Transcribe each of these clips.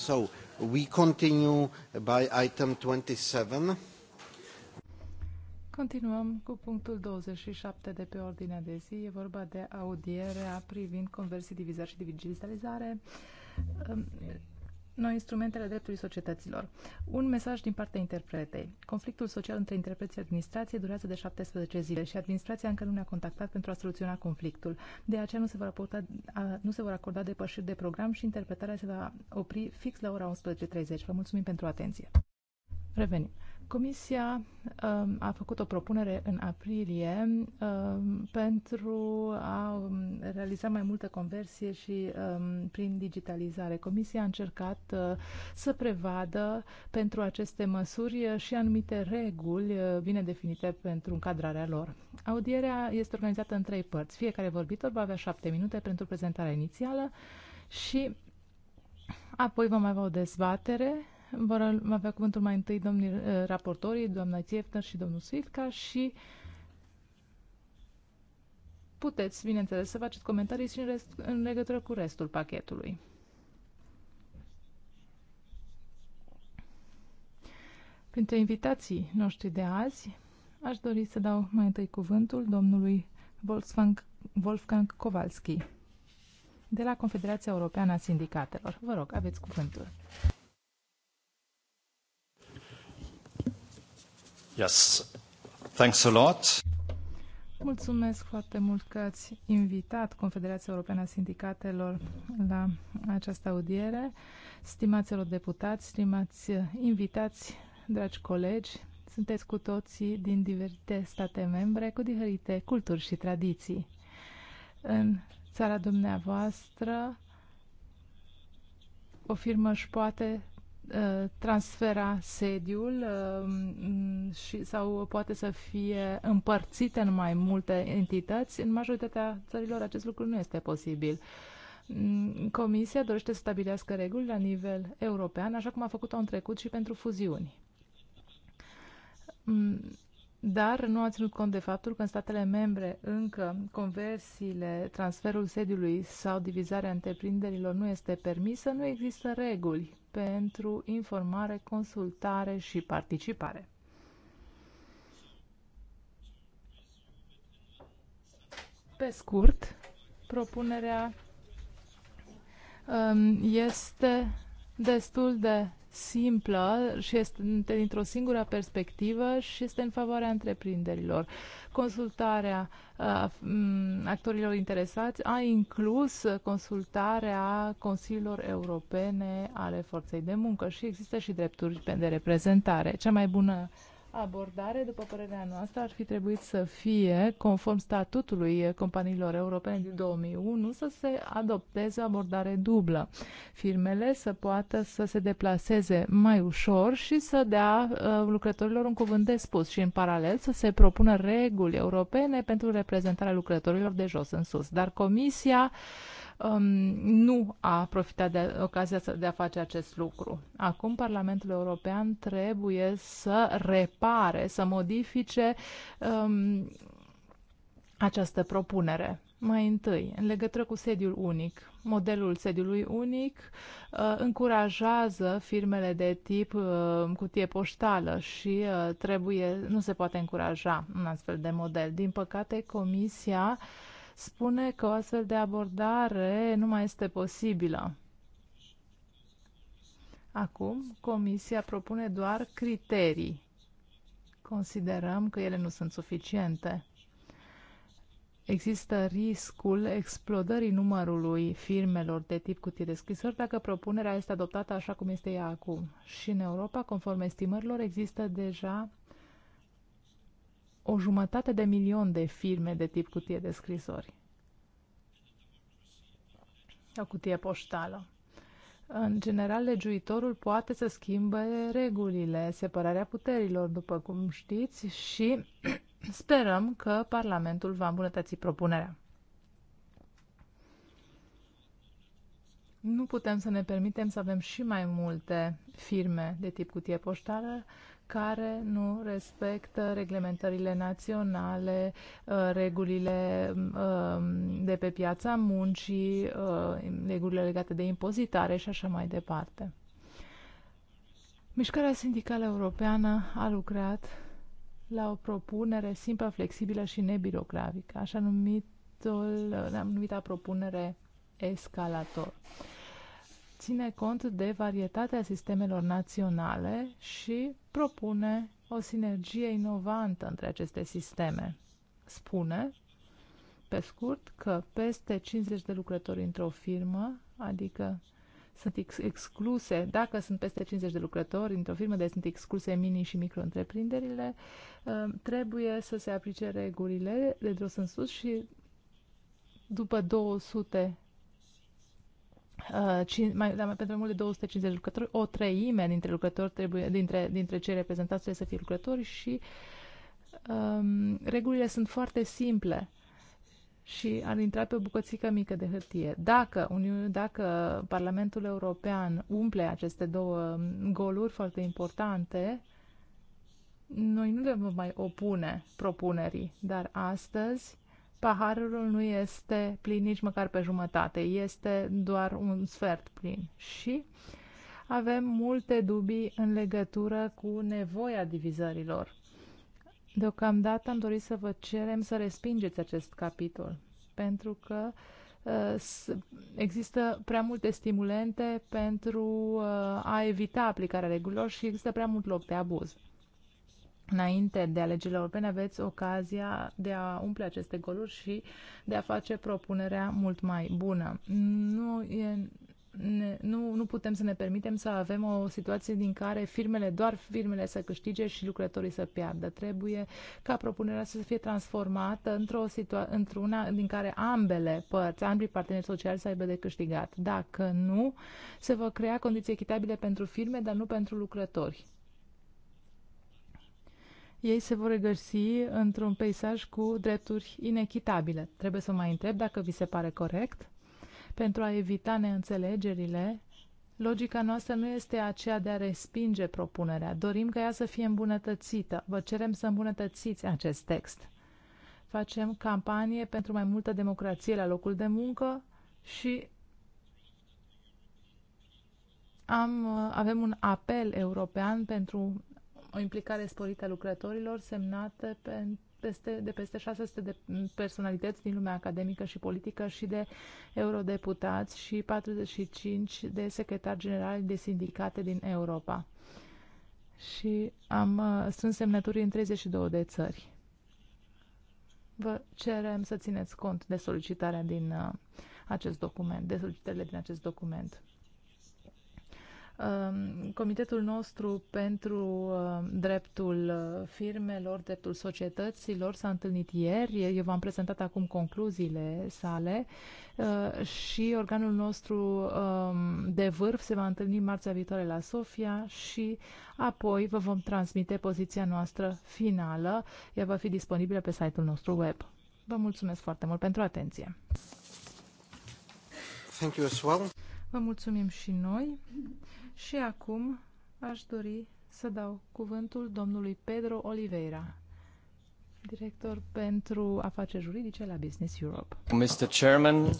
So, we continue by item 27. Continuăm cu punctul 27 de pe ordinea de zi. E vorba de audierea privind conversii, divizări și digitalizare noi instrumentele dreptului societăților. Un mesaj din partea interpretei. Conflictul social între interpreți și administrație durează de 17 zile și administrația încă nu ne-a contactat pentru a soluționa conflictul. De aceea nu se, vor aporta, nu se vor acorda depășiri de program și interpretarea se va opri fix la ora 11.30. Vă mulțumim pentru atenție. Revenim. Comisia um, a făcut o propunere în aprilie um, pentru a um, realiza mai multă conversie și prin digitalizare. Comisia a încercat uh, să prevadă pentru aceste măsuri uh, și anumite reguli uh, bine definite pentru încadrarea lor. Audierea este organizată în trei părți. Fiecare vorbitor va avea șapte minute pentru prezentarea inițială și apoi vom avea o dezbatere vor avea cuvântul mai întâi domnii eh, raportorii, doamna Țiefner și domnul Suitca și puteți, bineînțeles, să faceți comentarii și în, rest, în legătură cu restul pachetului. Printre invitații noștri de azi, aș dori să dau mai întâi cuvântul domnului Wolfgang, Wolfgang Kowalski de la Confederația Europeană a Sindicatelor. Vă rog, aveți cuvântul. Yes. Thanks a lot. Mulțumesc foarte mult că ați invitat Confederația Europeană a Sindicatelor la această audiere. Stimaților deputați, stimați invitați, dragi colegi, sunteți cu toții din diferite state membre, cu diferite culturi și tradiții. În țara dumneavoastră, o firmă își poate Uh, transfera sediul uh, mm, și, sau poate să fie împărțite în mai multe entități. În majoritatea țărilor acest lucru nu este posibil. Mm, Comisia dorește să stabilească reguli la nivel european, așa cum a făcut-o în trecut și pentru fuziuni. Mm, Dar nu a ținut cont de faptul că în statele membre încă conversiile, transferul sediului sau divizarea întreprinderilor nu este permisă, nu există reguli pentru informare, consultare și participare. Pe scurt, propunerea um, este destul de simplă și este dintr-o singură perspectivă și este în favoarea întreprinderilor. Consultarea uh, mm, actorilor interesați a inclus consultarea Consiliilor Europene ale Forței de Muncă și există și drepturi de reprezentare. Cea mai bună abordare, după părerea noastră, ar fi trebuit să fie, conform statutului companiilor europene din 2001, să se adopteze o abordare dublă. Firmele să poată să se deplaseze mai ușor și să dea uh, lucrătorilor un cuvânt de spus și, în paralel, să se propună reguli europene pentru reprezentarea lucrătorilor de jos în sus. Dar Comisia uh, um, nu a profitat de ocazia de a face acest lucru. Acum Parlamentul European trebuie să repare, să modifice um, această propunere. Mai întâi, în legătură cu sediul unic. Modelul sediului unic uh, încurajează firmele de tip uh, cutie poștală și uh, trebuie, nu se poate încuraja un astfel de model. Din păcate, Comisia uh, spune că o astfel de abordare nu mai este posibilă. Acum, Comisia propune doar criterii. Considerăm că ele nu sunt suficiente. Există riscul explodării numărului firmelor de tip cutie de scrisori dacă propunerea este adoptată așa cum este ea acum. Și în Europa, conform estimărilor, există deja o jumătate de milion de firme de tip cutie de scrisori. O cutie poștală. În general, legiuitorul poate să schimbe regulile, separarea puterilor, după cum știți, și sperăm că Parlamentul va îmbunătăți propunerea. Nu putem să ne permitem să avem și mai multe firme de tip cutie poștală, care nu respectă reglementările naționale, uh, regulile um, de pe piața muncii, uh, regulile legate de impozitare și așa mai departe. Mișcarea sindicală europeană a lucrat la o propunere simplă, flexibilă și nebirocratică, așa numitul, numită propunere escalator ține cont de varietatea sistemelor naționale și propune o sinergie inovantă între aceste sisteme. Spune, pe scurt, că peste 50 de lucrători într-o firmă, adică sunt ex excluse, dacă sunt peste 50 de lucrători într-o firmă, deci sunt excluse mini și micro întreprinderile, ă, trebuie să se aplice regulile de jos în sus și după 200 Uh, mai, da, pentru mai mult de 250 de lucrători, o treime dintre lucrători trebuie, dintre, dintre cei reprezentați trebuie să fie lucrători și um, regulile sunt foarte simple și ar intra pe o bucățică mică de hârtie. Dacă, Uniune, dacă Parlamentul European umple aceste două um, goluri foarte importante, noi nu le vom mai opune propunerii, dar astăzi paharul nu este plin nici măcar pe jumătate, este doar un sfert plin. Și avem multe dubii în legătură cu nevoia divizărilor. Deocamdată am dorit să vă cerem să respingeți acest capitol, pentru că uh, există prea multe stimulente pentru uh, a evita aplicarea regulilor și există prea mult loc de abuz înainte de alegerile europene aveți ocazia de a umple aceste goluri și de a face propunerea mult mai bună. Nu e ne, nu, nu putem să ne permitem să avem o situație din care firmele, doar firmele să câștige și lucrătorii să piardă. Trebuie ca propunerea să fie transformată într-o situa- într-una din care ambele părți, ambii parteneri sociali să aibă de câștigat. Dacă nu, se vor crea condiții echitabile pentru firme, dar nu pentru lucrători ei se vor regăsi într-un peisaj cu drepturi inechitabile. Trebuie să mai întreb dacă vi se pare corect. Pentru a evita neînțelegerile, logica noastră nu este aceea de a respinge propunerea. Dorim ca ea să fie îmbunătățită. Vă cerem să îmbunătățiți acest text. Facem campanie pentru mai multă democrație la locul de muncă și am, avem un apel european pentru o implicare sporită a lucrătorilor semnată pe, peste, de peste 600 de personalități din lumea academică și politică și de eurodeputați și 45 de secretari generali de sindicate din Europa. Și am uh, strâns semnături în 32 de țări. Vă cerem să țineți cont de solicitarea din uh, acest document, de solicitările din acest document. Um, comitetul nostru pentru um, dreptul uh, firmelor, dreptul societăților s-a întâlnit ieri. Eu v-am prezentat acum concluziile sale uh, și organul nostru um, de vârf se va întâlni marțea viitoare la Sofia și apoi vă vom transmite poziția noastră finală. Ea va fi disponibilă pe site-ul nostru web. Vă mulțumesc foarte mult pentru atenție. Thank you as well. Vă mulțumim și noi. Și acum aș dori să dau cuvântul domnului Pedro Oliveira, director pentru afaceri juridice la Business Europe. Mr. Chairman, uh...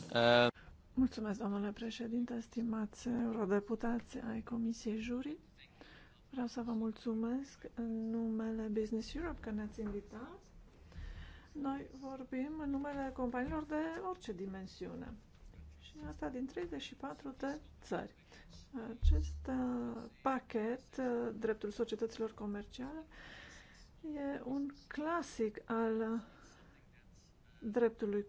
Mulțumesc, domnule președinte, stimați eurodeputați ai Comisiei Jurii. Vreau să vă mulțumesc în numele Business Europe că ne-ați invitat. Noi vorbim în numele companiilor de orice dimensiune. Și asta din 34 de țări. Acest uh, pachet, uh, dreptul societăților comerciale, e un clasic al uh, dreptului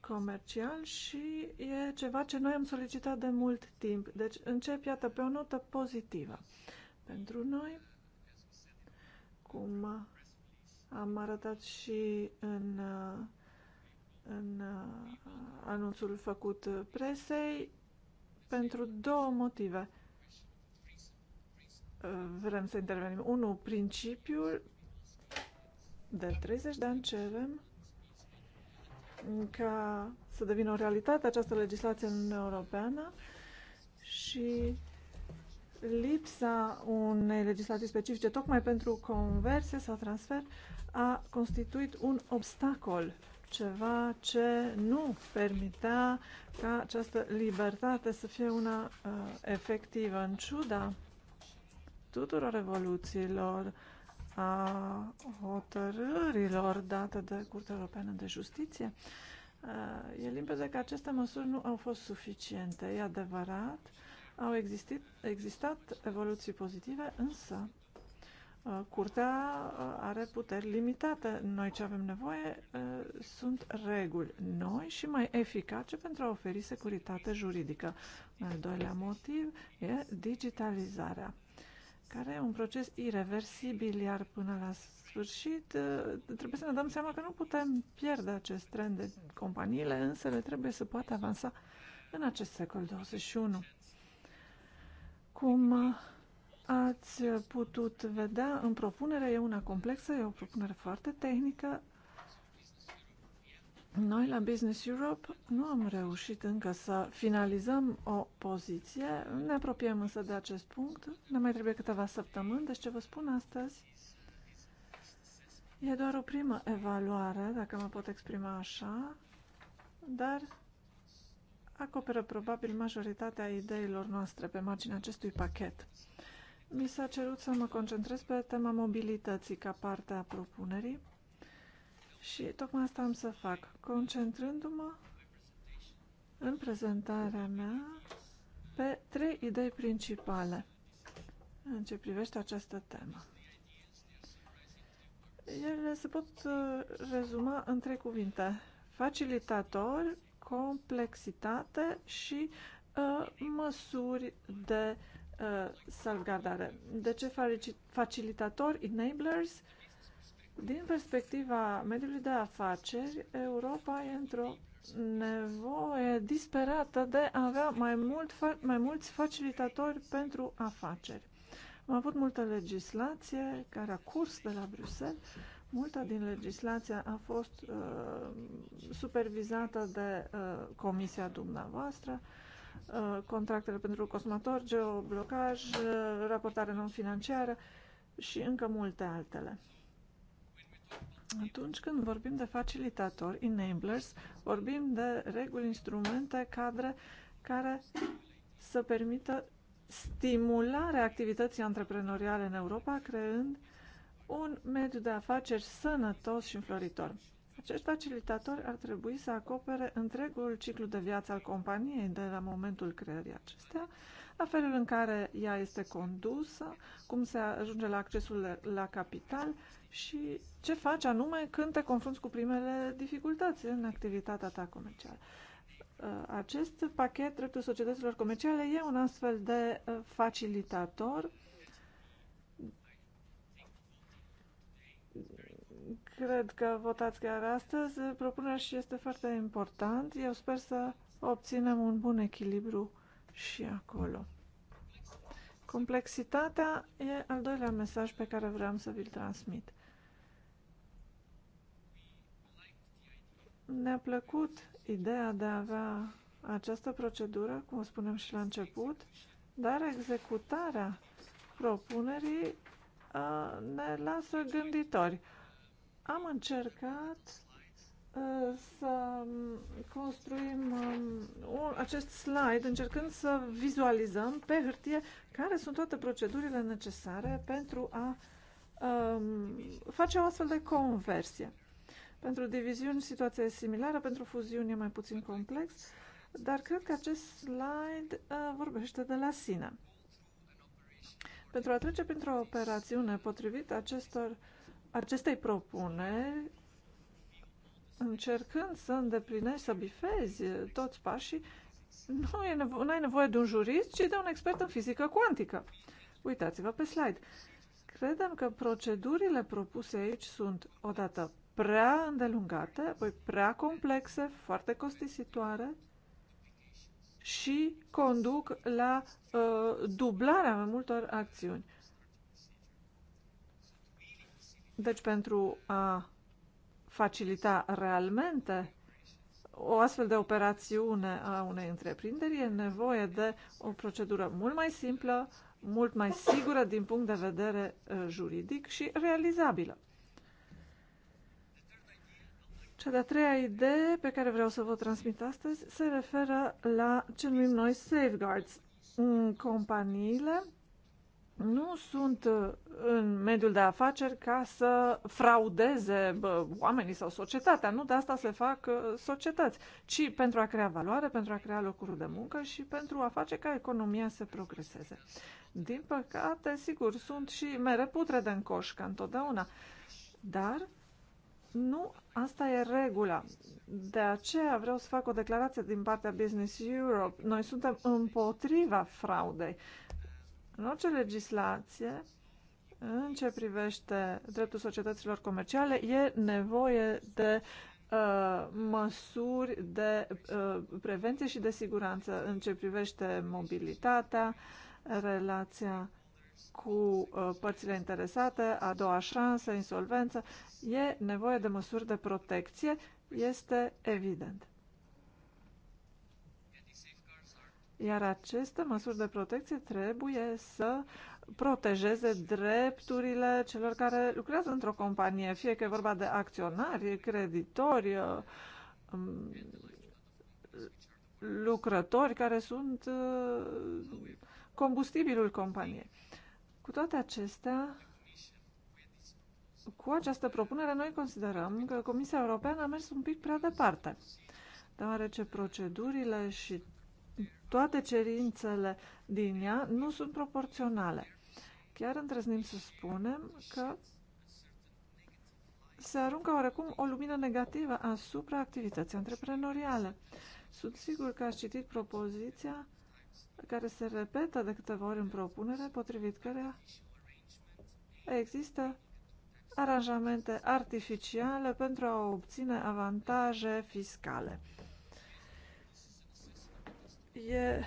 comercial și e ceva ce noi am solicitat de mult timp. Deci încep, iată, pe o notă pozitivă. Pentru noi, cum am arătat și în uh, în uh, anunțul făcut presei pentru două motive uh, vrem să intervenim. Unu, principiul de 30 de ani cerem ca să devină o realitate această legislație în Uniunea Europeană și lipsa unei legislații specifice tocmai pentru conversie sau transfer a constituit un obstacol ceva ce nu permitea ca această libertate să fie una uh, efectivă, în ciuda tuturor evoluțiilor, a hotărârilor date de Curtea Europeană de Justiție. Uh, e limpede că aceste măsuri nu au fost suficiente. E adevărat, au existit, existat evoluții pozitive, însă Uh, curtea uh, are puteri limitate. Noi ce avem nevoie uh, sunt reguli noi și mai eficace pentru a oferi securitate juridică. Al doilea motiv e digitalizarea, care e un proces irreversibil, iar până la sfârșit trebuie să ne dăm seama că nu putem pierde acest trend de companiile, însă le trebuie să poată avansa în acest secol 21. Cum Ați putut vedea în propunere, e una complexă, e o propunere foarte tehnică. Noi la Business Europe nu am reușit încă să finalizăm o poziție, ne apropiem însă de acest punct, ne mai trebuie câteva săptămâni, deci ce vă spun astăzi e doar o primă evaluare, dacă mă pot exprima așa, dar acoperă probabil majoritatea ideilor noastre pe marginea acestui pachet. Mi s-a cerut să mă concentrez pe tema mobilității ca parte a propunerii și tocmai asta am să fac, concentrându-mă în prezentarea mea pe trei idei principale în ce privește această temă. Ele se pot uh, rezuma în trei cuvinte. Facilitator, complexitate și uh, măsuri de uh, Uh, salvgardare. De ce facilitatori, enablers? Din perspectiva mediului de afaceri, Europa e într-o nevoie disperată de a avea mai, mult, mai mulți facilitatori pentru afaceri. Am avut multă legislație care a curs de la Bruxelles. Multa din legislația a fost uh, supervizată de uh, comisia dumneavoastră. Uh, Uh, contractele pentru cosmator, geoblocaj, uh, raportare non-financiară și încă multe altele. Atunci când vorbim de facilitatori, enablers, vorbim de reguli, instrumente, cadre care să permită stimularea activității antreprenoriale în Europa, creând un mediu de afaceri sănătos și înfloritor. Acești facilitatori ar trebui să acopere întregul ciclu de viață al companiei de la momentul creării acestea, la felul în care ea este condusă, cum se ajunge la accesul la capital și ce faci anume când te confrunți cu primele dificultăți în activitatea ta comercială. Acest pachet dreptul societăților comerciale e un astfel de uh, facilitator Cred că votați chiar astăzi. Propunerea și este foarte important. Eu sper să obținem un bun echilibru și acolo. Complexitatea e al doilea mesaj pe care vreau să vi-l transmit. Ne-a plăcut ideea de a avea această procedură, cum spunem și la început, dar executarea propunerii uh, ne lasă gânditori am încercat uh, să construim uh, acest slide încercând să vizualizăm pe hârtie care sunt toate procedurile necesare pentru a uh, face o astfel de conversie. Pentru diviziuni situația e similară, pentru fuziuni e mai puțin complex, dar cred că acest slide uh, vorbește de la sine. Pentru a trece printr-o operațiune potrivit acestor uh, acestei propuneri, încercând să îndeplinești, să bifezi toți pașii, nu, e nevo- nu ai nevoie de un jurist, ci de un expert în fizică cuantică. Uitați-vă pe slide. Credem că procedurile propuse aici sunt odată prea îndelungate, apoi prea complexe, foarte costisitoare și conduc la uh, dublarea mai multor acțiuni. Deci, pentru a facilita realmente o astfel de operațiune a unei întreprinderi, e nevoie de o procedură mult mai simplă, mult mai sigură din punct de vedere uh, juridic și realizabilă. Cea de-a treia idee pe care vreau să vă transmit astăzi se referă la ce numim noi safeguards. Companiile nu sunt uh, în mediul de afaceri ca să fraudeze oamenii sau societatea. Nu de asta se fac uh, societăți, ci pentru a crea valoare, pentru a crea locuri de muncă și pentru a face ca economia să progreseze. Din păcate, sigur, sunt și mere putre în coș, ca întotdeauna. Dar nu, asta e regula. De aceea vreau să fac o declarație din partea Business Europe. Noi suntem împotriva fraudei. În orice legislație, în ce privește dreptul societăților comerciale, e nevoie de uh, măsuri de uh, prevenție și de siguranță în ce privește mobilitatea, relația cu uh, părțile interesate, a doua șansă, insolvență, e nevoie de măsuri de protecție, este evident. Iar aceste măsuri de protecție trebuie să protejeze drepturile celor care lucrează într-o companie, fie că e vorba de acționari, creditori, uh, um, lucrători care sunt uh, combustibilul companiei. Cu toate acestea, cu această propunere, noi considerăm că Comisia Europeană a mers un pic prea departe, deoarece procedurile și toate cerințele din ea nu sunt proporționale. Chiar îndrăznim să spunem că se aruncă oarecum o lumină negativă asupra activității antreprenoriale. Sunt sigur că ați citit propoziția care se repetă de câteva ori în propunere, potrivit cărea există aranjamente artificiale pentru a obține avantaje fiscale. E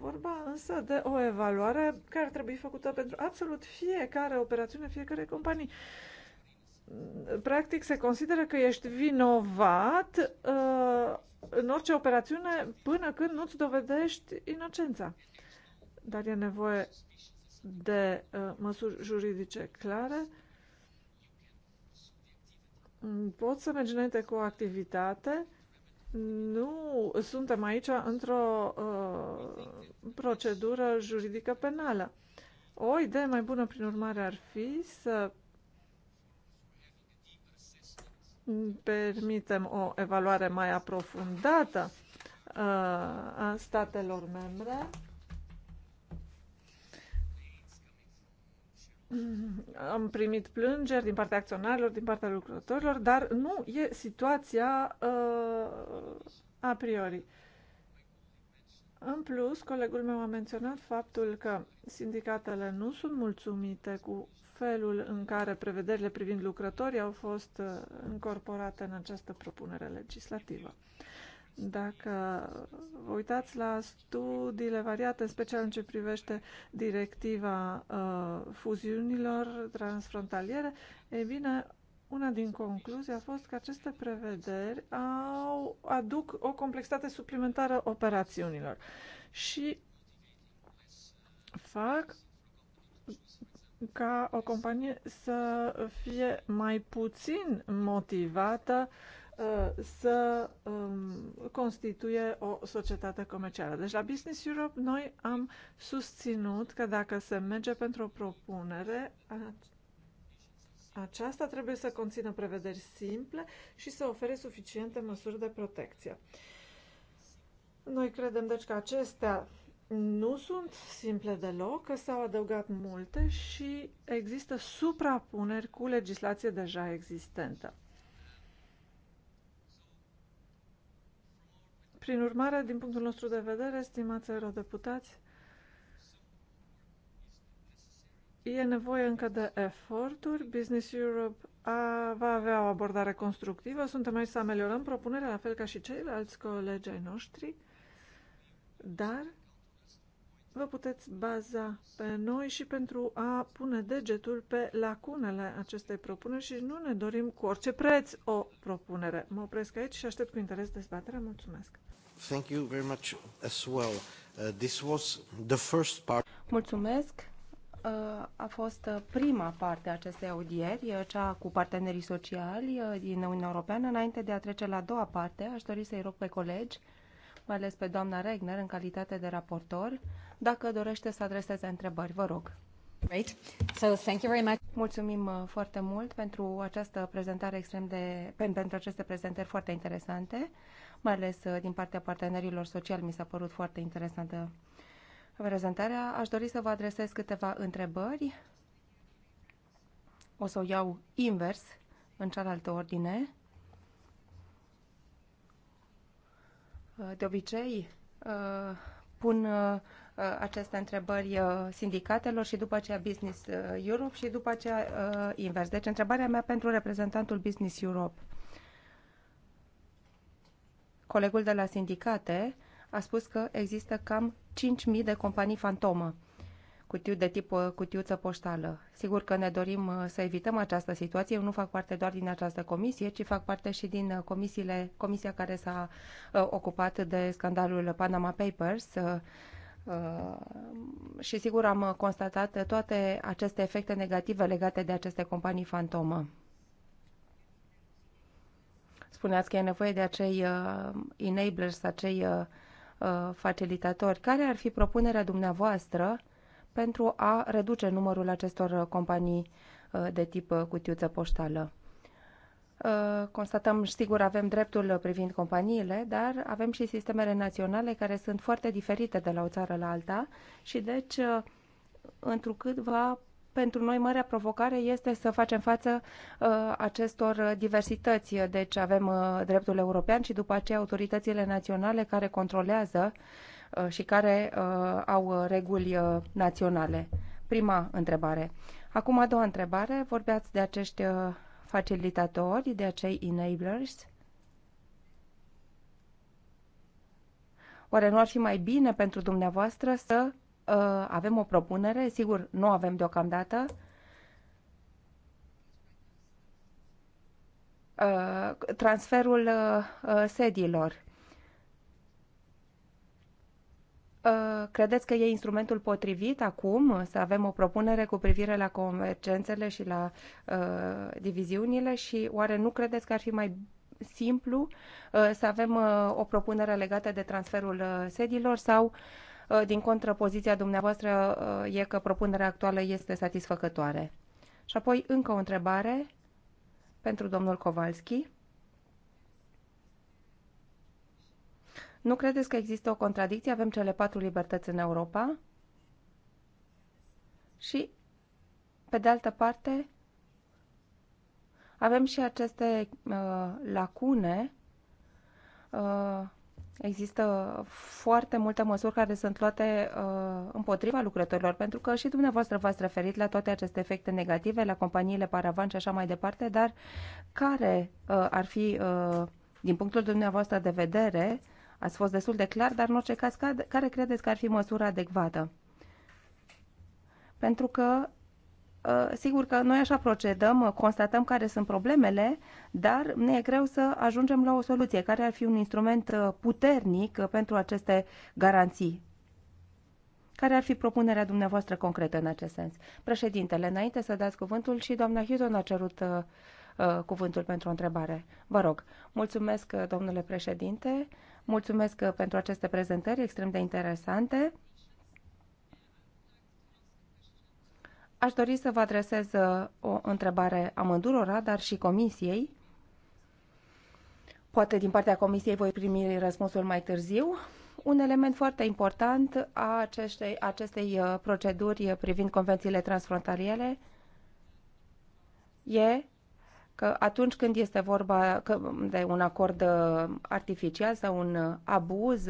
vorba însă de o evaluare care ar trebui făcută pentru absolut fiecare operațiune, fiecare companie. Practic se consideră că ești vinovat uh, în orice operațiune până când nu-ți dovedești inocența. Dar e nevoie de uh, măsuri juridice clare. Poți să mergi înainte cu o activitate uh, nu suntem aici într-o uh, procedură juridică penală. O idee mai bună, prin urmare, ar fi să permitem o evaluare mai aprofundată uh, a statelor membre Mm, am primit plângeri din partea acționarilor, din partea lucrătorilor, dar nu e situația uh, a priori. În plus, colegul meu a menționat faptul că sindicatele nu sunt mulțumite cu felul în care prevederile privind lucrătorii au fost uh, incorporate în această propunere legislativă. Dacă vă uitați la studiile variate, în special în ce privește directiva uh, fuziunilor transfrontaliere, e bine, una din concluzii a fost că aceste prevederi au, aduc o complexitate suplimentară operațiunilor și fac ca o companie să fie mai puțin motivată uh, Uh, să um, constituie o societate comercială. Deci la Business Europe noi am susținut că dacă se merge pentru o propunere, aceasta trebuie să conțină prevederi simple și să ofere suficiente măsuri de protecție. Noi credem deci că acestea nu sunt simple deloc, că s-au adăugat multe și există suprapuneri cu legislație deja existentă. Prin urmare, din punctul nostru de vedere, stimați eurodeputați, e nevoie încă de eforturi. Business Europe a, va avea o abordare constructivă. Suntem aici să ameliorăm propunerea, la fel ca și ceilalți colegi ai noștri, dar vă puteți baza pe noi și pentru a pune degetul pe lacunele acestei propuneri și nu ne dorim cu orice preț o propunere. Mă opresc aici și aștept cu interes dezbaterea. Mulțumesc! Thank you very much as well. Uh, this was the first part. Mulțumesc. Uh, a fost uh, prima parte a acestei audieri, uh, cea cu partenerii sociali din Uniunea Europeană. Înainte de a trece la a doua parte, aș dori să-i rog pe colegi, mai ales pe doamna Regner, în calitate de raportor, dacă dorește să adreseze întrebări. Vă rog. Great. So, thank you very much. Mulțumim foarte mult pentru această prezentare extrem de pentru aceste prezentări foarte interesante mai ales uh, din partea partenerilor sociali. Mi s-a părut foarte interesantă prezentarea. Aș dori să vă adresez câteva întrebări. O să o iau invers, în cealaltă ordine. De obicei, uh, pun uh, aceste întrebări sindicatelor și după aceea Business Europe și după aceea invers. Deci, întrebarea mea pentru reprezentantul Business Europe. Colegul de la sindicate a spus că există cam 5.000 de companii fantomă cutiu de tip uh, cutiuță poștală. Sigur că ne dorim uh, să evităm această situație. Eu nu fac parte doar din această comisie, ci fac parte și din uh, comisiile, comisia care s-a ocupat de scandalul Panama Papers. și sigur am constatat toate aceste efecte negative legate de aceste companii fantomă spuneați că e nevoie de acei uh, enablers, acei uh, uh, facilitatori. Care ar fi propunerea dumneavoastră pentru a reduce numărul acestor uh, companii uh, de tip uh, cutiuță poștală? constatăm, sigur, avem dreptul privind companiile, dar avem și sistemele naționale care sunt foarte diferite de la o țară la alta și deci întrucât va pentru noi marea provocare este să facem față uh, acestor diversități. Deci avem uh, dreptul european și după aceea autoritățile naționale care controlează uh, și care uh, au reguli uh, naționale. Prima întrebare. Acum a doua întrebare. Vorbeați de acești uh, facilitatori, de acei enablers. Oare nu ar fi mai bine pentru dumneavoastră să Uh, avem o propunere, sigur, nu avem deocamdată. Uh, transferul uh, sediilor. Credeți că e instrumentul potrivit acum să avem o propunere cu privire la convergențele și la uh, diviziunile și oare nu credeți că ar fi mai simplu uh, să avem uh, o propunere legată de transferul uh, sedilor sau uh, Uh, din contră, poziția dumneavoastră uh, e că propunerea actuală este satisfăcătoare. Și apoi încă o întrebare pentru domnul Kowalski. Nu credeți că există o contradicție? Avem cele patru libertăți în Europa și, pe de altă parte, avem și aceste uh, lacune uh, Există foarte multe măsuri care sunt luate uh, împotriva lucrătorilor, pentru că și dumneavoastră v-ați referit la toate aceste efecte negative, la companiile paravan și așa mai departe, dar care uh, ar fi, uh, din punctul dumneavoastră de vedere, ați fost destul de clar, dar în orice caz, care credeți că ar fi măsura adecvată? Pentru că Uh, sigur că noi așa procedăm, uh, constatăm care sunt problemele, dar ne e greu să ajungem la o soluție care ar fi un instrument uh, puternic pentru aceste garanții. Care ar fi propunerea dumneavoastră concretă în acest sens? Președintele, înainte să dați cuvântul și doamna Hudon a cerut cuvântul pentru o întrebare. Vă rog, mulțumesc, domnule președinte, mulțumesc pentru aceste prezentări extrem de interesante. Aș dori să vă adresez uh, o întrebare amândurora, dar și comisiei. Poate din partea comisiei voi primi răspunsul mai târziu. Un element foarte important a acestei, acestei uh, proceduri privind convențiile transfrontaliere e că atunci când este vorba de un acord uh, artificial sau un abuz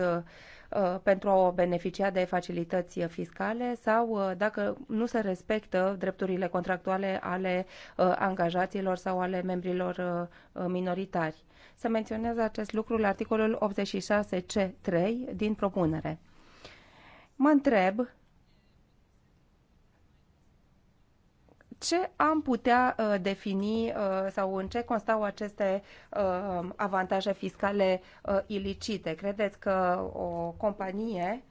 Uh, pentru a beneficia de facilități fiscale sau uh, dacă nu se respectă drepturile contractuale ale uh, angajaților sau ale membrilor minoritari. Se menționează acest lucru la articolul 86C3 din propunere. Mă întreb ce am putea uh, defini uh, sau în ce constau aceste uh, avantaje fiscale ilicite? Credeți că o companie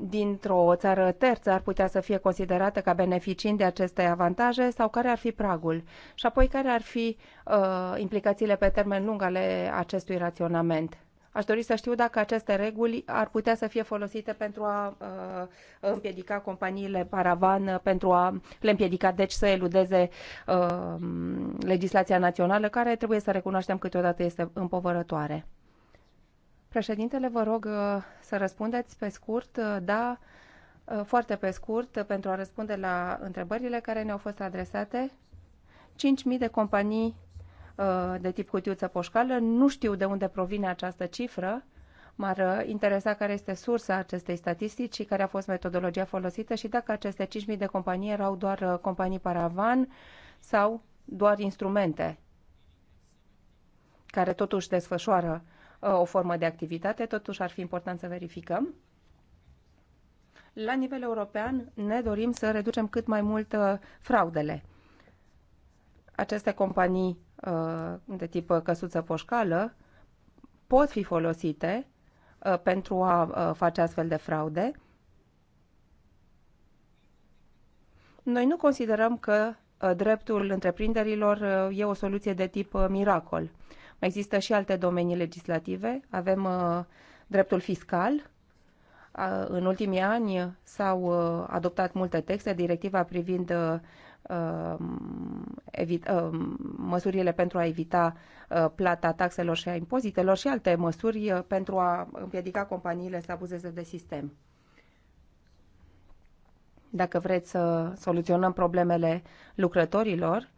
dintr-o țară terță ar putea să fie considerată ca beneficiind de aceste avantaje sau care ar fi pragul? Și apoi care ar fi uh, implicațiile pe termen lung ale acestui raționament? Aș dori să știu dacă aceste reguli ar putea să fie folosite pentru a uh, împiedica companiile paravan, uh, pentru a le împiedica, deci, să eludeze uh, legislația națională, care trebuie să recunoaștem câteodată este împovărătoare. Președintele, vă rog uh, să răspundeți pe scurt, uh, da, foarte pe scurt, pentru a răspunde la întrebările care ne-au fost adresate. 5.000 de companii Uh, de tip cutiuță poșcală. Nu știu de unde provine această cifră. M-ar uh, interesa care este sursa acestei statistici și care a fost metodologia folosită și dacă aceste 5.000 de companii erau doar uh, companii paravan sau doar instrumente care totuși desfășoară o formă de activitate, totuși ar fi important să verificăm. La nivel european ne dorim să reducem cât mai mult fraudele. Aceste companii Uh, de tip căsuță poșcală pot fi folosite uh, pentru a uh, face astfel de fraude. Noi nu considerăm că dreptul întreprinderilor e o soluție de tip miracol. Mai există și alte domenii legislative. Avem dreptul fiscal. În ultimii ani s-au adoptat multe texte, directiva privind uh, măsurile pentru a evita uh, plata taxelor și a impozitelor și alte măsuri uh, pentru a împiedica companiile să abuzeze de sistem. Dacă vreți să soluționăm problemele lucrătorilor,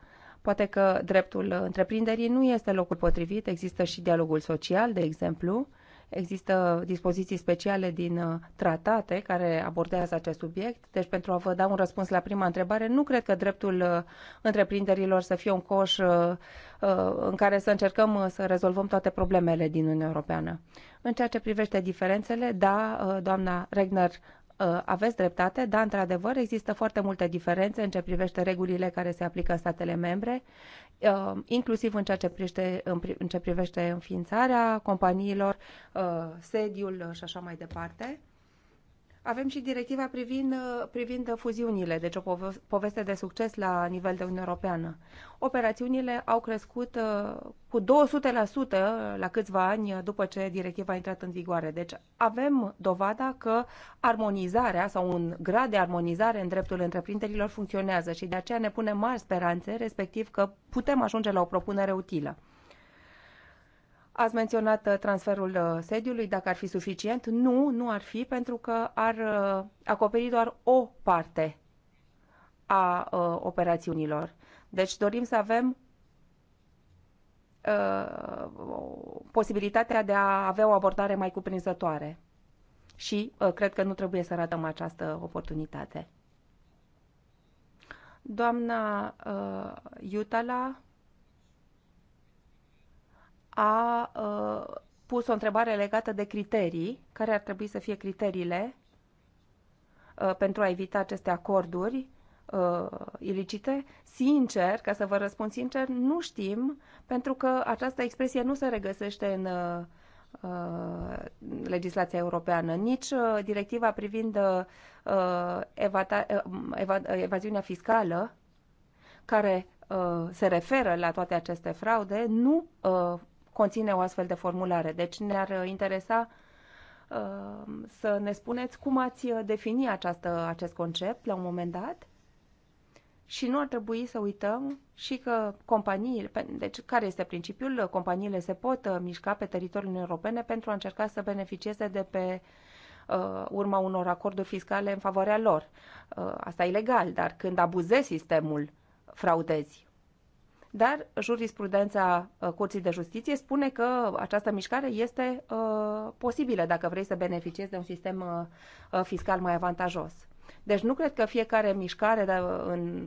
poate că dreptul întreprinderii nu este locul potrivit, există și dialogul social, de exemplu, Există dispoziții speciale din uh, tratate care abordează acest subiect. Deci, pentru a vă da un răspuns la prima întrebare, nu cred că dreptul uh, întreprinderilor să fie un coș uh, în care să încercăm să rezolvăm toate problemele din Uniunea Europeană. În ceea ce privește diferențele, da, doamna Regner Uh, aveți dreptate, dar într-adevăr există foarte multe diferențe în ce privește regulile care se aplică în statele membre, uh, inclusiv în ceea ce privește, în ce privește înființarea companiilor, uh, sediul și așa mai departe. Avem și directiva privind, uh, privind fuziunile, deci o poveste de succes la nivel de Uniune Europeană. Operațiunile au crescut uh, cu 200% la câțiva ani uh, după ce directiva a intrat în vigoare. Deci avem dovada că armonizarea sau un grad de armonizare în dreptul întreprinderilor funcționează și de aceea ne punem mari speranțe, respectiv că putem ajunge la o propunere utilă. Ați menționat uh, transferul uh, sediului, dacă ar fi suficient. Nu, nu ar fi, pentru că ar uh, acoperi doar o parte a operațiunilor. Deci dorim să avem posibilitatea de a avea o abordare mai cuprinzătoare. Și cred că nu trebuie să ratăm această oportunitate. Doamna uh, Iutala a uh, pus o întrebare legată de criterii, care ar trebui să fie criteriile uh, pentru a evita aceste acorduri uh, ilicite. Sincer, ca să vă răspund sincer, nu știm, pentru că această expresie nu se regăsește în uh, uh legislația europeană, nici directiva privind evaziunea fiscală, care se referă la toate aceste fraude, nu conține o astfel de formulare. Deci ne-ar interesa uh, să ne spuneți cum ați uh, defini această, acest concept la un moment dat și nu ar trebui să uităm și că companiile, deci care este principiul, companiile se pot uh, mișca pe teritoriul Uniunii Europene pentru a încerca să beneficieze de pe uh, urma unor acorduri fiscale în favoarea lor. Uh, asta e legal, dar când abuzezi sistemul, fraudezi dar jurisprudența uh, Curții de Justiție spune că această mișcare este uh, posibilă dacă vrei să beneficiezi de un sistem uh, fiscal mai avantajos. Deci nu cred că fiecare mișcare în,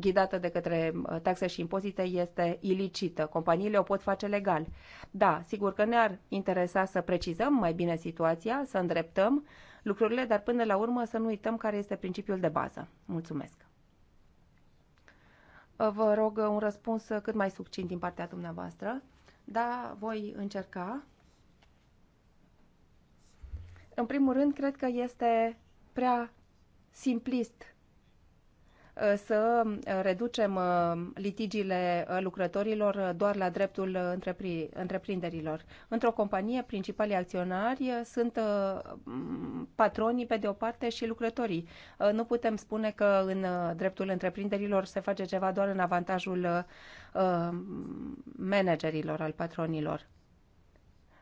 ghidată de către taxe și impozite este ilicită. Companiile o pot face legal. Da, sigur că ne-ar interesa să precizăm mai bine situația, să îndreptăm lucrurile, dar până la urmă să nu uităm care este principiul de bază. Mulțumesc! vă rog un răspuns cât mai succint din partea dumneavoastră, dar voi încerca. În primul rând, cred că este prea simplist să uh, reducem uh, litigiile uh, lucrătorilor doar la dreptul întreprinderilor. Într-o companie, principalii acționari sunt patronii pe de o parte și lucrătorii. Nu putem spune că în dreptul întreprinderilor se face ceva doar în avantajul managerilor, al patronilor.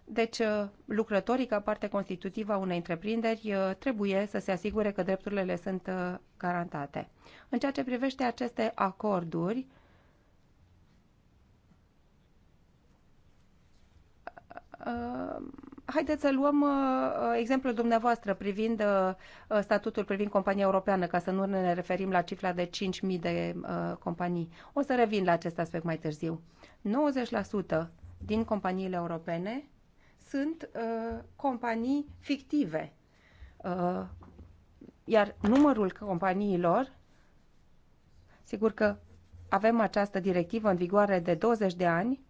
Deci, uh, lucrătorii ca parte constitutivă a unei întreprinderi uh, trebuie să se asigure că drepturile le sunt uh, garantate. În ceea ce privește aceste acorduri, haideți să luăm exemplul dumneavoastră privind statutul privind compania europeană, ca să nu ne referim la cifra de 5.000 de companii. O să revin la acest aspect mai târziu. 90% din companiile europene sunt uh, companii fictive. Uh, iar numărul companiilor, sigur că avem această directivă în vigoare de 20 de ani,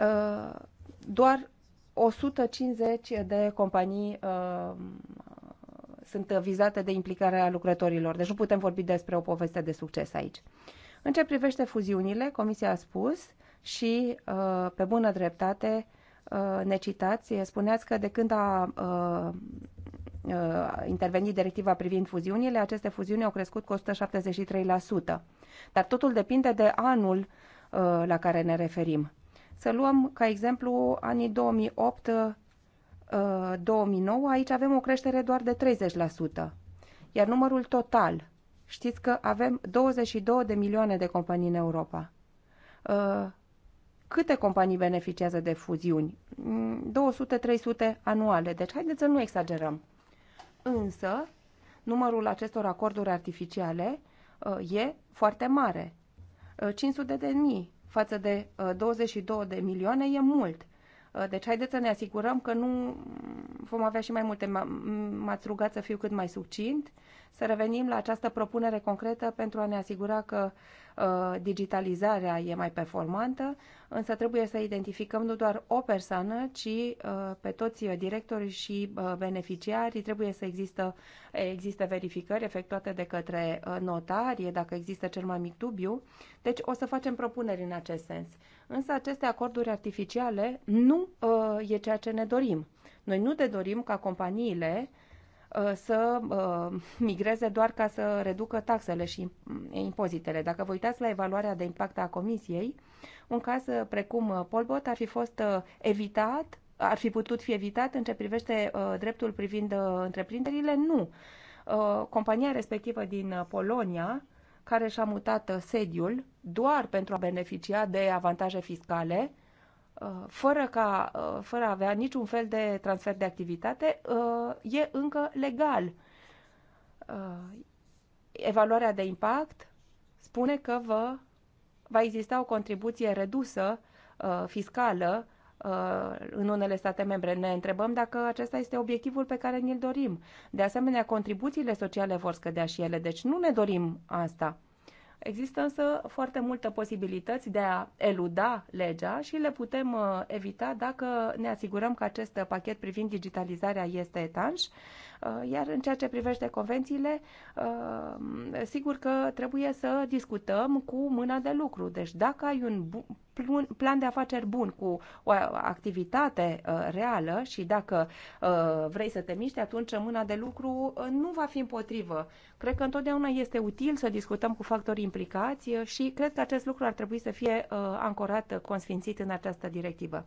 uh, doar 150 de companii uh, sunt vizate de implicarea lucrătorilor. Deci nu putem vorbi despre o poveste de succes aici. Uh, în ce privește fuziunile, Comisia a spus și, uh, pe bună dreptate, uh, ne citați, spuneați că de când a uh, intervenit directiva privind fuziunile, aceste fuziuni au crescut cu 173%. Dar totul depinde de anul la care ne referim. Să luăm ca exemplu anii 2008 2009, aici avem o creștere doar de 30%, iar numărul total Știți că avem 22 de milioane de companii în Europa. Uh, câte companii beneficiază de fuziuni? 200-300 mm, anuale, deci haideți să nu exagerăm. Însă, numărul acestor acorduri artificiale uh, e foarte mare. 500 uh, de mii față de 22 de milioane e mult. Uh, deci haideți să ne asigurăm că nu vom avea și mai multe. M-ați rugat să fiu cât mai succint, să revenim la această propunere concretă pentru a ne asigura că uh, digitalizarea e mai performantă, însă trebuie să identificăm nu doar o persoană, ci uh, pe toți directorii și beneficiarii. Trebuie să există, există verificări efectuate de către notarie, dacă există cel mai mic dubiu. Deci o să facem propuneri în acest sens. Însă aceste acorduri artificiale nu uh, e ceea ce ne dorim. Noi nu ne dorim ca companiile uh, să uh, migreze doar ca să reducă taxele și mm, impozitele. Dacă vă uitați la evaluarea de impact a Comisiei, un caz uh, precum Polbot ar fi fost evitat, ar fi putut fi evitat în ce privește dreptul privind întreprinderile? Nu. Compania respectivă din Polonia care și-a mutat uh, sediul doar pentru a beneficia de avantaje fiscale, uh, fără, ca, uh, fără a avea niciun fel de transfer de activitate, e încă legal. Evaluarea de impact spune că vă, va exista o contribuție redusă fiscală Uh, în unele state membre. Ne întrebăm dacă acesta este obiectivul pe care ni-l dorim. De asemenea, contribuțiile sociale vor scădea și ele, deci nu ne dorim asta. Există însă foarte multe posibilități de a eluda legea și le putem uh, evita dacă ne asigurăm că acest pachet privind digitalizarea este etanș Uh, iar în ceea ce privește convențiile, uh, sigur că trebuie să discutăm cu mâna de lucru. Deci dacă ai un plan de afaceri bun cu o activitate uh, reală și dacă vrei să te miști, atunci mâna de lucru nu va fi împotrivă. Cred că întotdeauna este util să discutăm cu factorii implicați și cred că acest lucru ar trebui să fie ancorat, consfințit în această directivă.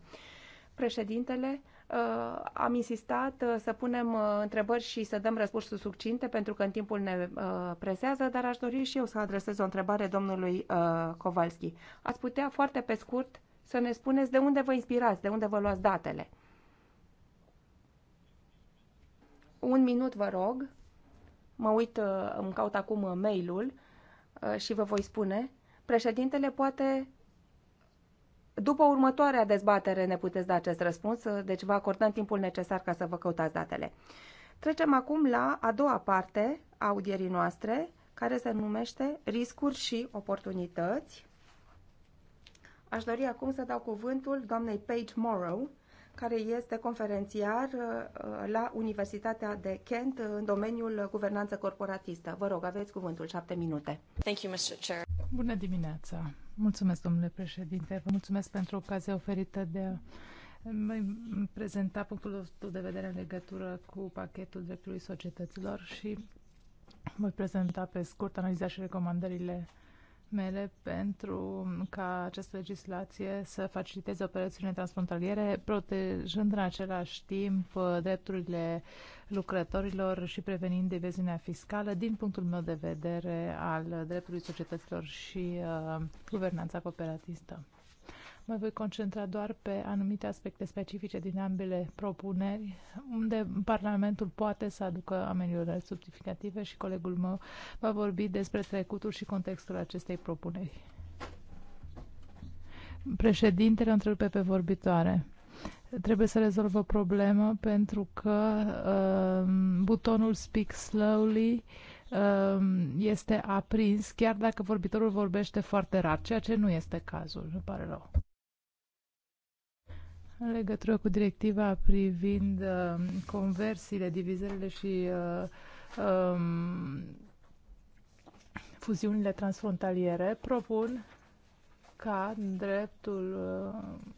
Președintele, Uh, am insistat uh, să punem uh, întrebări și să dăm răspunsuri succinte pentru că în timpul ne presează, dar aș dori și eu să adresez o întrebare domnului Kowalski. Ați putea foarte pe scurt să ne spuneți de unde vă inspirați, de unde vă luați datele. Un minut vă rog, mă uit, îmi caut acum mail-ul și vă voi spune. Președintele poate după următoarea dezbatere ne puteți da acest răspuns, deci vă acordăm timpul necesar ca să vă căutați datele. Trecem acum la a doua parte a audierii noastre, care se numește Riscuri și oportunități. Aș dori acum să dau cuvântul doamnei Paige Morrow, care este conferențiar uh, la Universitatea de Kent uh, în domeniul guvernanță corporatistă. Vă rog, aveți cuvântul, șapte minute. Thank you, Mr. Chair. Bună dimineața! Mulțumesc, domnule președinte. Vă mulțumesc pentru ocazia oferită de a prezenta punctul de vedere în legătură cu pachetul dreptului societăților și voi prezenta pe scurt analiza și recomandările mele pentru ca această legislație să faciliteze operațiunile transfrontaliere, protejând în același timp uh, drepturile lucrătorilor și prevenind evaziunea fiscală din punctul meu de vedere al dreptului societăților și uh, guvernanța cooperatistă. Mă voi concentra doar pe anumite aspecte specifice din ambele propuneri, unde Parlamentul poate să aducă ameliorări substitutive și colegul meu va vorbi despre trecutul și contextul acestei propuneri. Președintele întrerupe pe vorbitoare trebuie să rezolv o problemă pentru că uh, butonul Speak Slowly uh, este aprins chiar dacă vorbitorul vorbește foarte rar, ceea ce nu este cazul, îmi pare rău în legătură cu directiva privind uh, conversiile, divizările și uh, um, fuziunile transfrontaliere, propun ca dreptul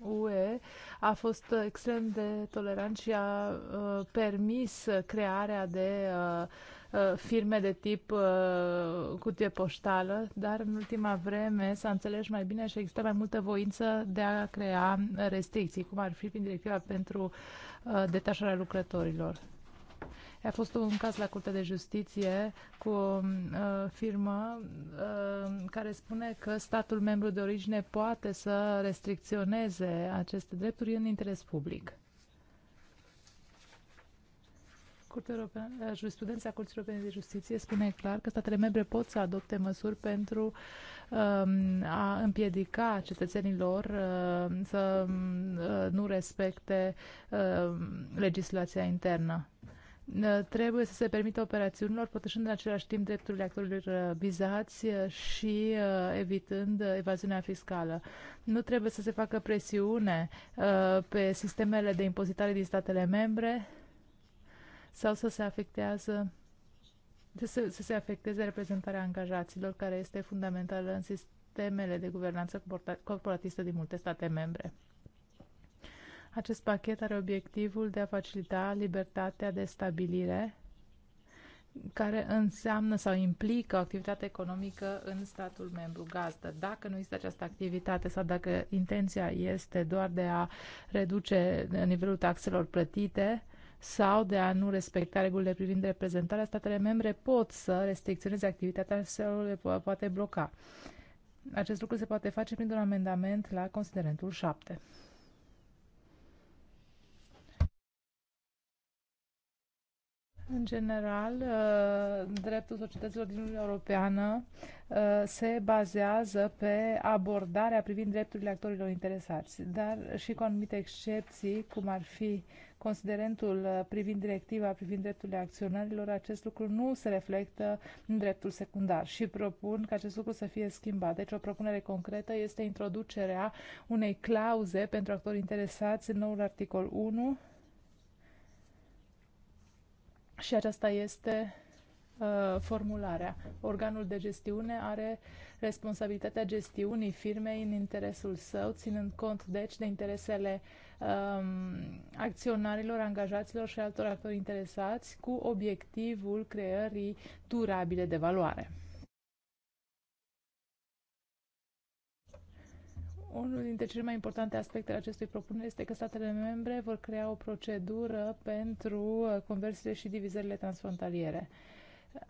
uh, UE a fost extrem de tolerant și a uh, permis crearea de uh, Uh, firme de tip uh, cutie poștală, dar în ultima vreme s-a înțeles mai bine și există mai multă voință de a crea restricții, cum ar fi prin directiva pentru uh, detașarea lucrătorilor. A fost un caz la Curtea de Justiție cu o uh, firmă uh, care spune că statul membru de origine poate să restricționeze aceste drepturi în interes public. Curtea Europeană, eh, jurisprudența Curții Europene de Justiție spune clar că statele membre pot să adopte măsuri pentru um, a împiedica cetățenilor uh, să uh, nu respecte uh, legislația internă. Eh, trebuie să se permită operațiunilor, protejând în același timp drepturile actorilor vizați și evitând evaziunea fiscală. Nu trebuie să se facă presiune pe sistemele de impozitare din statele membre sau să se afectează să, să se afecteze reprezentarea angajaților, care este fundamentală în sistemele de guvernanță corporatistă din multe state membre. Acest pachet are obiectivul de a facilita libertatea de stabilire, care înseamnă sau implică o activitate economică în statul membru gazdă. Dacă nu este această activitate sau dacă intenția este doar de a reduce nivelul taxelor plătite, sau de a nu respecta regulile privind reprezentarea, statele membre pot să restricționeze activitatea să le po poate bloca. Acest lucru se poate face printr-un amendament la considerentul 7. În general, uh, dreptul societăților din Uniunea Europeană uh, se bazează pe abordarea privind drepturile actorilor interesați, dar și cu anumite excepții, cum ar fi considerentul uh, privind directiva privind drepturile acționarilor, acest lucru nu se reflectă în dreptul secundar și propun că acest lucru să fie schimbat. Deci o propunere concretă este introducerea unei clauze pentru actori interesați în noul articol 1 și aceasta este uh, formularea. Organul de gestiune are responsabilitatea gestiunii firmei în interesul său, ținând cont, deci, de interesele um, acționarilor, angajaților și altor actori interesați, cu obiectivul creării durabile de valoare. Unul dintre cele mai importante aspecte ale acestui propunere este că statele membre vor crea o procedură pentru uh, conversiile și divizările transfrontaliere.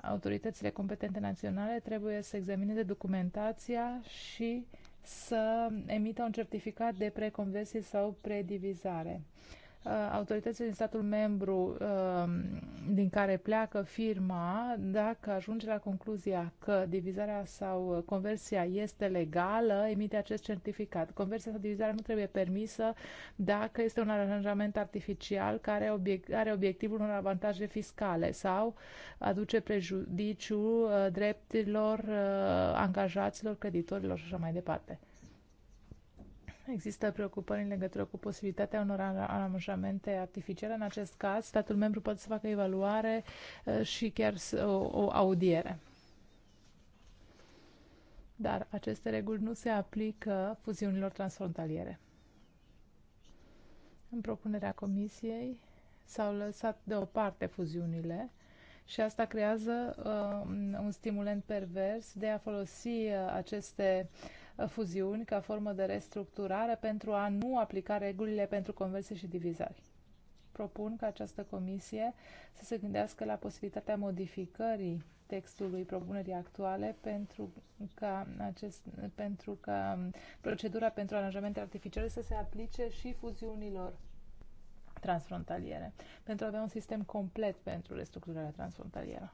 Autoritățile competente naționale trebuie să examineze documentația și să emită un certificat de preconversie sau predivizare. Uh, autoritățile din statul membru um, din care pleacă firma, dacă ajunge la concluzia că divizarea sau conversia este legală, emite acest certificat. Conversia sau divizarea nu trebuie permisă dacă este un aranjament artificial care are obiectivul unor avantaje fiscale sau aduce prejudiciu uh, drepturilor uh, angajaților, creditorilor și așa mai departe. Există preocupări în legătură cu posibilitatea unor aranjamente artificiale. În acest caz, statul membru poate să facă evaluare uh, și chiar o, o audiere. Dar aceste reguli nu se aplică fuziunilor transfrontaliere. În propunerea comisiei s-au lăsat deoparte fuziunile și asta creează uh, un stimulent pervers de a folosi uh, aceste uh, Uh, fuziuni ca formă de restructurare pentru a nu aplica regulile pentru conversie și divizări. Propun ca această comisie să se gândească la posibilitatea modificării textului propunerii actuale pentru ca, acest, pentru ca um, procedura pentru aranjamente artificiale să se aplice și fuziunilor transfrontaliere, pentru a avea un sistem complet pentru restructurarea transfrontalieră.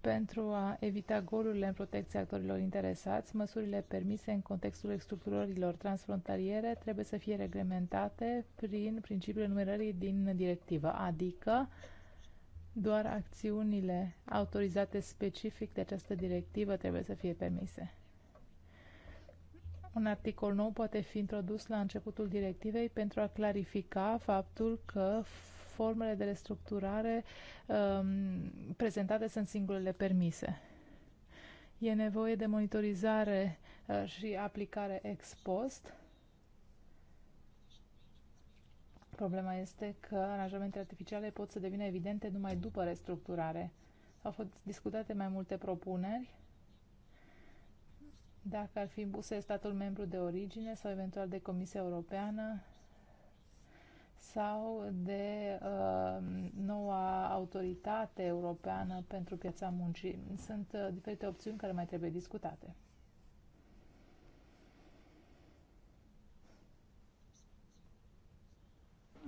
pentru a evita golurile în protecția actorilor interesați, măsurile permise în contextul structurilor transfrontaliere trebuie să fie reglementate prin principiul numerării din directivă, adică doar acțiunile autorizate specific de această directivă trebuie să fie permise. Un articol nou poate fi introdus la începutul directivei pentru a clarifica faptul că formele de restructurare um, prezentate sunt singurele permise. E nevoie de monitorizare uh, și aplicare ex post. Problema este că aranjamentele artificiale pot să devină evidente numai după restructurare. Au fost discutate mai multe propuneri dacă ar fi impuse statul membru de origine sau eventual de Comisia Europeană sau de uh, noua autoritate europeană pentru piața muncii. Sunt uh, diferite opțiuni care mai trebuie discutate.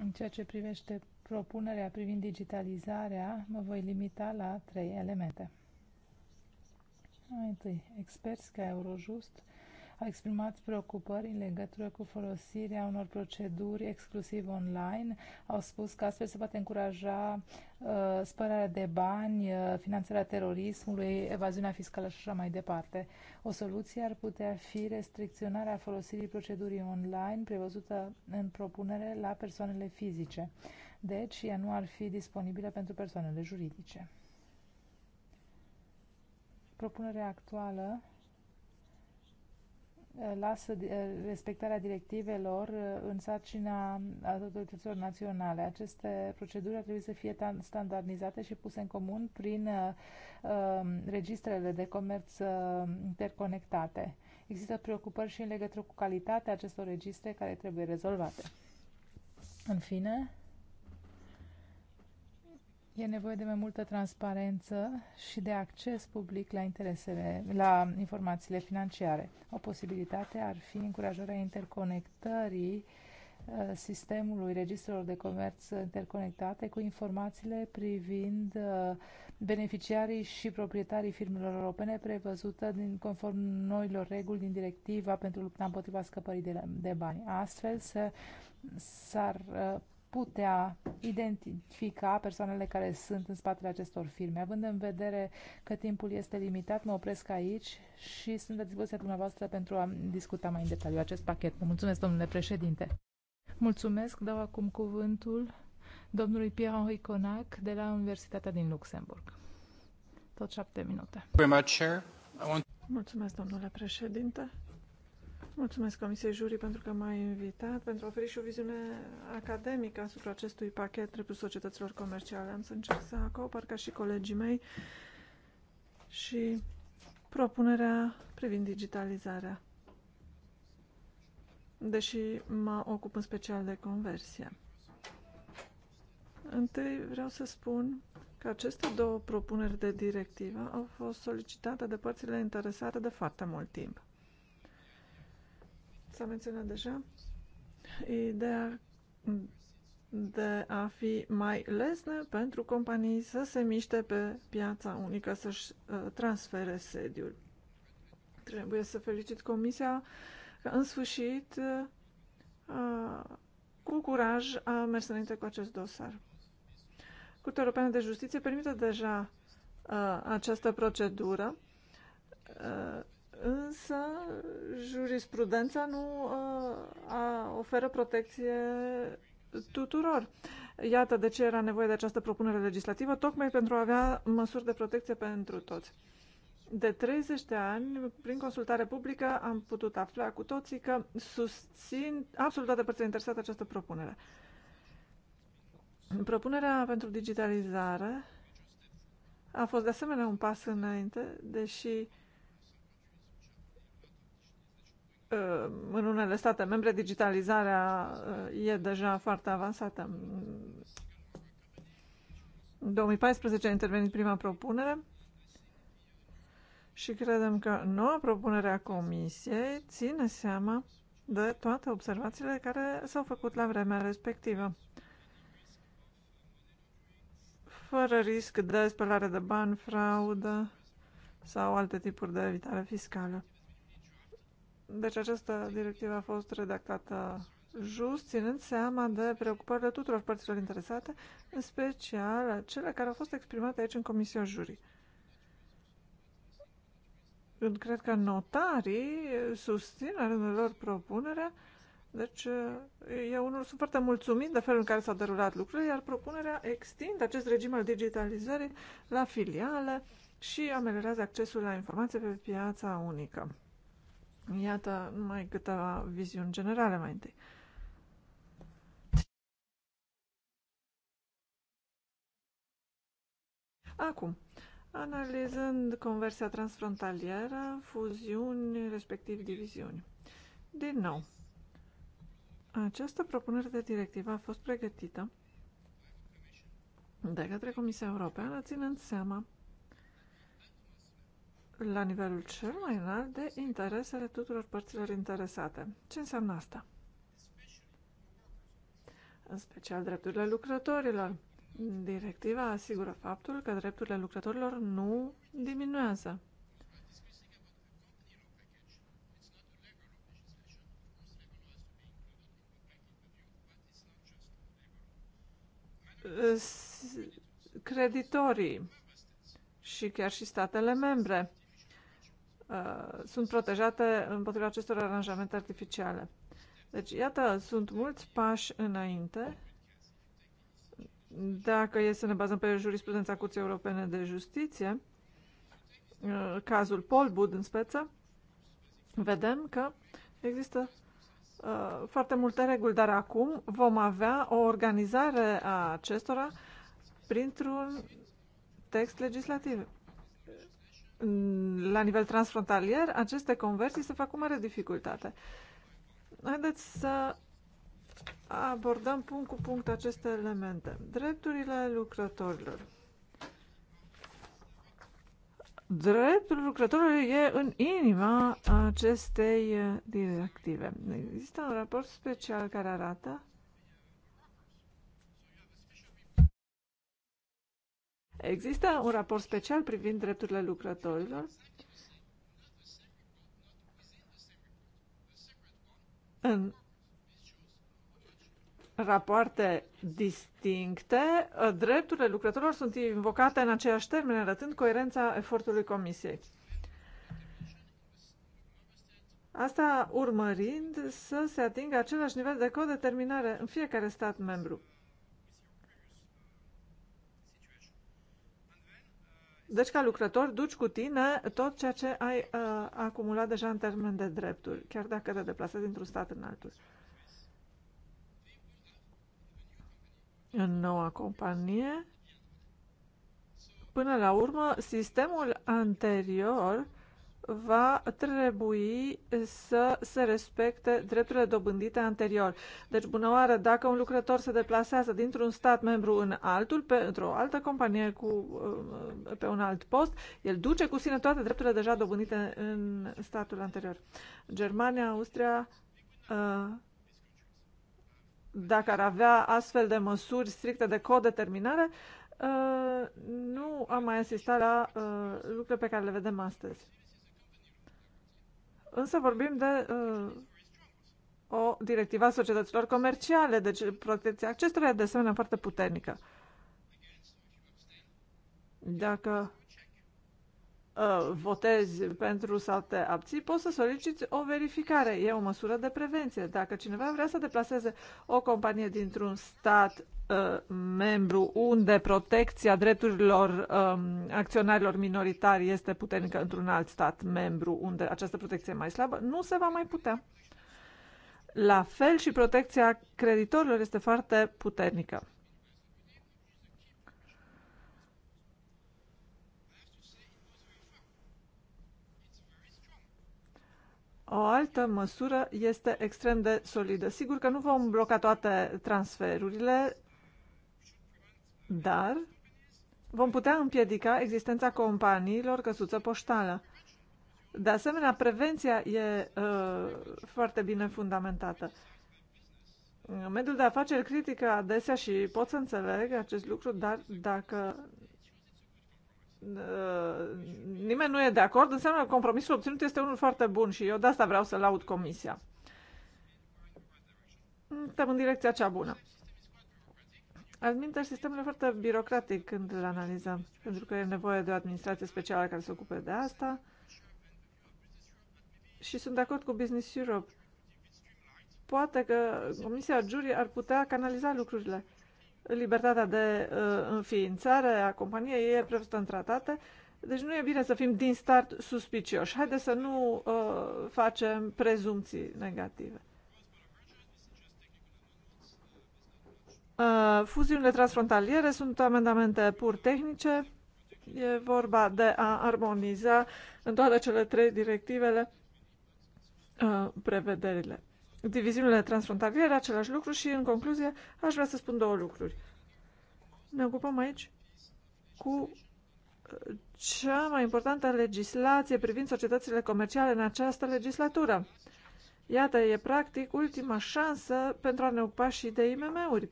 În ceea ce privește propunerea privind digitalizarea, mă voi limita la trei elemente. Mai întâi, experți ca Eurojust a exprimat preocupări în legătură cu folosirea unor proceduri exclusiv online. Au spus că astfel se poate încuraja uh, spălarea de bani, uh, finanțarea terorismului, evaziunea fiscală și așa mai departe. O soluție ar putea fi restricționarea folosirii procedurii online prevăzută în propunere la persoanele fizice. Deci, ea nu ar fi disponibilă pentru persoanele juridice. Propunerea actuală lasă respectarea directivelor uh, în sarcina autorităților naționale. Aceste proceduri ar trebui să fie standardizate și puse în comun prin uh, um, registrele de comerț uh, interconectate. Există preocupări și în legătură cu calitatea acestor registre care trebuie rezolvate. În fine, E nevoie de mai multă transparență și de acces public la interesele, la informațiile financiare. O posibilitate ar fi încurajarea interconectării uh, sistemului registrelor de comerț interconectate cu informațiile privind uh, beneficiarii și proprietarii firmelor europene prevăzută din conform noilor reguli din directiva pentru lupta împotriva scăpării de, de bani. Astfel s-ar uh, putea identifica persoanele care sunt în spatele acestor firme. Având în vedere că timpul este limitat, mă opresc aici și sunt la dispoziția dumneavoastră pentru a discuta mai în detaliu acest pachet. Vă mulțumesc, domnule președinte. Mulțumesc, dau acum cuvântul domnului Pierre-Henri Conac de la Universitatea din Luxemburg. Tot șapte minute. Mulțumesc, domnule președinte. Mulțumesc Comisiei Jurii pentru că m-a invitat, pentru a oferi și o viziune academică asupra acestui pachet dreptul societăților comerciale. Am să încerc să acopăr ca și colegii mei și propunerea privind digitalizarea, deși mă ocup în special de conversie. Întâi vreau să spun că aceste două propuneri de directivă au fost solicitate de părțile interesate de foarte mult timp s-a menționat deja, ideea de a fi mai lesne pentru companii să se miște pe piața unică, să-și uh, transfere sediul. Trebuie să felicit Comisia că în sfârșit uh, cu curaj a mers înainte cu acest dosar. Curtea Europeană de Justiție permite deja uh, această procedură Însă, jurisprudența nu uh, a, oferă protecție tuturor. Iată de ce era nevoie de această propunere legislativă, tocmai pentru a avea măsuri de protecție pentru toți. De 30 de ani, prin consultare publică, am putut afla cu toții că susțin absolut toate părțile interesate această propunere. Propunerea pentru digitalizare a fost de asemenea un pas înainte, deși în unele state membre digitalizarea uh, e deja foarte avansată. În 2014 a intervenit prima propunere și credem că noua propunere a Comisiei ține seama de toate observațiile care s-au făcut la vremea respectivă. Fără risc de spălare de bani, fraudă sau alte tipuri de evitare fiscală. Deci această directivă a fost redactată just, ținând seama de preocupările tuturor părților interesate, în special cele care au fost exprimate aici în Comisia Jurii. Eu cred că notarii susțin la rândul lor propunerea, deci eh, eu unul sunt foarte mulțumit de felul în care s-au derulat lucrurile, iar propunerea extinde acest regim al digitalizării la filiale și amelerează accesul la informații pe piața unică. Iată numai câteva viziuni generale mai întâi. Acum, analizând conversia transfrontalieră, fuziuni, respectiv diviziuni. Din nou, această propunere de directivă a fost pregătită de către Comisia Europeană, ținând seama la nivelul cel mai înalt de interesele tuturor părților interesate. Ce înseamnă asta? În special drepturile lucrătorilor. Directiva asigură faptul că drepturile lucrătorilor nu diminuează. Creditorii și chiar și statele membre Uh, sunt protejate împotriva acestor aranjamente artificiale. Deci, iată, sunt mulți pași înainte. Dacă e să ne bazăm pe jurisprudența Curții Europene de Justiție, uh, cazul Polbud în speță, vedem că există uh, foarte multe reguli, dar acum vom avea o organizare a acestora printr-un text legislativ. Mm, la nivel transfrontalier, aceste conversii se fac cu mare dificultate. Haideți să abordăm punct cu punct aceste elemente. Drepturile lucrătorilor. Dreptul lucrătorului e în inima acestei uh, directive. Există un raport special care arată Există un raport special privind drepturile lucrătorilor în rapoarte distincte, drepturile lucrătorilor sunt invocate în aceeași termen, arătând coerența efortului Comisiei. Asta urmărind să se atingă același nivel de codeterminare în fiecare stat membru. Deci, ca lucrător, duci cu tine tot ceea ce ai uh, acumulat deja în termen de drepturi, chiar dacă te deplasezi dintr-un stat în altul. În noua companie, până la urmă, sistemul anterior uh, va trebui să se respecte drepturile dobândite anterior. Deci, bună oară, dacă un lucrător se deplasează dintr-un stat membru în altul, pentru o altă companie cu, uh, pe un alt post, el duce cu sine toate drepturile deja dobândite în statul anterior. Germania, Austria, uh, dacă ar avea astfel de măsuri stricte de codeterminare, uh, nu am mai asistat la lucruri pe care le vedem astăzi. Însă vorbim de uh, o directivă a societăților comerciale, deci protecția acestora e de asemenea foarte puternică. Dacă uh, votezi pentru să te abții, poți să soliciți o verificare. E o măsură de prevenție. Dacă cineva vrea să deplaseze o companie dintr-un stat Uh, membru unde protecția drepturilor um, acționarilor minoritari este puternică într-un alt stat membru unde această protecție e mai slabă, nu se va mai putea. La fel și protecția creditorilor este foarte puternică. O altă măsură este extrem de solidă. Sigur că nu vom bloca toate transferurile, dar vom putea împiedica existența companiilor căsuță poștală. De asemenea, prevenția e uh, foarte bine fundamentată. Mediul de afaceri critică adesea și pot să înțeleg acest lucru, dar dacă uh, nimeni nu e de acord, înseamnă că compromisul obținut este unul foarte bun și eu de asta vreau să laud comisia. Suntem în direcția cea bună. Adminter, sistemul e foarte birocratic când îl analizăm, pentru că e nevoie de o administrație specială care se ocupe de asta. Și sunt de acord cu Business Europe. Poate că Comisia Jurii ar putea canaliza lucrurile. Libertatea de uh, înființare a companiei e prevăzută în tratate, deci nu e bine să fim din start suspicioși. Haideți să nu uh, facem prezumții negative. Uh, fuziunile transfrontaliere sunt amendamente pur tehnice. E vorba de a armoniza în toate cele trei directivele uh, prevederile. Diviziunile transfrontaliere, același lucru și, în concluzie, aș vrea să spun două lucruri. Ne ocupăm aici cu uh, cea mai importantă legislație privind societățile comerciale în această legislatură. Iată, e practic ultima șansă pentru a ne ocupa și de IMM-uri.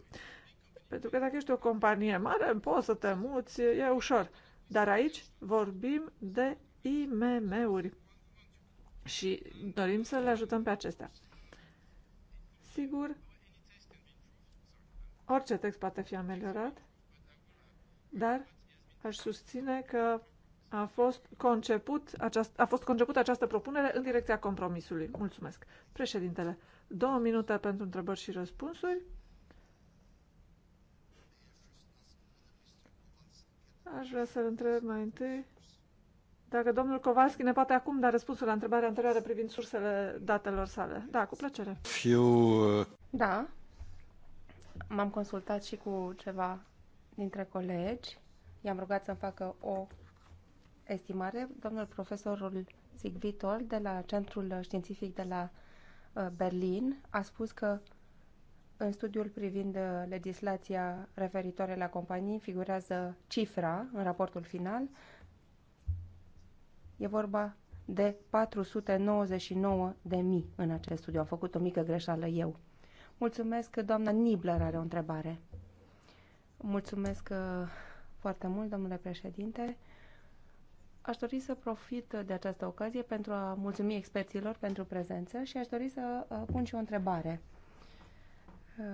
Pentru că dacă ești o companie mare, poți să te muți, e ușor. Dar aici vorbim de IMM-uri și dorim să le ajutăm pe acestea. Sigur, orice text poate fi ameliorat, dar aș susține că a fost, conceput aceast, a fost concepută această propunere în direcția compromisului. Mulțumesc. Președintele, două minute pentru întrebări și răspunsuri. Aș vrea să-l întreb mai întâi dacă domnul Kovalski ne poate acum da răspunsul la întrebarea anterioară privind sursele datelor sale. Da, cu plăcere. Fiu... Uh, da. M-am consultat și cu ceva dintre colegi. I-am rugat să-mi facă o estimare. Domnul profesorul Sigvitol de la Centrul Științific de la uh, Berlin a spus că în studiul privind uh, legislația referitoare la companii figurează cifra în raportul final. E vorba de 499 de mii în acest studiu. Am făcut o mică greșeală eu. Mulțumesc, doamna Nibler are o întrebare. Mulțumesc uh, foarte mult, domnule președinte. Aș dori să profit de această ocazie pentru a mulțumi experților pentru prezență și aș dori să uh, pun și o întrebare. Uh,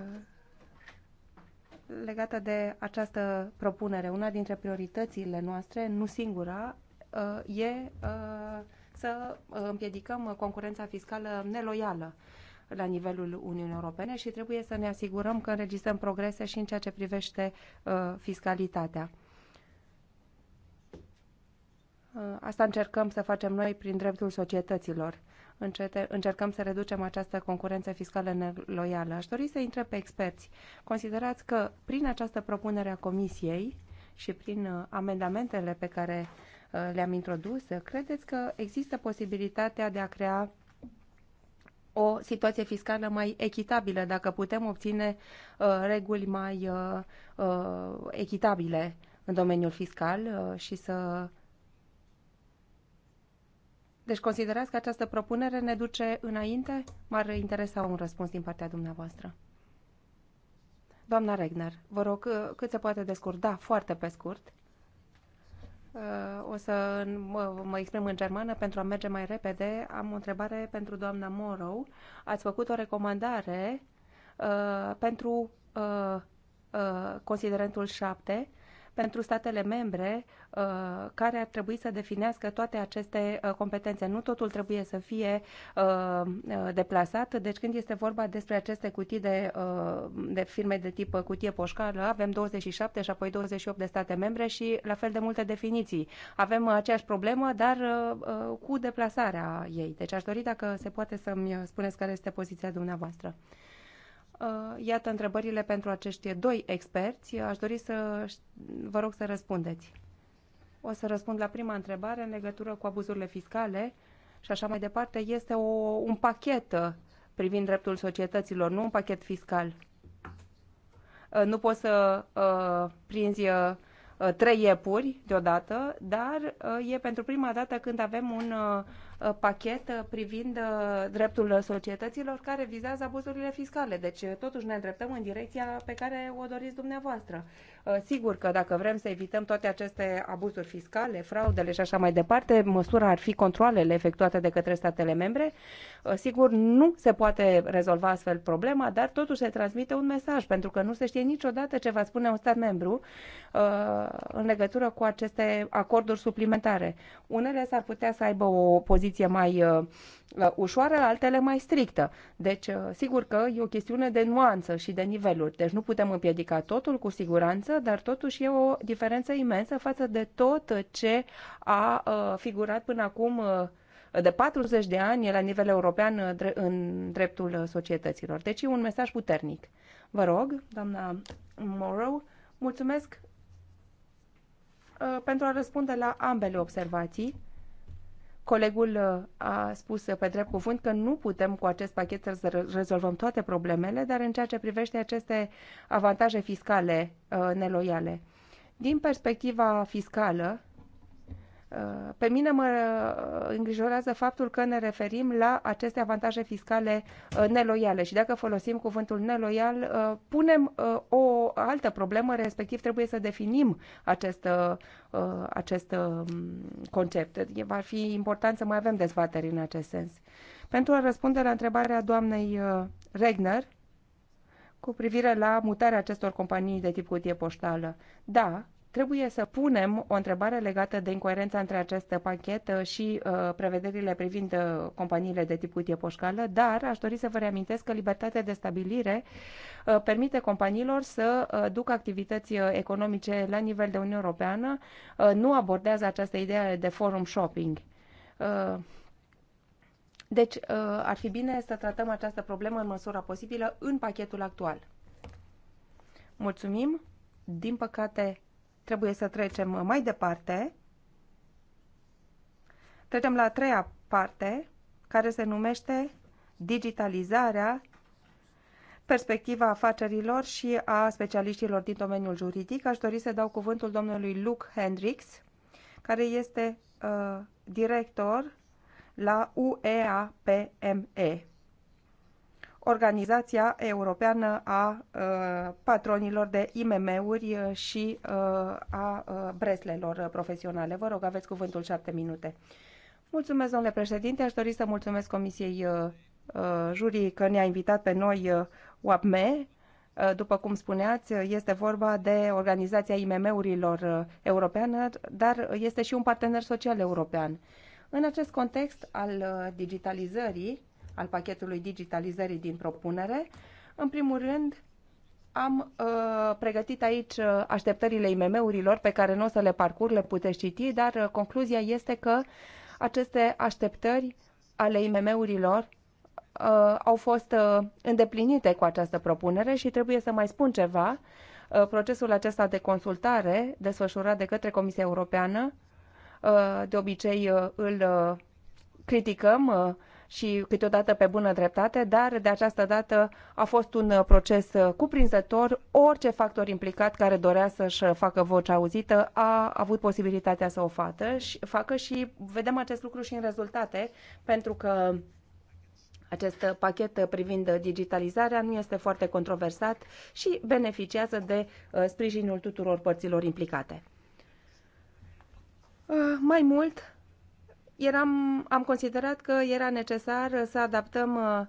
legată de această propunere. Una dintre prioritățile noastre, nu singura, uh, e uh, să împiedicăm concurența fiscală neloială la nivelul Uniunii Europene și trebuie să ne asigurăm că înregistrăm progrese și în ceea ce privește fiscalitatea. Asta încercăm să facem noi prin dreptul societăților încete, încercăm să reducem această concurență fiscală neloială. Aș dori să intre pe experți. Considerați că prin această propunere a Comisiei și prin uh, amendamentele pe care uh, le-am introdus, credeți că există posibilitatea de a crea o situație fiscală mai echitabilă, dacă putem obține uh, reguli mai echitabile în domeniul fiscal și să deci considerați că această propunere ne duce înainte? M-ar interesa un răspuns din partea dumneavoastră. Doamna Regner, vă rog uh, cât se poate de scurt. Da, foarte pe scurt. Uh, o să mă, mă exprim în germană pentru a merge mai repede. Am o întrebare pentru doamna Morrow. Ați făcut o recomandare uh, pentru uh, uh, considerentul 7 pentru statele membre uh, care ar trebui să definească toate aceste uh, competențe. Nu totul trebuie să fie uh, deplasat, deci când este vorba despre aceste cutii de, de firme de tip cutie poșcală, avem 27 și apoi 28 de state membre și la fel de multe definiții. Avem aceeași problemă, dar cu deplasarea ei. Deci aș dori dacă se poate să-mi spuneți care este poziția dumneavoastră. Uh, iată întrebările pentru acești doi experți. Uh, aș dori să vă rog să răspundeți. O să răspund la prima întrebare în legătură cu abuzurile fiscale și așa mai departe. Este o, un pachet uh, privind dreptul societăților, nu un pachet fiscal. Nu poți să uh, prinzi uh, trei iepuri deodată, dar uh, e pentru prima dată când avem un uh, Uh, pachet uh, privind uh, dreptul societăților care vizează abuzurile fiscale. Deci, totuși, ne îndreptăm în direcția pe care o doriți dumneavoastră. Uh, sigur că dacă vrem să evităm toate aceste abuzuri fiscale, fraudele și așa mai departe, măsura ar fi controlele efectuate de către statele membre. Uh, sigur, nu se poate rezolva astfel problema, dar totuși se transmite un mesaj, pentru că nu se știe niciodată ce va spune un stat membru uh, în legătură cu aceste acorduri suplimentare. Unele s-ar putea să aibă o poziție mai Uh, ușoară, altele mai strictă. Deci, uh, sigur că e o chestiune de nuanță și de niveluri. Deci nu putem împiedica totul cu siguranță, dar totuși e o diferență imensă față de tot ce a uh, figurat până acum de 40 de ani la nivel european în dreptul societăților. Deci e un mesaj puternic. Vă rog, doamna Morrow, mulțumesc pentru a răspunde la ambele observații Colegul uh, a spus pe drept cuvânt că nu putem cu acest pachet să rezolvăm toate problemele, dar în ceea ce privește aceste avantaje fiscale uh, neloiale. Din perspectiva fiscală, Uh, pe mine mă uh, îngrijorează faptul că ne referim la aceste avantaje fiscale uh, neloiale și dacă folosim cuvântul neloial, punem o altă problemă, respectiv trebuie să definim acest, acest um, concept. Va fi important să mai avem dezbateri în acest sens. Pentru a răspunde la întrebarea doamnei Regner, cu privire la mutarea acestor companii de tip cutie poștală. Da, Trebuie să punem o întrebare legată de incoerența între acest pachet uh, și uh, prevederile privind uh, companiile de tip cutie poșcală, dar aș dori să vă reamintesc că libertatea de stabilire uh, permite companiilor să uh, ducă activități uh, economice la nivel de Uniune Europeană, uh, nu abordează această idee de forum shopping. Uh, deci, uh, ar fi bine să tratăm această problemă în măsura posibilă în pachetul actual. Mulțumim! Din păcate, Trebuie să trecem mai departe. Trecem la a treia parte, care se numește digitalizarea, perspectiva afacerilor și a specialiștilor din domeniul juridic. Aș dori să dau cuvântul domnului Luke Hendrix, care este uh, director la UEAPME. Organizația Europeană a uh, Patronilor de IMM-uri uh, și uh, a breslelor profesionale. Vă rog, aveți cuvântul șapte minute. Mulțumesc, domnule președinte. Aș dori să mulțumesc Comisiei Jurii că ne-a invitat pe noi UAPME după cum spuneați, este vorba de organizația IMM-urilor europeană, dar este și un partener social european. În acest context al digitalizării, al pachetului digitalizării din propunere. În primul rând, am uh, pregătit aici uh, așteptările IMM-urilor pe care nu o să le parcur, le puteți citi, dar uh, concluzia este că aceste așteptări ale IMM-urilor uh, au fost uh, îndeplinite cu această propunere și trebuie să mai spun ceva. Uh, procesul acesta de consultare desfășurat de către Comisia Europeană, uh, de obicei uh, îl uh, criticăm, uh, și câteodată pe bună dreptate, dar de această dată a fost un uh, proces uh, cuprinzător. Orice factor implicat care dorea să-și uh, facă voce auzită a avut posibilitatea să o facă și, facă și vedem acest lucru și în rezultate, pentru că acest pachet privind digitalizarea nu este foarte controversat și beneficiază de sprijinul tuturor părților implicate. Mai mult, eram, am considerat că era necesar să adaptăm uh,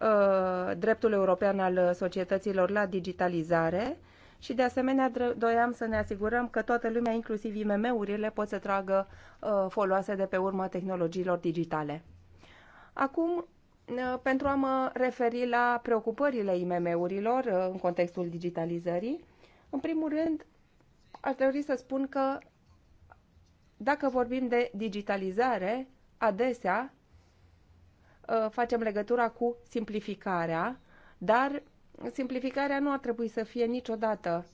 uh, dreptul european al societăților la digitalizare și de asemenea doiam să ne asigurăm că toată lumea, inclusiv IMM-urile, pot să tragă uh, foloase de pe urma tehnologiilor digitale. Acum, uh, pentru a mă referi la preocupările IMM-urilor uh, în contextul digitalizării, în primul rând, aș dori să spun că dacă vorbim de digitalizare, adesea uh, facem legătura cu simplificarea, dar simplificarea nu ar trebui să fie niciodată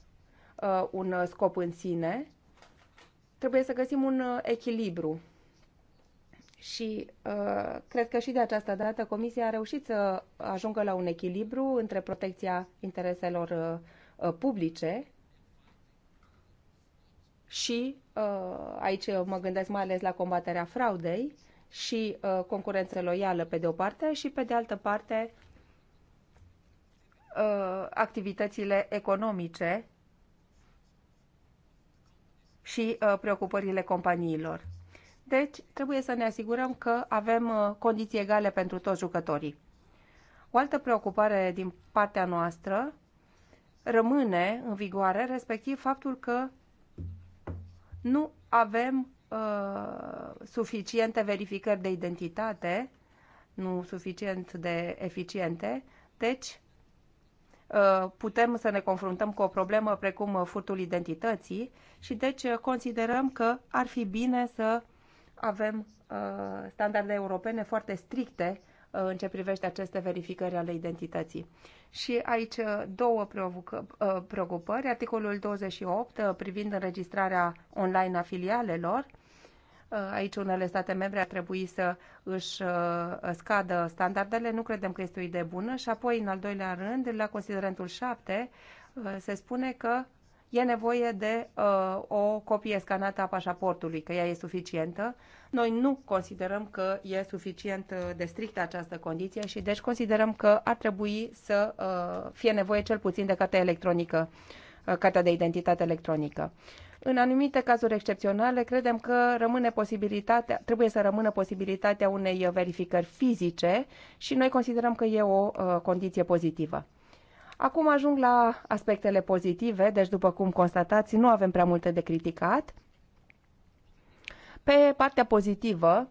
uh, un uh, scop în sine. Trebuie să găsim un echilibru. Și uh, cred că și de această dată Comisia a reușit să ajungă la un echilibru între protecția intereselor uh, publice și Uh, aici mă gândesc mai ales la combaterea fraudei și uh, concurență loială pe de o parte și pe de altă parte uh, activitățile economice și preocupările companiilor. Deci, trebuie să ne asigurăm că avem condiții egale pentru toți jucătorii. O altă preocupare din partea noastră rămâne în vigoare, respectiv faptul că nu avem uh, suficiente verificări de identitate, nu suficient de eficiente, deci uh, putem să ne confruntăm cu o problemă precum uh, furtul identității și deci uh, considerăm că ar fi bine să avem standarde europene foarte stricte în ce privește aceste verificări ale identității și aici uh, două uh, preocupări. Articolul 28 uh, privind înregistrarea online a filialelor. Aici unele state membre ar trebui să își scadă standardele. Nu credem că este o idee bună. Și apoi, în al doilea rând, la considerentul 7, se spune că e nevoie de uh, o copie scanată a pașaportului, că ea e suficientă. Noi nu considerăm că e suficient uh, de strictă această condiție și deci considerăm că ar trebui să uh, fie nevoie cel puțin de cartea electronică, uh, cartea de identitate electronică. În anumite cazuri excepționale, credem că rămâne posibilitatea, trebuie să rămână posibilitatea unei verificări fizice și noi considerăm că e o uh, condiție pozitivă. Acum ajung la aspectele pozitive, deci după cum constatați, nu avem prea multe de criticat. Pe partea pozitivă,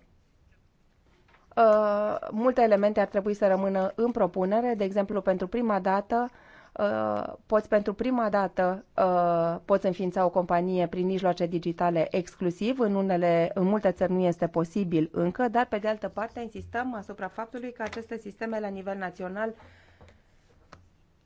Uh, multe elemente ar trebui să rămână în propunere, de exemplu, pentru prima dată uh, poți pentru prima dată uh, poți înființa o companie prin mijloace digitale exclusiv, în unele, în multe țări nu este posibil încă, dar pe de altă parte insistăm asupra faptului că aceste sisteme la nivel național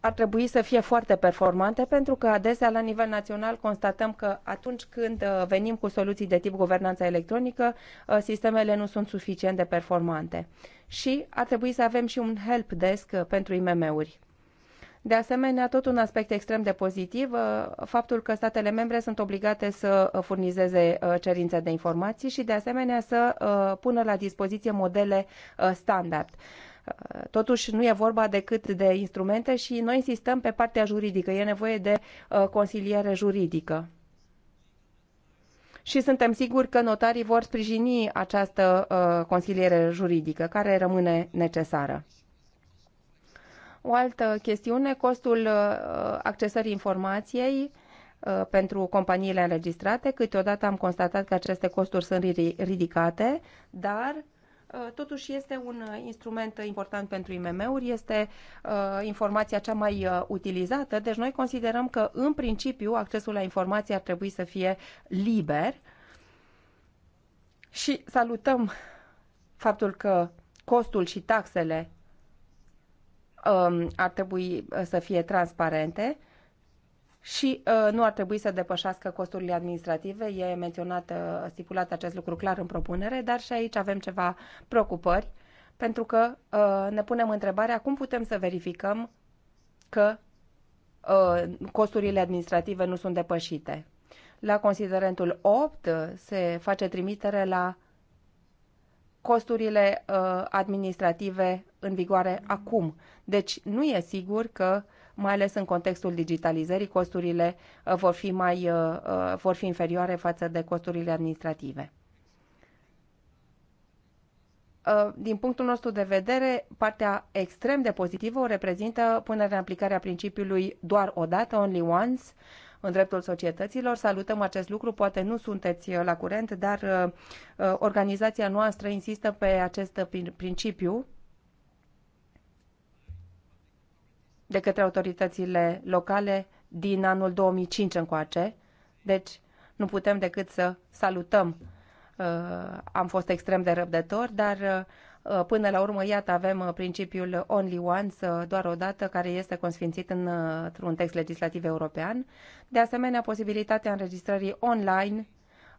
ar trebui să fie foarte performante, pentru că adesea la nivel național constatăm că atunci când uh, venim cu soluții de tip guvernanță electronică, uh, sistemele nu sunt suficient de performante. Și ar trebui să avem și un help desk uh, pentru IMM-uri. De asemenea, tot un aspect extrem de pozitiv, faptul că statele membre sunt obligate să furnizeze cerințe de informații și, de asemenea, să pună la dispoziție modele standard. Uh, totuși nu e vorba decât de instrumente și noi insistăm pe partea juridică. E nevoie de uh, consiliere juridică și suntem siguri că notarii vor sprijini această uh, consiliere juridică, care rămâne necesară. O altă chestiune, costul accesării informației pentru companiile înregistrate. Câteodată am constatat că aceste costuri sunt ridicate, dar Uh, totuși este un uh, instrument important pentru IMM-uri, este uh, informația cea mai utilizată, deci noi considerăm că în principiu accesul la informație ar trebui să fie liber și salutăm faptul că costul și taxele um, ar trebui să fie transparente și uh, nu ar trebui să depășească costurile administrative. E menționat, uh, stipulat acest lucru clar în propunere, dar și aici avem ceva preocupări, pentru că uh, ne punem întrebarea cum putem să verificăm că uh, costurile administrative nu sunt depășite. La considerentul 8 uh, se face trimitere la costurile uh, administrative în vigoare acum. Deci nu e sigur că uh, mai ales în contextul digitalizării, costurile uh, vor fi, mai, uh, uh, vor fi inferioare față de costurile administrative din punctul nostru de vedere, partea extrem de pozitivă o reprezintă punerea în aplicare a principiului doar o dată, only once, în dreptul societăților. Salutăm acest lucru, poate nu sunteți la curent, dar organizația noastră insistă pe acest principiu de către autoritățile locale din anul 2005 încoace. Deci nu putem decât să salutăm. Uh, am fost extrem de răbdători, dar uh, până la urmă, iată, avem uh, principiul only once, doar o dată, care este consfințit într-un text legislativ european. De asemenea, posibilitatea înregistrării online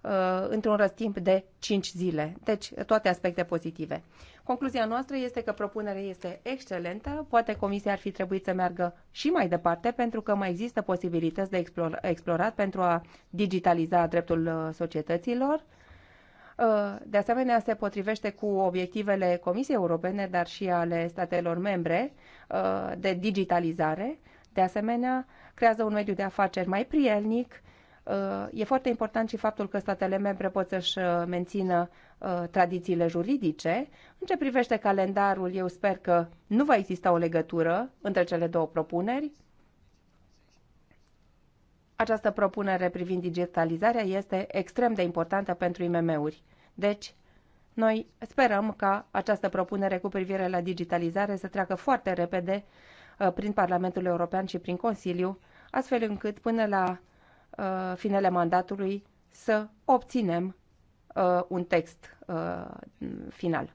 Uh, într-un răstimp de 5 zile. Deci, toate aspecte pozitive. Concluzia noastră este că propunerea este excelentă, poate comisia ar fi trebuit să meargă și mai departe, pentru că mai există posibilități de explor, explorat pentru a digitaliza dreptul uh, societăților. Uh, de asemenea, se potrivește cu obiectivele Comisiei Europene, dar și ale statelor membre de digitalizare. De asemenea, creează un mediu de afaceri mai prielnic, Uh, e foarte important și faptul că statele membre pot să-și uh, mențină uh, tradițiile juridice. În ce privește calendarul, eu sper că nu va exista o legătură între cele două propuneri. Această propunere privind digitalizarea este extrem de importantă pentru IMM-uri. Deci, noi sperăm ca această propunere cu privire la digitalizare să treacă foarte repede prin Parlamentul European și prin Consiliu, astfel încât până la Uh, finele mandatului să obținem uh, un text uh, final.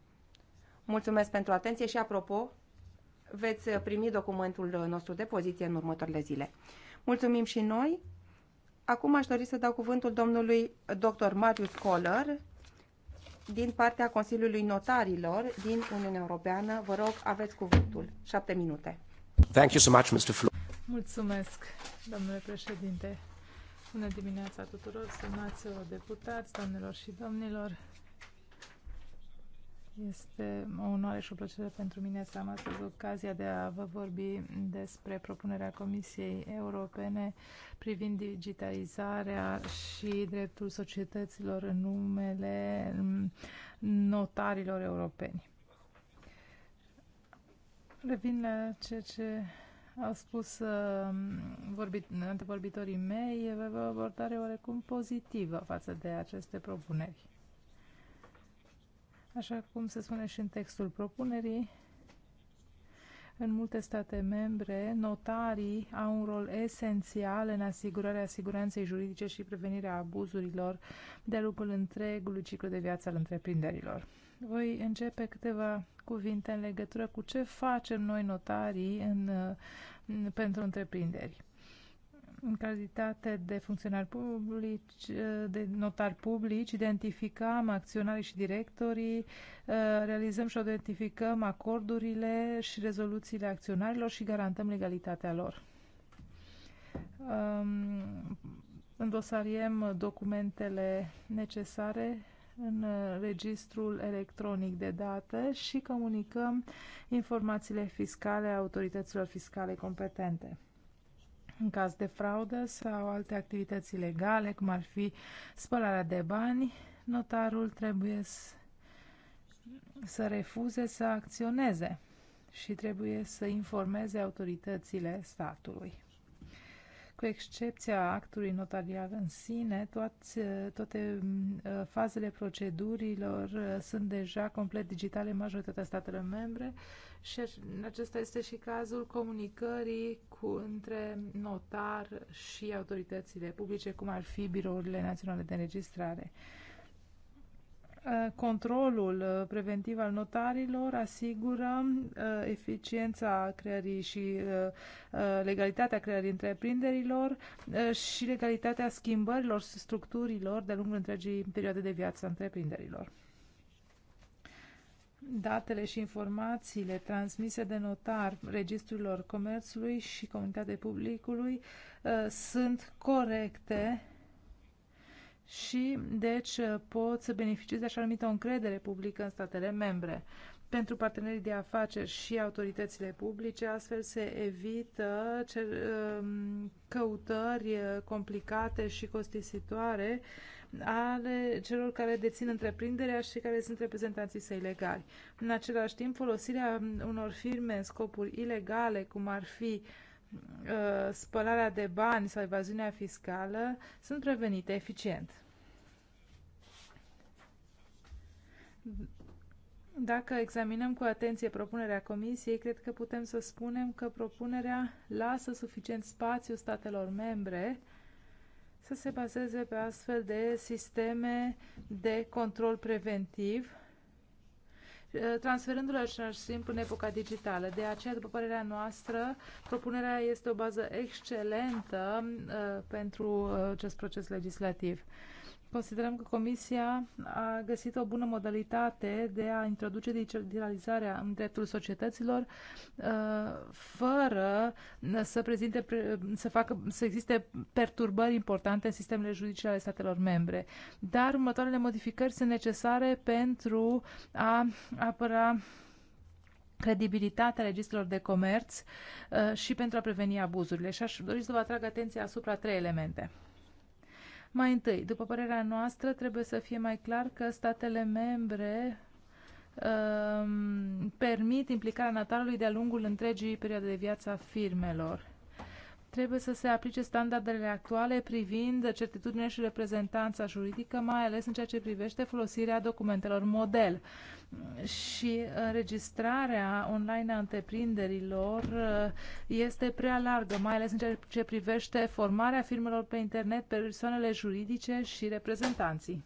Mulțumesc pentru atenție și, apropo, veți primi documentul nostru de poziție în următoarele zile. Mulțumim și noi. Acum aș dori să dau cuvântul domnului dr. Marius Coller din partea Consiliului Notarilor din Uniunea Europeană. Vă rog, aveți cuvântul. Șapte minute. Thank you so much, Mr. Mulțumesc, domnule președinte. Bună dimineața tuturor, stimați deputați, doamnelor și domnilor. Este o onoare și o plăcere pentru mine să am astăzi ocazia de a vă vorbi despre propunerea Comisiei Europene privind digitalizarea și dreptul societăților în numele notarilor europeni. Revin la ceea ce au spus uh, antevorbitorii mei, e o abordare oarecum pozitivă față de aceste propuneri. Așa cum se spune și în textul propunerii, în multe state membre, notarii au un rol esențial în asigurarea siguranței juridice și prevenirea abuzurilor de-a lungul întregului ciclu de viață al întreprinderilor. Voi începe câteva cuvinte în legătură cu ce facem noi notarii în, în, pentru întreprinderi. În calitate de funcționari publici, de notari publici, identificăm acționarii și directorii, uh, realizăm și identificăm acordurile și rezoluțiile acționarilor și garantăm legalitatea lor. Um, îndosariem documentele necesare în uh, registrul electronic de date și comunicăm informațiile fiscale autorităților fiscale competente. În caz de fraudă sau alte activități ilegale, cum ar fi spălarea de bani, notarul trebuie să refuze să acționeze și trebuie să informeze autoritățile statului cu excepția actului notarial în sine, toate, toate uh, fazele procedurilor uh, sunt deja complet digitale în majoritatea statelor membre și acesta este și cazul comunicării cu, între notar și autoritățile publice, cum ar fi birourile naționale de înregistrare. Uh, controlul uh, preventiv al notarilor asigură uh, eficiența creării și legalitatea creării întreprinderilor și legalitatea schimbărilor structurilor de-a lungul întregii perioade de viață a întreprinderilor. Datele și informațiile transmise de notar registrurilor comerțului și comunitatea publicului sunt corecte și, deci, pot să beneficieze de așa numită încredere publică în statele membre pentru partenerii de afaceri și autoritățile publice, astfel se evită um, căutări complicate și costisitoare ale celor care dețin întreprinderea și care sunt reprezentanții săi legali. În același timp, folosirea unor firme în scopuri ilegale, cum ar fi Uh, spălarea de bani sau evaziunea fiscală sunt prevenite eficient. Dacă examinăm cu atenție propunerea Comisiei, cred că putem să spunem că propunerea lasă suficient spațiu statelor membre să se bazeze pe astfel de sisteme de control preventiv Eh, transferându l același simplu în epoca digitală. De aceea, după părerea noastră, propunerea este o bază excelentă eh, pentru eh, acest proces legislativ. Considerăm că Comisia a găsit o bună modalitate de a introduce digitalizarea în dreptul societăților uh, fără să, prezinte, să, facă, să existe perturbări importante în sistemele juridice ale statelor membre. Dar următoarele modificări sunt necesare pentru a apăra credibilitatea registrelor de comerț uh, și pentru a preveni abuzurile. Și aș dori să vă atrag atenția asupra trei elemente. Mai întâi, după părerea noastră, trebuie să fie mai clar că statele membre um, permit implicarea natalului de-a lungul întregii perioade de viață a firmelor. Trebuie să se aplice standardele actuale privind certitudinea și reprezentanța juridică, mai ales în ceea ce privește folosirea documentelor model și înregistrarea online a întreprinderilor uh, este prea largă, mai ales în ceea ce privește formarea firmelor pe internet, persoanele juridice și reprezentanții.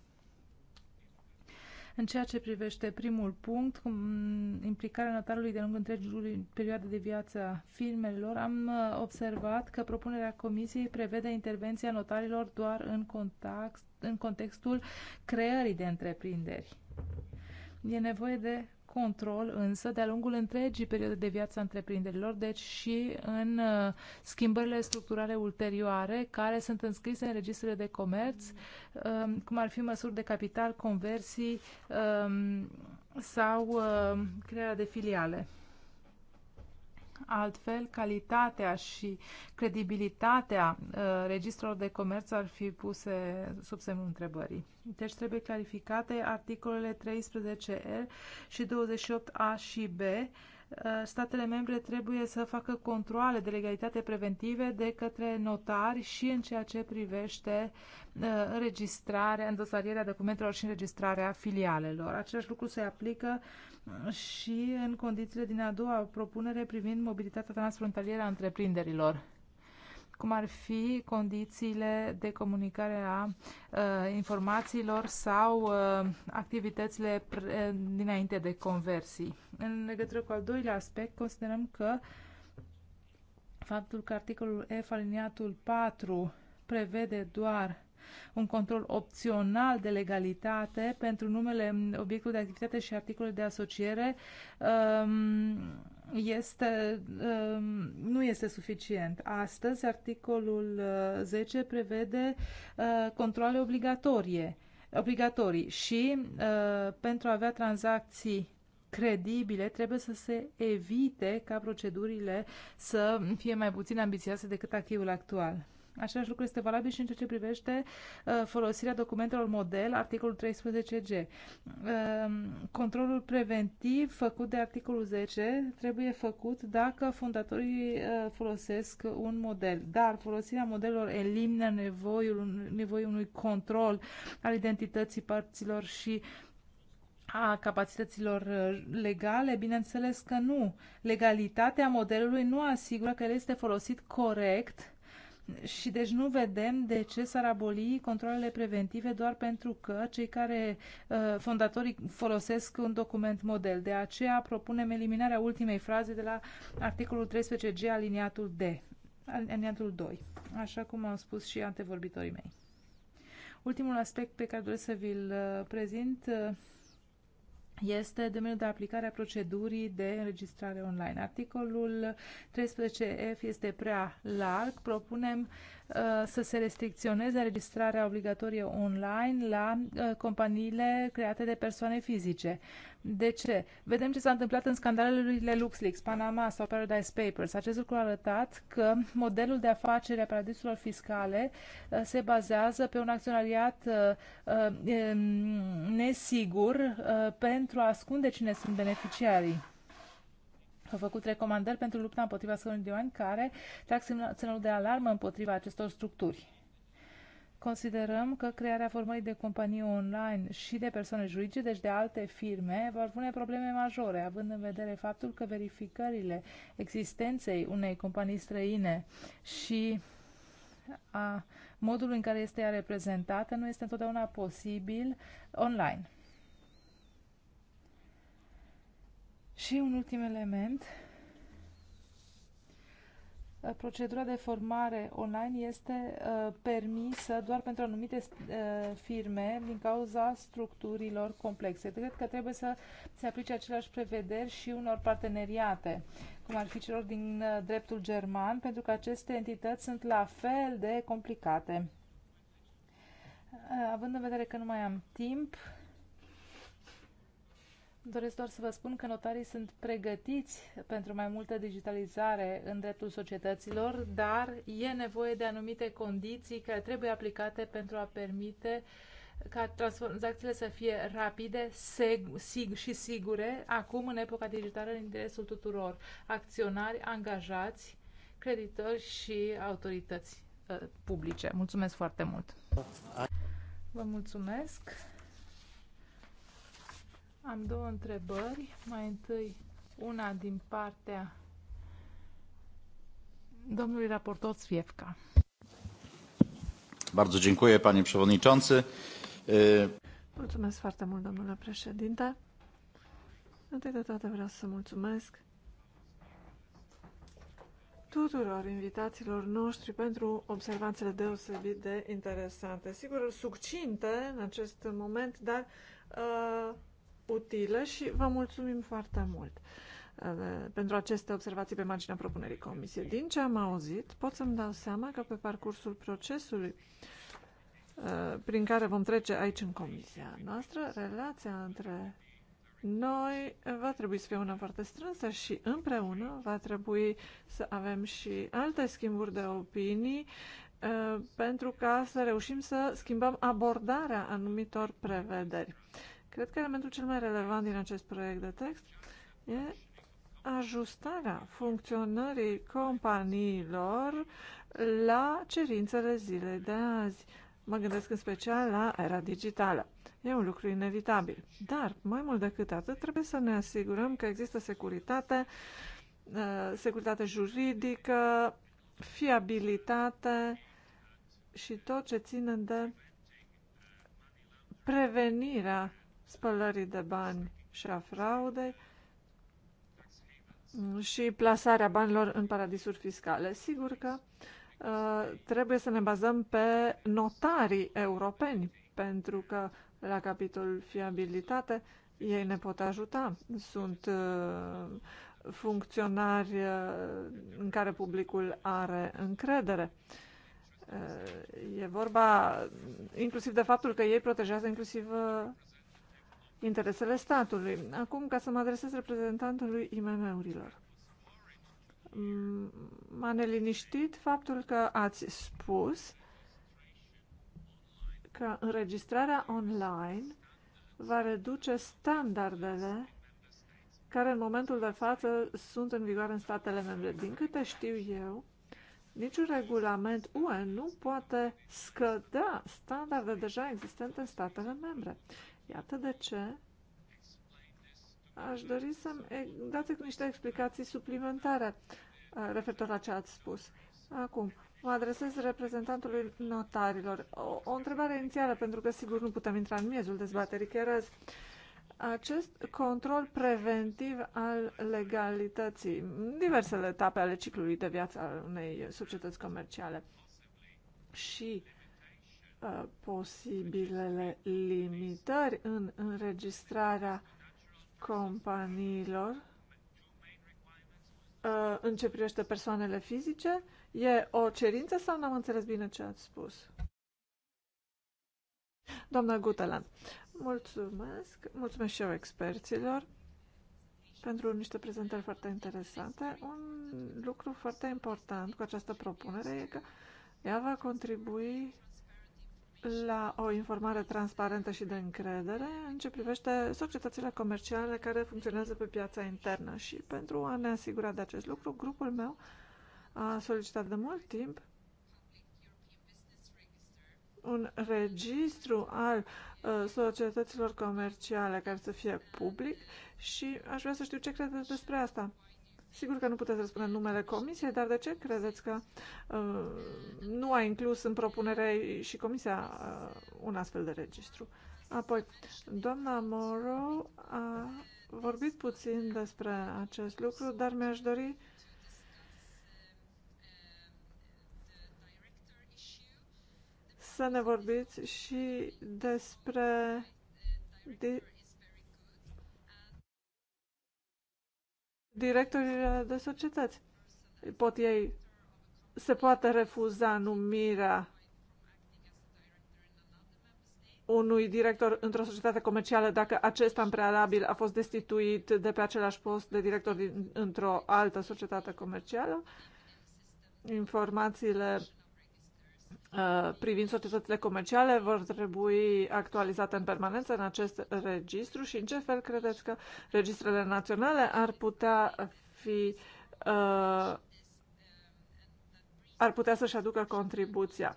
În ceea ce privește primul punct, mm, implicarea notarului de lungul întregului perioade de viață a filmelor, am uh, observat că propunerea comisiei prevede intervenția notarilor doar în, context, în contextul creării de întreprinderi. E nevoie de control însă de-a lungul întregii perioade de viață a întreprinderilor, deci și în uh, schimbările structurale ulterioare care sunt înscrise în registrele de comerț, um, cum ar fi măsuri de capital, conversii um, sau uh, crearea de filiale. Altfel, calitatea și credibilitatea uh, registrelor de comerț ar fi puse sub semnul întrebării. Deci trebuie clarificate articolele 13 l și 28A și B. Uh, statele membre trebuie să facă controle de legalitate preventive de către notari și în ceea ce privește uh, înregistrarea, îndosarierea documentelor și înregistrarea filialelor. Același lucru se aplică uh, și în condițiile din a doua propunere privind mobilitatea transfrontalieră a întreprinderilor cum ar fi condițiile de comunicare a uh, informațiilor sau uh, activitățile pre, dinainte de conversii. În legătură cu al doilea aspect, considerăm că faptul că articolul F aliniatul 4 prevede doar un control opțional de legalitate pentru numele, mm, obiectul de activitate și articolul de asociere um, este, um, nu este suficient. Astăzi, articolul 10 uh, prevede uh, controle obligatorie, obligatorii și uh, pentru a avea tranzacții credibile, trebuie să se evite ca procedurile să fie mai puțin ambițioase decât achiul actual. Același lucru este valabil și în ceea ce privește uh, folosirea documentelor model, articolul 13G. Uh, um, controlul preventiv făcut de articolul 10 trebuie făcut dacă fundatorii uh, folosesc un model, dar folosirea modelelor elimină nevoiul, nevoiul unui control al identității părților și a capacităților uh, legale? Bineînțeles că nu. Legalitatea modelului nu asigură că el este folosit corect și deci nu vedem de ce s-ar aboli controlele preventive doar pentru că cei care, uh, fondatorii, folosesc un document model. De aceea propunem eliminarea ultimei fraze de la articolul 13G aliniatul D, aliniatul 2, așa cum au spus și antevorbitorii mei. Ultimul aspect pe care doresc să vi-l uh, prezint uh, este domeniul de aplicare a procedurii de înregistrare online. Articolul 13F este prea larg. Propunem Uh, să se restricționeze registrarea obligatorie online la uh, companiile create de persoane fizice. De ce? Vedem ce s-a întâmplat în scandalurile LuxLeaks, Panama sau Paradise Papers. Acest lucru a arătat că modelul de afacere a paradisurilor fiscale uh, se bazează pe un acționariat nesigur pentru a ascunde cine sunt beneficiarii a făcut recomandări pentru lupta împotriva scaunului de oameni care trag semnalul de alarmă împotriva acestor structuri. Considerăm că crearea formării de companii online și de persoane juridice, deci de alte firme, vor pune probleme majore, având în vedere faptul că verificările existenței unei companii străine și a modului în care este ea reprezentată nu este întotdeauna posibil online. Și un ultim element, uh, procedura de formare online este uh, permisă doar pentru anumite uh, firme din cauza structurilor complexe. Cred că trebuie să se aplice aceleași prevederi și unor parteneriate, cum ar fi celor din uh, dreptul german, pentru că aceste entități sunt la fel de complicate. Uh, având în vedere că nu mai am timp, Doresc doar să vă spun că notarii sunt pregătiți pentru mai multă digitalizare în dreptul societăților, dar e nevoie de anumite condiții care trebuie aplicate pentru a permite ca tranzacțiile să fie rapide sig și sigure acum, în epoca digitală, în interesul tuturor, acționari, angajați, creditori și autorități uh, publice. Mulțumesc foarte mult! Vă mulțumesc! Am două întrebări. Mai întâi, una din partea domnului raportor Sviefka. Bardzo dziękuję, panie przewodniczący. Mulțumesc foarte mult, domnule președinte. Întâi de toate vreau să mulțumesc tuturor invitațiilor noștri pentru observanțele deosebit de interesante. Sigur, succinte în acest moment, dar uh, utile și vă mulțumim foarte mult uh, pentru aceste observații pe marginea propunerii comisiei. Din ce am auzit, pot să-mi dau seama că pe parcursul procesului uh, prin care vom trece aici în comisia noastră, relația între noi va trebui să fie una foarte strânsă și împreună va trebui să avem și alte schimburi de opinii uh, pentru ca să reușim să schimbăm abordarea anumitor prevederi. Cred că elementul cel mai relevant din acest proiect de text e ajustarea funcționării companiilor la cerințele zilei de azi. Mă gândesc în special la era digitală. E un lucru inevitabil. Dar, mai mult decât atât, trebuie să ne asigurăm că există securitate, uh, securitate juridică, fiabilitate și tot ce ține de prevenirea spălării de bani și a fraudei și plasarea banilor în paradisuri fiscale. Sigur că uh, trebuie să ne bazăm pe notarii europeni, pentru că la capitolul fiabilitate ei ne pot ajuta. Sunt uh, funcționari uh, în care publicul are încredere. E vorba inclusiv de faptul că ei protejează inclusiv interesele statului. Acum, ca să mă adresez reprezentantului IMM-urilor. M-a neliniștit faptul că ați spus că înregistrarea online va reduce standardele care în momentul de față sunt în vigoare în statele membre. Din câte știu eu, niciun regulament UE nu poate scădea standarde deja existente în statele membre. Iată de ce aș dori să-mi dați niște explicații suplimentare referitor la ce ați spus. Acum, mă adresez reprezentantului notarilor. O, o întrebare inițială, pentru că sigur nu putem intra în miezul dezbaterii cherez. Acest control preventiv al legalității, diversele etape ale ciclului de viață al unei societăți comerciale și uh, Uh, posibilele limitări în înregistrarea companiilor uh, în ce privește persoanele fizice? E o cerință sau n-am înțeles bine ce ați spus? Doamna Gutelan, mulțumesc, mulțumesc și eu experților pentru niște prezentări foarte interesante. Un lucru foarte important cu această propunere e că ea va contribui la o informare transparentă și de încredere în ce privește societățile comerciale care funcționează pe piața internă. Și pentru a ne asigura de acest lucru, grupul meu a solicitat de mult timp un registru al uh, societăților comerciale care să fie public și aș vrea să știu ce credeți despre asta. Sigur că nu puteți răspunde numele comisiei, dar de ce credeți că uh, nu a inclus în propunere și comisia uh, un astfel de registru? Apoi, doamna Moro a vorbit puțin despre acest lucru, dar mi-aș dori să ne vorbiți și despre directori de societăți. Pot ei, se poate refuza numirea unui director într-o societate comercială dacă acesta în prealabil a fost destituit de pe același post de director într-o altă societate comercială. Informațiile Uh, privind societățile comerciale vor trebui actualizate în permanență în acest registru și în ce fel credeți că registrele naționale ar putea fi uh, ar putea să-și aducă contribuția.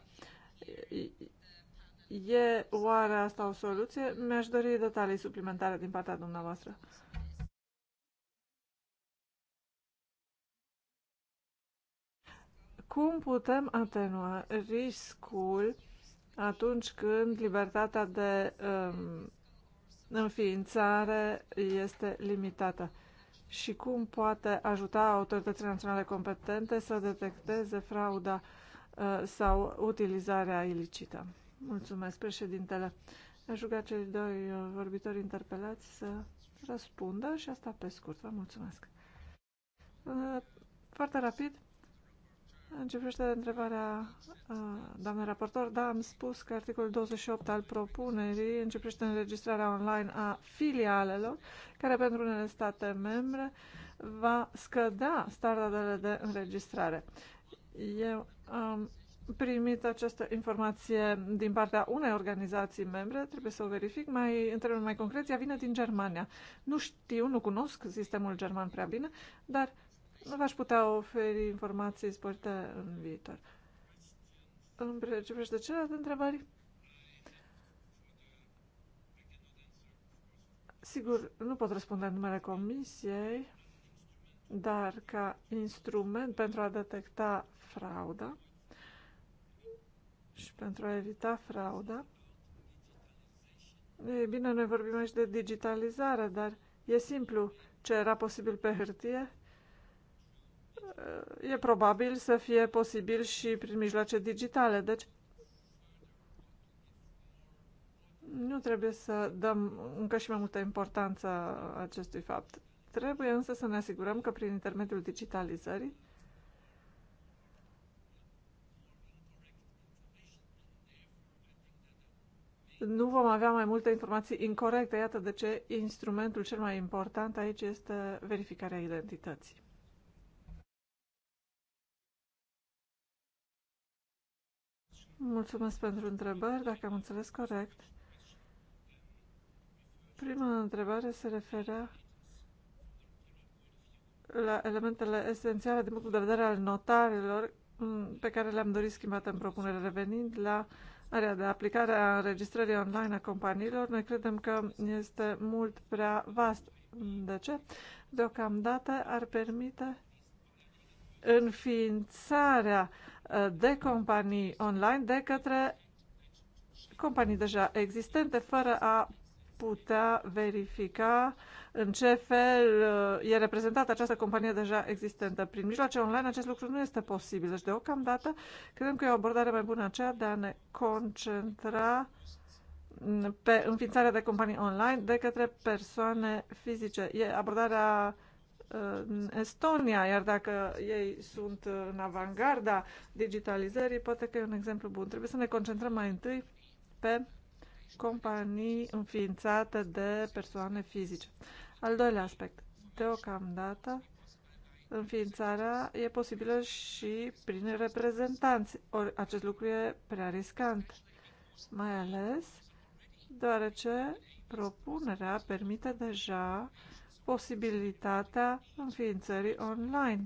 E oare asta o soluție? Mi-aș dori detalii suplimentare din partea dumneavoastră. Cum putem atenua riscul atunci când libertatea de um, înființare este limitată? Și cum poate ajuta autoritățile naționale competente să detecteze frauda uh, sau utilizarea ilicită? Mulțumesc, președintele. Aș ruga cei doi uh, vorbitori interpelați să răspundă și asta pe scurt. Vă mulțumesc. Uh, foarte rapid. În ce privește întrebarea doamnei raportor, da, am spus că articolul 28 al propunerii privește înregistrarea online a filialelor, care pentru unele state membre va scădea standardele de înregistrare. Eu am primit această informație din partea unei organizații membre, trebuie să o verific. Mai, în mai concret, ea vine din Germania. Nu știu, nu cunosc sistemul german prea bine, dar nu v-aș putea oferi informații sporite în viitor. de ce privește celelalte întrebări, sigur, nu pot răspunde în numele comisiei, dar ca instrument pentru a detecta frauda și pentru a evita frauda, e bine, noi vorbim aici de digitalizare, dar e simplu ce era posibil pe hârtie, e probabil să fie posibil și prin mijloace digitale. Deci nu trebuie să dăm încă și mai multă importanță acestui fapt. Trebuie însă să ne asigurăm că prin intermediul digitalizării nu vom avea mai multe informații incorrecte. Iată de ce instrumentul cel mai important aici este verificarea identității. Mulțumesc pentru întrebări, dacă am înțeles corect. Prima întrebare se referea la elementele esențiale din punctul de vedere al notarilor mm, pe care le-am dorit schimbate în propunere. Revenind la area de aplicare a înregistrării online a companiilor, noi credem că este mult prea vast. De ce? Deocamdată ar permite înființarea de companii online de către companii deja existente, fără a putea verifica în ce fel uh, e reprezentată această companie deja existentă. Prin mijloace online acest lucru nu este posibil. Deci, deocamdată, credem că e o abordare mai bună aceea de a ne concentra mm, pe înființarea de companii online de către persoane fizice. E abordarea uh, în Estonia, iar dacă ei sunt în avangarda digitalizării, poate că e un exemplu bun. Trebuie să ne concentrăm mai întâi pe companii înființate de persoane fizice. Al doilea aspect. Deocamdată, înființarea e posibilă și prin reprezentanți. Or, acest lucru e prea riscant, mai ales deoarece propunerea permite deja uh, posibilitatea înființării online.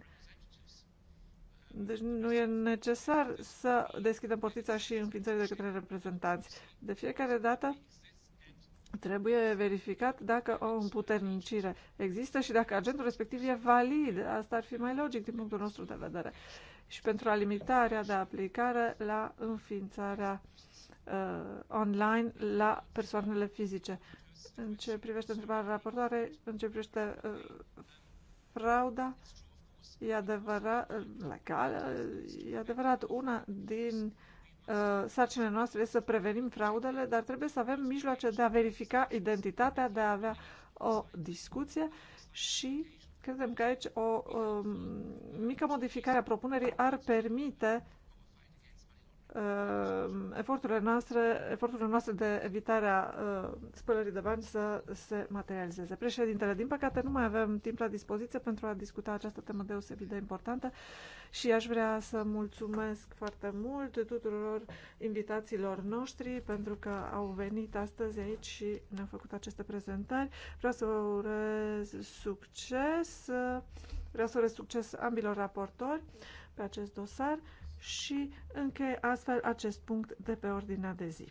Deci nu e necesar să deschidem portița și înființării de către reprezentanți. De fiecare dată trebuie verificat dacă o împuternicire există și dacă agentul respectiv e valid. Asta ar fi mai logic din punctul nostru de vedere. Și pentru a limita area de aplicare la înființarea uh, online la persoanele fizice. În ce privește întrebarea raportoare, în ce privește uh, frauda, e adevărat, uh, legală, e adevărat, una din uh, sarcinile noastre este să prevenim fraudele, dar trebuie să avem mijloace de a verifica identitatea, de a avea o discuție și credem că aici o um, mică modificare a propunerii ar permite Ehm, eforturile noastre, eforturile noastre de evitare a ehm, spălării de bani să se materializeze. Președintele, din păcate nu mai avem timp la dispoziție pentru a discuta această temă deosebit de importantă și aș vrea să mulțumesc foarte mult tuturor invitațiilor noștri pentru că au venit astăzi aici și ne-au făcut aceste prezentări. Vreau să vă urez succes, vreau să urez succes ambilor raportori pe acest dosar și încheie astfel acest punct de pe ordinea de zi.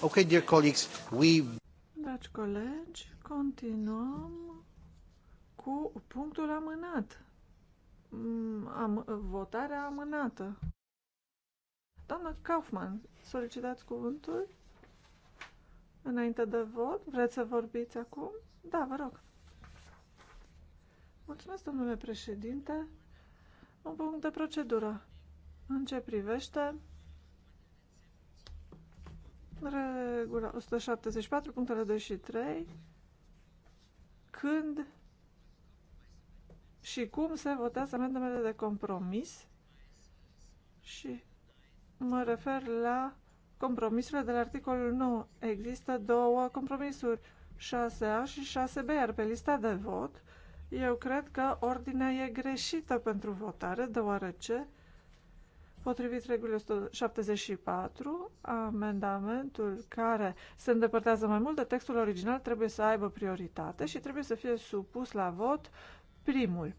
Okay, dear colleagues, we... Dragi colegi, continuăm cu punctul amânat. Mm, am, votarea amânată. Doamna Kaufman, solicitați cuvântul înainte de vot? Vreți să vorbiți acum? Da, vă rog. Mulțumesc, domnule președinte. Un punct de procedură. În ce privește regula 174, punctele 2 și 3, când și cum se votează amendamentele de compromis și mă refer la compromisurile de la articolul 9. Există două compromisuri, 6A și 6B, iar pe lista de vot eu cred că ordinea e greșită pentru votare, deoarece Potrivit regulii 174, amendamentul care se îndepărtează mai mult de textul original trebuie să aibă prioritate și trebuie să fie supus la vot primul.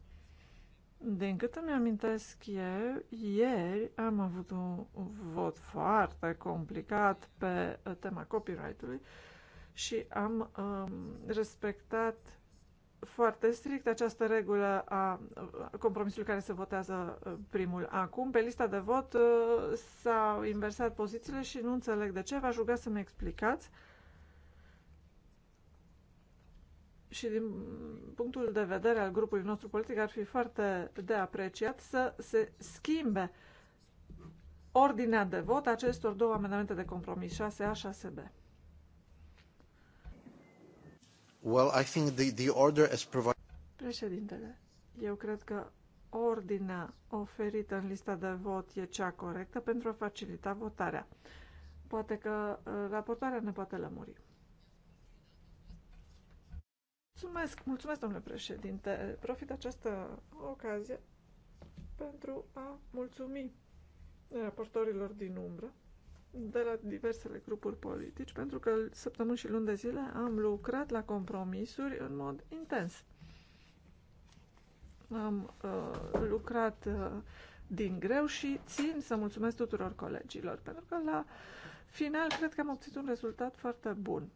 Din cât îmi amintesc eu, ieri am avut un vot foarte complicat pe tema copyright-ului și am um, respectat foarte strict această regulă a compromisului care se votează uh, primul. Acum, pe lista de vot, uh, s-au inversat pozițiile și nu înțeleg de ce. V-aș ruga să-mi explicați. Și din punctul de vedere al grupului nostru politic ar fi foarte de apreciat să se schimbe ordinea de vot acestor două amendamente de compromis, 6A, 6B. Well, I think the, the order as provided... Președintele, eu cred că ordinea oferită în lista de vot e cea corectă pentru a facilita votarea. Poate că uh, raportarea ne poate lămuri. Mulțumesc, mulțumesc, domnule președinte. Profit această ocazie pentru a mulțumi raportorilor din umbră de la diversele grupuri politici, pentru că săptămâni și luni de zile am lucrat la compromisuri în mod intens. Am uh, lucrat uh, din greu și țin să mulțumesc tuturor colegilor, pentru că la final cred că am obținut un rezultat foarte bun.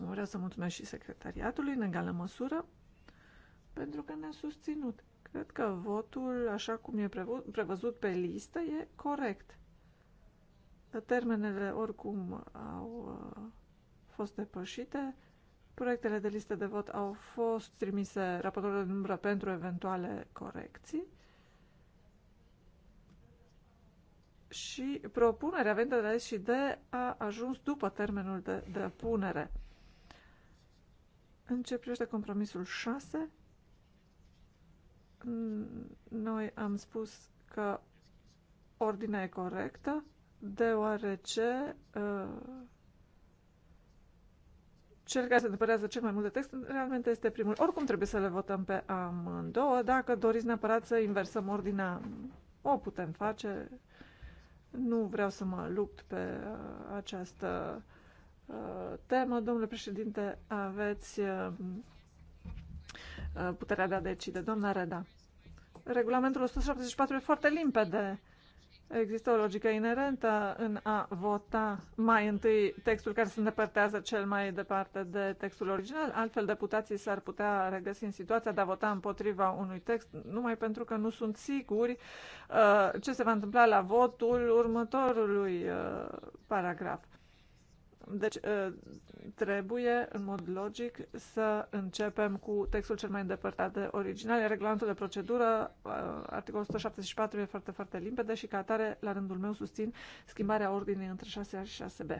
Vreau să mulțumesc și secretariatului în egală măsură, pentru că ne-a susținut. Cred că votul, așa cum e prevăzut pe listă, e corect. Termenele oricum au uh, fost depășite. Proiectele de listă de vot au fost trimise raportorilor de umbră pentru eventuale corecții. Și propunerea venită de la D a ajuns după termenul de depunere. În ce privește compromisul 6, noi am spus că ordinea e corectă, deoarece uh, cel care se depărează cel mai mult de text realmente este primul. Oricum trebuie să le votăm pe amândouă. Dacă doriți neapărat să inversăm ordinea, o putem face. Nu vreau să mă lupt pe uh, această uh, temă. Domnule președinte, aveți puterea de a decide. Doamna Reda, regulamentul 174 e foarte limpede. Există o logică inerentă în a vota mai întâi textul care se îndepărtează cel mai departe de textul original, altfel deputații s-ar putea regăsi în situația de a vota împotriva unui text numai pentru că nu sunt siguri uh, ce se va întâmpla la votul următorului uh, paragraf. Deci uh, trebuie, în mod logic, să începem cu textul cel mai îndepărtat de original. Regulamentul de procedură, uh, articolul 174, e foarte, foarte limpede și ca atare, la rândul meu, susțin schimbarea ordinii între 6A și 6B.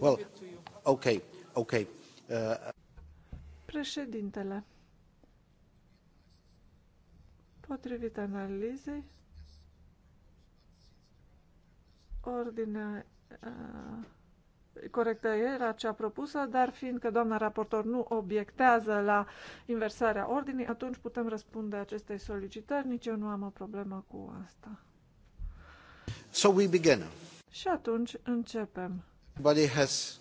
Well, okay, okay. Uh... Președintele. Potrivit analizei, ordinea uh, corectă era cea propusă, dar fiindcă doamna raportor nu obiectează la inversarea ordinii, atunci putem răspunde acestei solicitări. Nici eu nu am o problemă cu asta. So we begin. Și atunci începem. Everybody has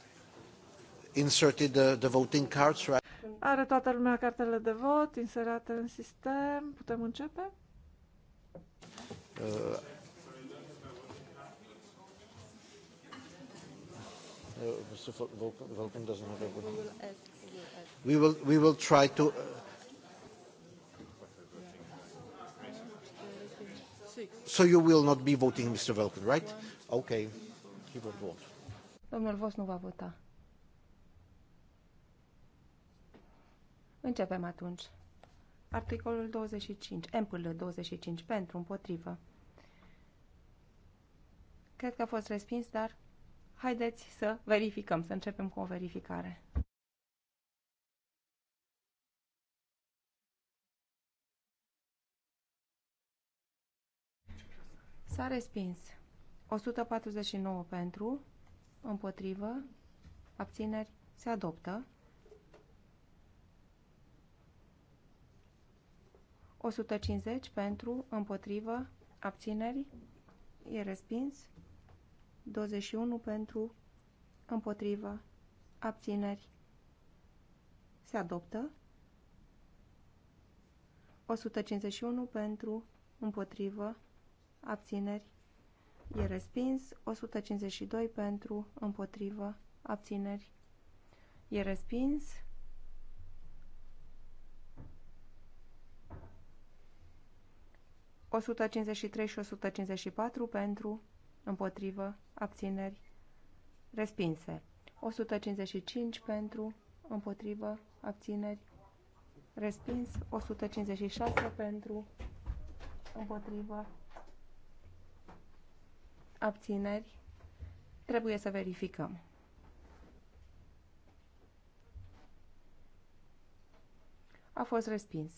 inserted the, the voting cards, right? Are toată lumea cartele de vot inserate în sistem. Putem începe? Mr. doesn't have a We will, we will try to... Uh, so you will not be voting, Mr. Velkin, right? Okay. He won't vote. Domnul Vos nu va vota. Începem atunci. Articolul 25, MPL 25, pentru, împotrivă. Cred că a fost respins, dar haideți să verificăm, să începem cu o verificare. S-a respins. 149 pentru, împotrivă, abțineri, se adoptă. 150 pentru, împotrivă, abțineri, e respins. 21 pentru, împotrivă, abțineri, se adoptă. 151 pentru, împotrivă, abțineri, e respins. 152 pentru, împotrivă, abțineri, e respins. 153 și 154 pentru, împotrivă, abțineri, respinse. 155 pentru, împotrivă, abțineri, respins. 156 pentru, împotrivă, abțineri, trebuie să verificăm. A fost respins.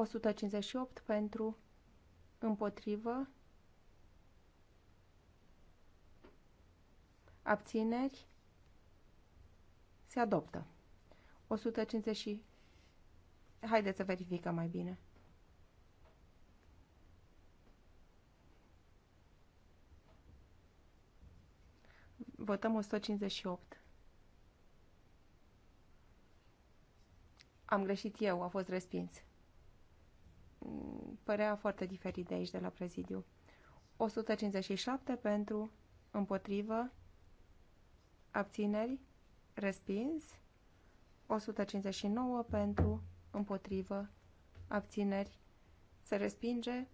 158 pentru împotrivă, abțineri, se adoptă. 150 Haideți să verificăm mai bine. Votăm 158. Am greșit eu, a fost respins părea foarte diferit de aici, de la prezidiu. 157 pentru, împotrivă, abțineri, respins. 159 pentru, împotrivă, abțineri, se respinge.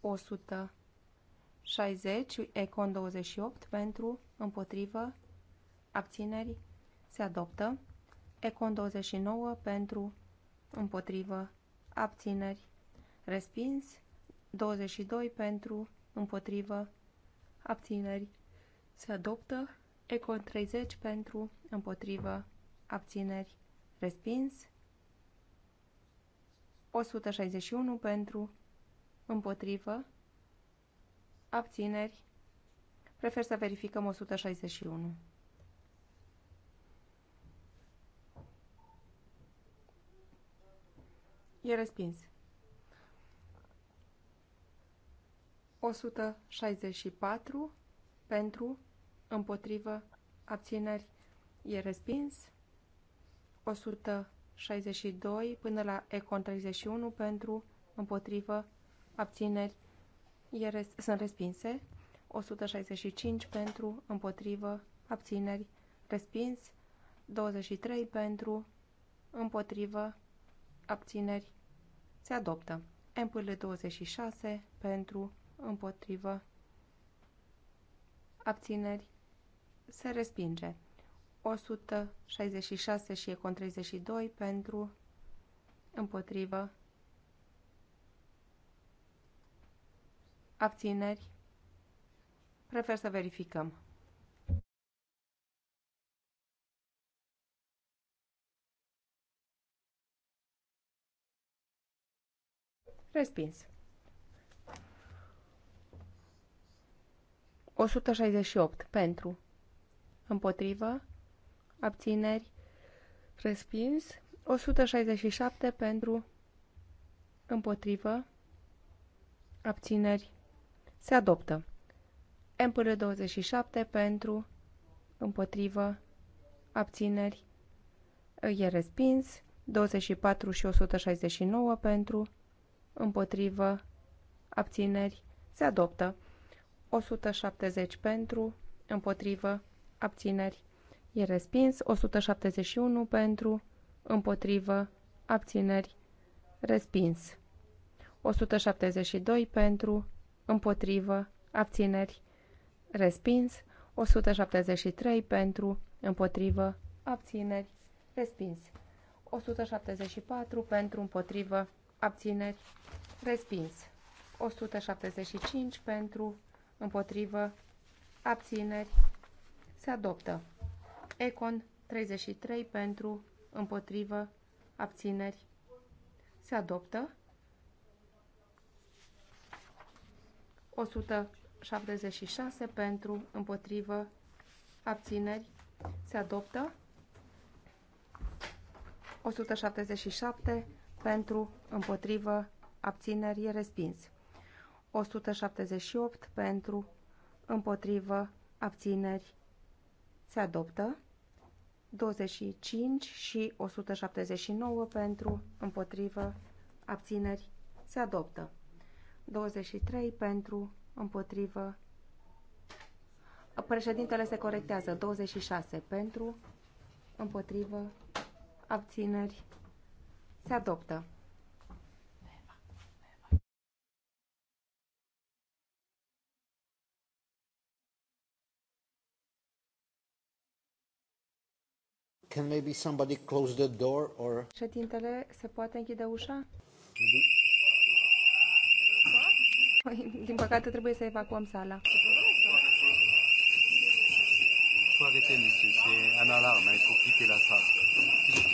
160, Econ 28 pentru, împotrivă, abțineri, se adoptă. Econ 29 pentru, împotrivă, abțineri, respins, 22 pentru, împotrivă, abțineri, se adoptă, Econ 30 pentru, împotrivă, abțineri, respins, 161 pentru, împotrivă, abțineri, prefer să verificăm 161. E respins. 164 pentru, împotrivă, abțineri, e respins. 162 până la Econ 31 pentru, împotrivă, abțineri, e res sunt respinse. 165 pentru, împotrivă, abțineri, respins. 23 pentru, împotrivă, abțineri, se adoptă. MPL 26 pentru, împotrivă, abțineri, se respinge. 166 și Econ 32 pentru, împotrivă, abțineri, prefer să verificăm. Respins. 168. Pentru. Împotrivă. Abțineri. Respins. 167. Pentru. Împotrivă. Abțineri. Se adoptă. MPR 27 pentru. Împotrivă. Abțineri. E respins. 24 și 169 pentru împotrivă, abțineri, se adoptă. 170 pentru, împotrivă, abțineri, e respins. 171 pentru, împotrivă, abțineri, respins. 172 pentru, împotrivă, abțineri, respins. 173 pentru, împotrivă, abțineri, respins. 174 pentru, împotrivă, abțineri, respins. 175 pentru, împotrivă, abțineri, se adoptă. Econ 33 pentru, împotrivă, abțineri, se adoptă. 176 pentru, împotrivă, abțineri, se adoptă. 177 pentru, împotrivă, abțineri, respins. 178 pentru, împotrivă, abțineri, se adoptă. 25 și 179 pentru, împotrivă, abțineri, se adoptă. 23 pentru, împotrivă, președintele se corectează, 26 pentru, împotrivă, abțineri, se adoptă. Can maybe somebody close the door or... Ședintele, se poate închide ușa? Mm-hmm. Din păcate trebuie să evacuăm sala. Poate arrêter, monsieur. C'est un alarme. ai copii quitter la sală. Sigur,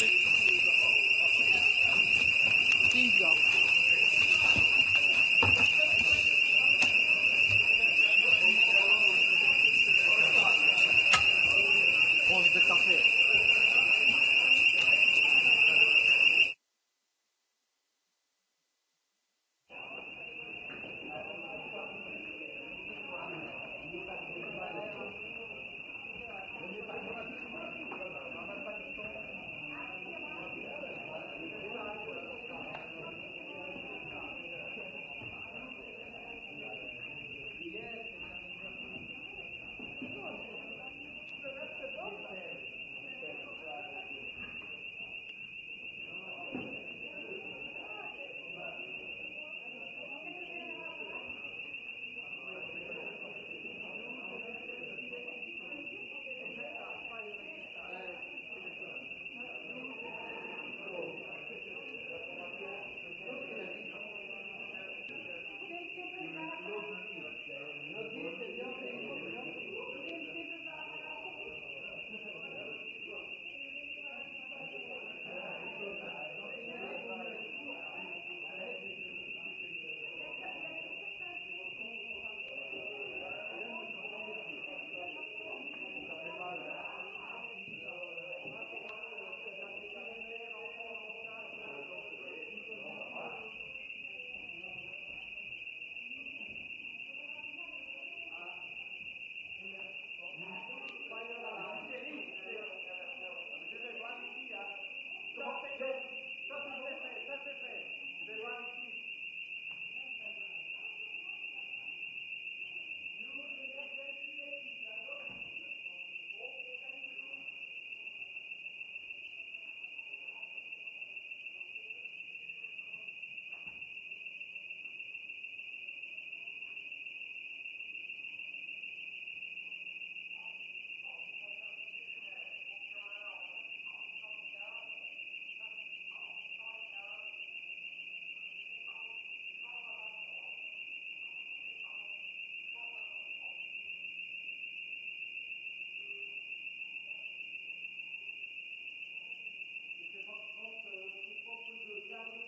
securitate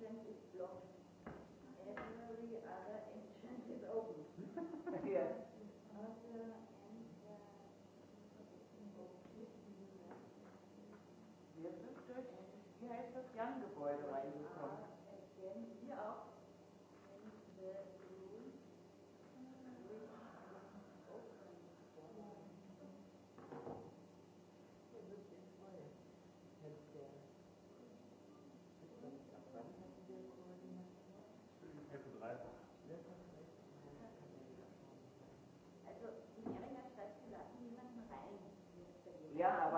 incentive block every other incentive open. yes. Wir sind durch, wie heißt das eigentlich?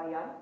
Bayern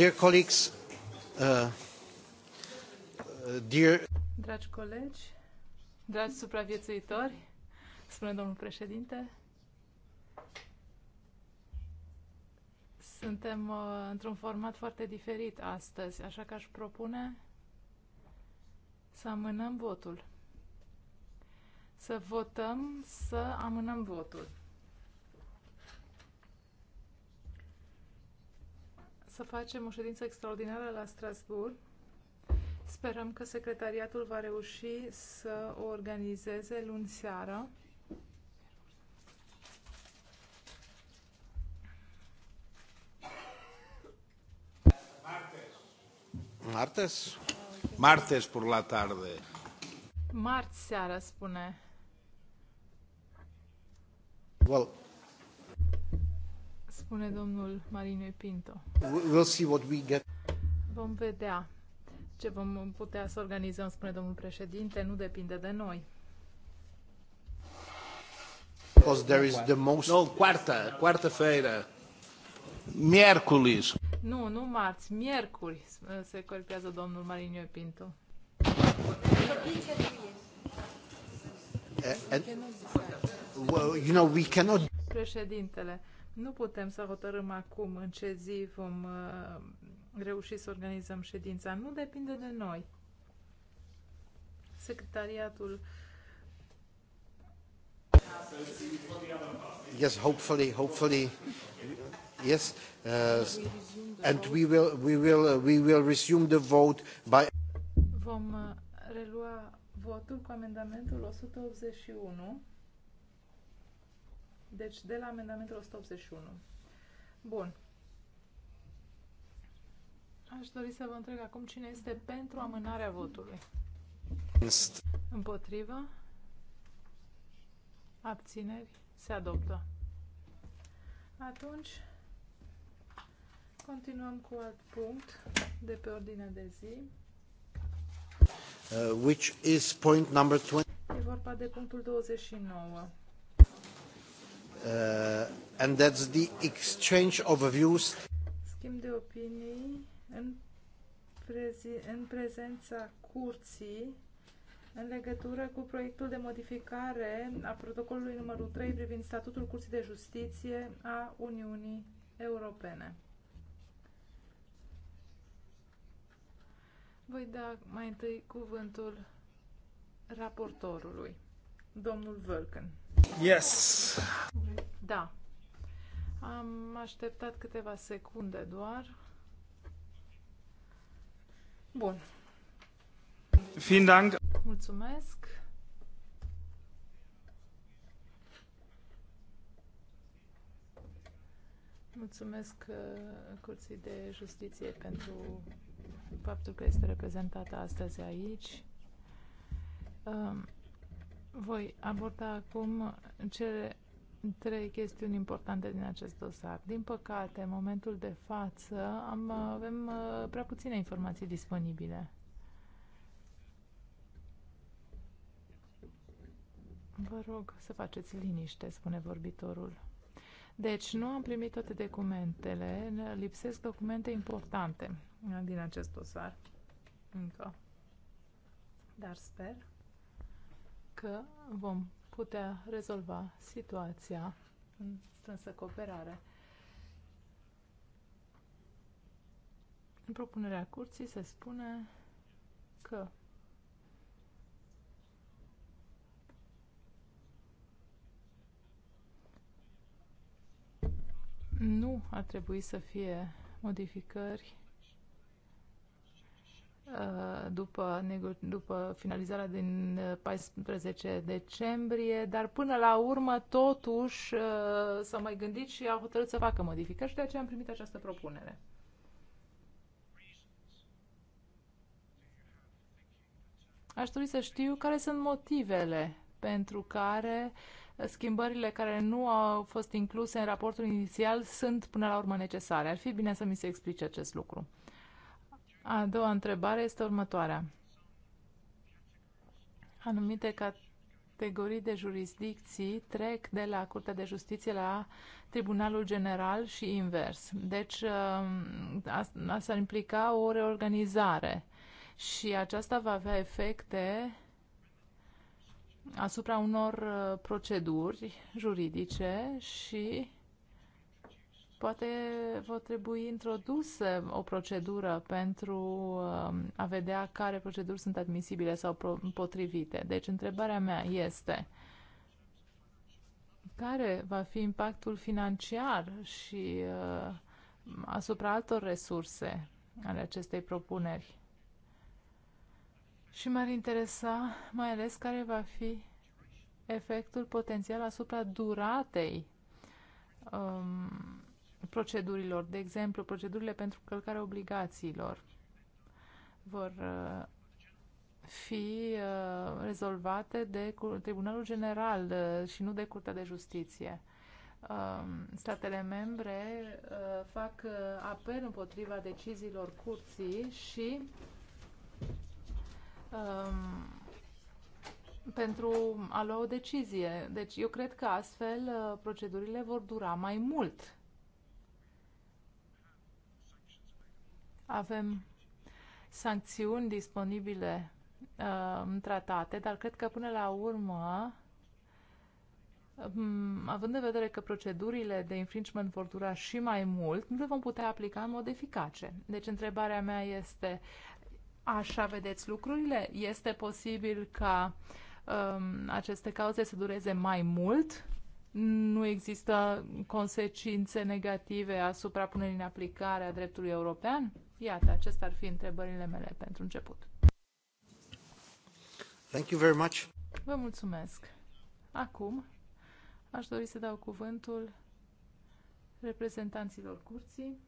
Uh, uh, dragi colegi, dragi supraviețuitori, spune domnul președinte, suntem uh, într-un format foarte diferit astăzi, așa că aș propune să amânăm votul. Să votăm, să amânăm votul. să facem o ședință extraordinară la Strasbourg. Sperăm că secretariatul va reuși să o organizeze luni seara. Martes? Martes por la tarde. Marți seara, spune. Well, spune domnul Marine Pinto. We'll see what we get. Vom vedea ce vom putea să organizăm, spune domnul președinte, nu depinde de noi. Because there is the most... No, quarta, quarta-feira. Miercules. Nu, nu marți, miercuri se corpează domnul Marinio Pinto. Eh, and, well, you know, we cannot... Președintele, nu putem să hotărâm acum în ce zi vom uh, reuși să organizăm ședința. Nu depinde de noi. Secretariatul Yes, hopefully, hopefully. Yes, uh, and we will, we will, uh, we will resume the vote by. Vom uh, relua votul cu amendamentul 181. Deci de la amendamentul 181. Bun. Aș dori să vă întreb acum cine este pentru amânarea votului. Împotrivă. Abțineri. Se adoptă. Atunci, continuăm cu alt punct de pe ordinea de zi. Uh, which is point number 20. E vorba de punctul 29. Uh, and that's the exchange of views. Schimb de opinii în, prezi- în prezența curții în legătură cu proiectul de modificare a protocolului numărul 3 privind statutul Curții de Justiție a Uniunii Europene. Voi da mai întâi cuvântul raportorului, domnul Völken. Yes! Da. Am așteptat câteva secunde doar. Bun. Fiind Dank. Mulțumesc. Mulțumesc uh, Curții de Justiție pentru faptul că este reprezentată astăzi aici. Um, voi aborda acum cele trei chestiuni importante din acest dosar. Din păcate, în momentul de față, am, avem uh, prea puține informații disponibile. Vă rog să faceți liniște, spune vorbitorul. Deci, nu am primit toate documentele, lipsesc documente importante din acest dosar. Încă. Dar sper că vom putea rezolva situația în strânsă cooperare. În propunerea curții se spune că nu ar trebui să fie modificări Uh, după, după finalizarea din 14 uh, decembrie, dar până la urmă, totuși, uh, s-a mai gândit și a hotărât să facă modificări și de aceea am primit această propunere. Aș dori să știu care sunt motivele pentru care schimbările care nu au fost incluse în raportul inițial sunt până la urmă necesare. Ar fi bine să mi se explice acest lucru. A doua întrebare este următoarea. Anumite categorii de jurisdicții trec de la Curtea de Justiție la Tribunalul General și invers. Deci ă, asta ar implica o reorganizare și aceasta va avea efecte asupra unor ă, proceduri juridice și Poate va trebui introdusă o procedură pentru um, a vedea care proceduri sunt admisibile sau potrivite. Deci, întrebarea mea este care va fi impactul financiar și uh, asupra altor resurse ale acestei propuneri. Și m-ar interesa mai ales care va fi efectul potențial asupra duratei um, procedurilor, de exemplu, procedurile pentru călcarea obligațiilor vor uh, fi uh, rezolvate de Tribunalul General uh, și nu de Curtea de Justiție. Um, statele membre fac apel împotriva deciziilor curții și um, pentru a lua o decizie. Deci eu cred că astfel procedurile vor dura mai mult Avem sancțiuni disponibile uh, în tratate, dar cred că până la urmă, um, având în vedere că procedurile de infringement vor dura și mai mult, nu le vom putea aplica în mod eficace. Deci întrebarea mea este, așa vedeți lucrurile? Este posibil ca um, aceste cauze să dureze mai mult? Nu există consecințe negative asupra punerii în aplicare a dreptului european? Iată, acestea ar fi întrebările mele pentru început. Thank you very much. Vă mulțumesc. Acum aș dori să dau cuvântul reprezentanților curții.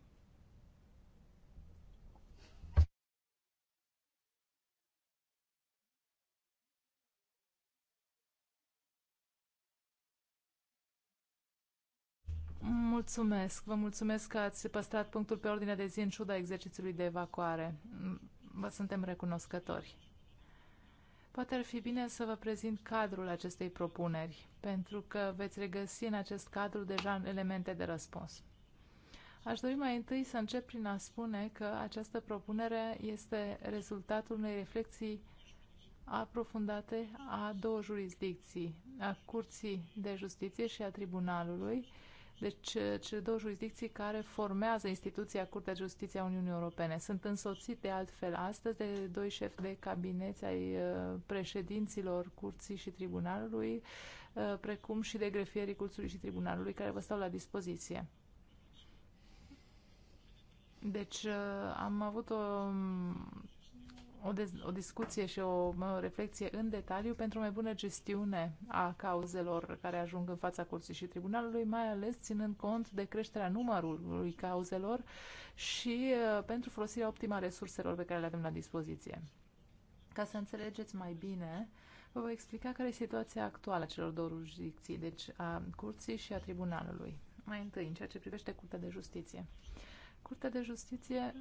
Mulțumesc. Vă mulțumesc că ați păstrat punctul pe ordine de zi în ciuda exercițiului de evacuare. Vă suntem recunoscători. Poate ar fi bine să vă prezint cadrul acestei propuneri, pentru că veți regăsi în acest cadru deja elemente de răspuns. Aș dori mai întâi să încep prin a spune că această propunere este rezultatul unei reflexii aprofundate a două jurisdicții, a Curții de Justiție și a Tribunalului, deci, cele două jurisdicții care formează instituția Curtea de Justiție a Uniunii Europene sunt însoțite altfel astăzi de doi șefi de cabineți ai uh, președinților curții și tribunalului, uh, precum și de grefierii curții și tribunalului care vă stau la dispoziție. Deci uh, am avut o o, dez- o discuție și o reflexie în detaliu pentru o mai bună gestiune a cauzelor care ajung în fața curții și tribunalului, mai ales ținând cont de creșterea numărului cauzelor și uh, pentru folosirea optimă a resurselor pe care le avem la dispoziție. Ca să înțelegeți mai bine, vă voi explica care e situația actuală a celor două jurisdicții, deci a curții și a tribunalului. Mai întâi, în ceea ce privește Curtea de Justiție. Curtea de Justiție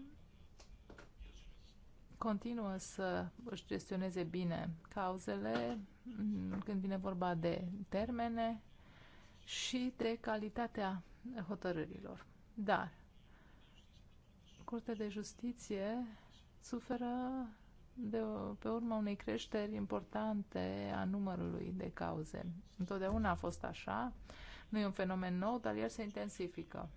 continuă să își gestioneze bine cauzele mm, când vine vorba de termene și de calitatea hotărârilor. Dar Curtea de Justiție suferă de, pe urma unei creșteri importante a numărului de cauze. Întotdeauna a fost așa, nu e un fenomen nou, dar el se intensifică.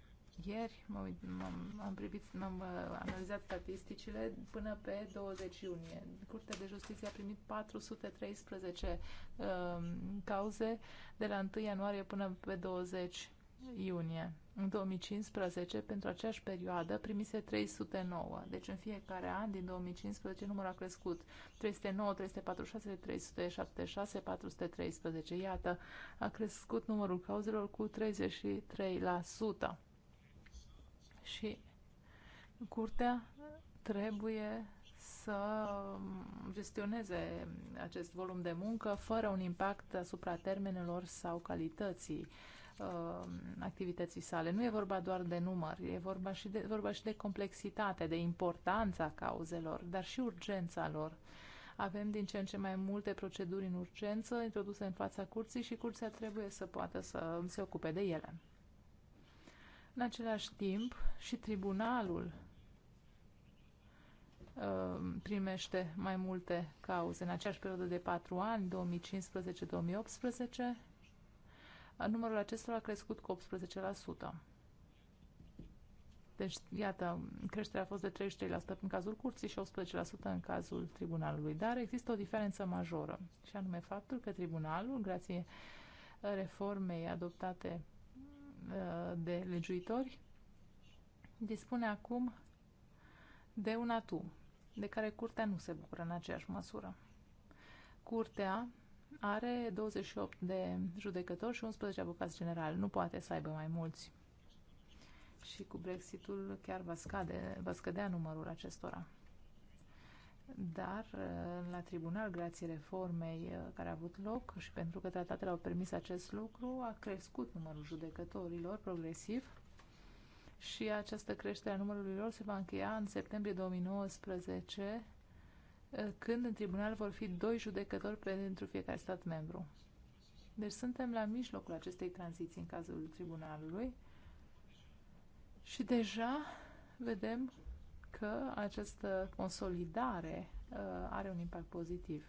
Ieri m-am, am privit, am uh, analizat statisticile până pe 20 iunie. Curtea de Justiție a primit 413 um, uh, cauze de la 1 ianuarie până pe 20 iunie. În 2015, pentru aceeași perioadă, primise 309. Deci în fiecare an din 2015 numărul a crescut. 309, 346, 376, 413. Iată, a crescut numărul cauzelor cu 33% și curtea trebuie să gestioneze acest volum de muncă fără un impact asupra termenelor sau calității uh, activității sale. Nu e vorba doar de număr, e vorba și de, vorba și de complexitate, de importanța cauzelor, dar și urgența lor. Avem din ce în ce mai multe proceduri în urgență introduse în fața curții și curția trebuie să poată să se ocupe de ele. În același timp, și tribunalul uh, primește mai multe cauze. În aceeași perioadă de 4 ani, 2015-2018, numărul acestora a crescut cu 18%. Deci, iată, creșterea a fost de 33% în cazul curții și 18% în cazul tribunalului. Dar există o diferență majoră, și anume faptul că tribunalul, grație reformei adoptate Uh, de legiuitori, dispune acum de un atu, de care curtea nu se bucură în aceeași măsură. Curtea are 28 de judecători și 11 avocați generali. Nu poate să aibă mai mulți. Și cu Brexitul chiar va, scade, va scădea numărul acestora dar uh, la tribunal, grație reformei uh, care a avut loc și pentru că tratatele au permis acest lucru, a crescut numărul judecătorilor progresiv și această creștere a numărului lor se va încheia în septembrie 2019, uh, când în tribunal vor fi doi judecători pentru fiecare stat membru. Deci suntem la mijlocul acestei tranziții în cazul tribunalului și deja vedem că această consolidare uh, are un impact pozitiv.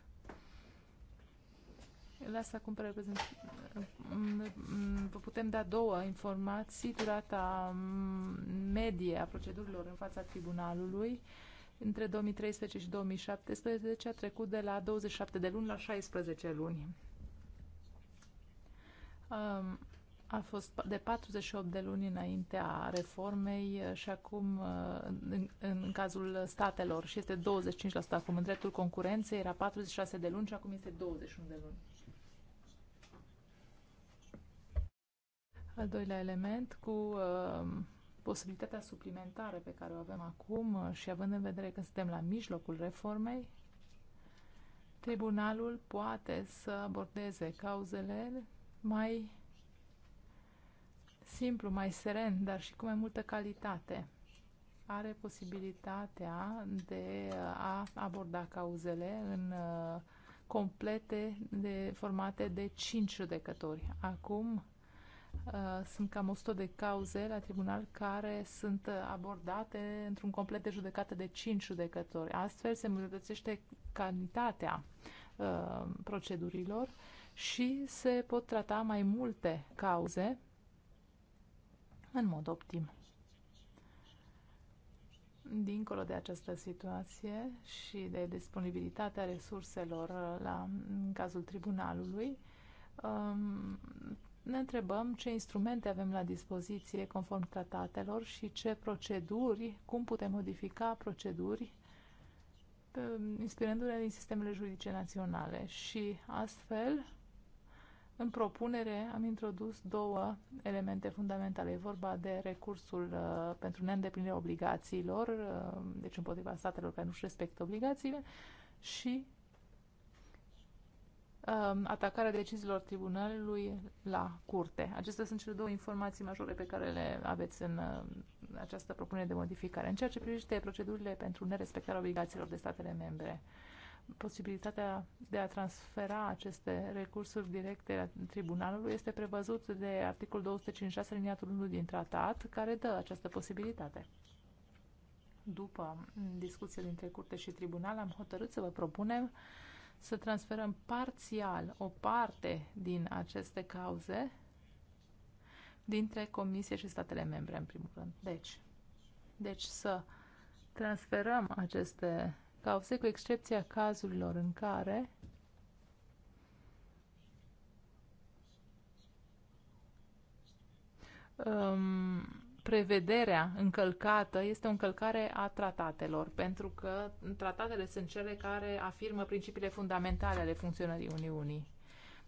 La asta cum reprezent... Mm, vă putem da două informații, durata mm, medie a procedurilor în fața tribunalului între 2013 și 2017 a trecut de la 27 de luni la 16 luni. Um, a fost de 48 de luni înaintea reformei și acum uh, în, în cazul statelor și este 25% acum. În dreptul concurenței era 46 de luni și acum este 21 de luni. Al doilea element, cu uh, posibilitatea suplimentară pe care o avem acum uh, și având în vedere că suntem la mijlocul reformei, tribunalul poate să abordeze cauzele mai simplu, mai seren, dar și cu mai multă calitate. Are posibilitatea de a aborda cauzele în uh, complete de formate de 5 judecători. Acum uh, sunt cam 100 de cauze la tribunal care sunt uh, abordate într-un complet de judecată de 5 judecători. Astfel se îmbunătățește calitatea procedurilor și se pot trata mai multe cauze în mod optim. Dincolo de această situație și de disponibilitatea resurselor uh, la, în cazul tribunalului, um, ne întrebăm ce instrumente avem la dispoziție conform tratatelor și ce proceduri, cum putem modifica proceduri uh, inspirându-ne din sistemele juridice naționale și astfel în propunere am introdus două elemente fundamentale. E vorba de recursul uh, pentru neîndeplinirea obligațiilor, uh, deci împotriva statelor care nu-și respectă obligațiile, și uh, atacarea deciziilor tribunalului la curte. Acestea sunt cele două informații majore pe care le aveți în uh, această propunere de modificare. În ceea ce privește procedurile pentru nerespectarea obligațiilor de statele membre, posibilitatea de a transfera aceste recursuri directe la tribunalului este prevăzut de articolul 256 liniatul 1 din tratat, care dă această posibilitate. După discuție dintre curte și tribunal, am hotărât să vă propunem să transferăm parțial o parte din aceste cauze dintre Comisie și statele membre, în primul rând. Deci, deci să transferăm aceste cauze, cu excepția cazurilor în care um, prevederea încălcată este o încălcare a tratatelor, pentru că tratatele sunt cele care afirmă principiile fundamentale ale funcționării Uniunii.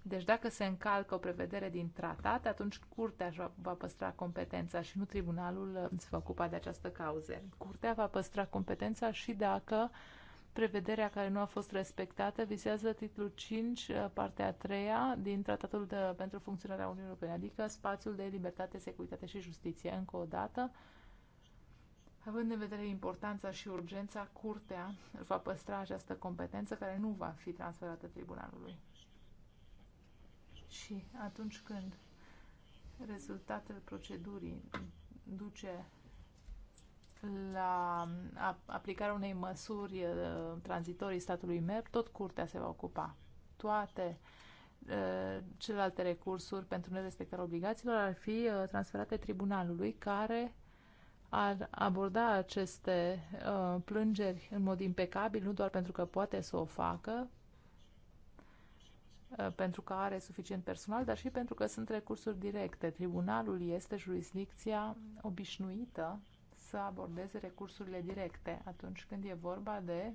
Deci dacă se încalcă o prevedere din tratat, atunci curtea își va păstra competența și nu tribunalul uh, se va ocupa de această cauze. Curtea va păstra competența și dacă uh, Prevederea care nu a fost respectată vizează titlul 5, uh, partea a treia din Tratatul de, pentru funcționarea Uniunii Europene, adică spațiul de libertate, securitate și justiție. Încă o dată, având în vedere importanța și urgența, Curtea va păstra această competență care nu va fi transferată tribunalului. Și atunci când rezultatele procedurii duce la aplicarea unei măsuri uh, tranzitorii statului MEP, tot curtea se va ocupa. Toate uh, celelalte recursuri pentru nerespectarea obligațiilor ar fi uh, transferate tribunalului care ar aborda aceste plângeri în mod impecabil, nu doar pentru că poate să o facă, pentru că are suficient personal, dar și pentru că sunt recursuri directe. Tribunalul este jurisdicția obișnuită să abordeze recursurile directe atunci când e vorba de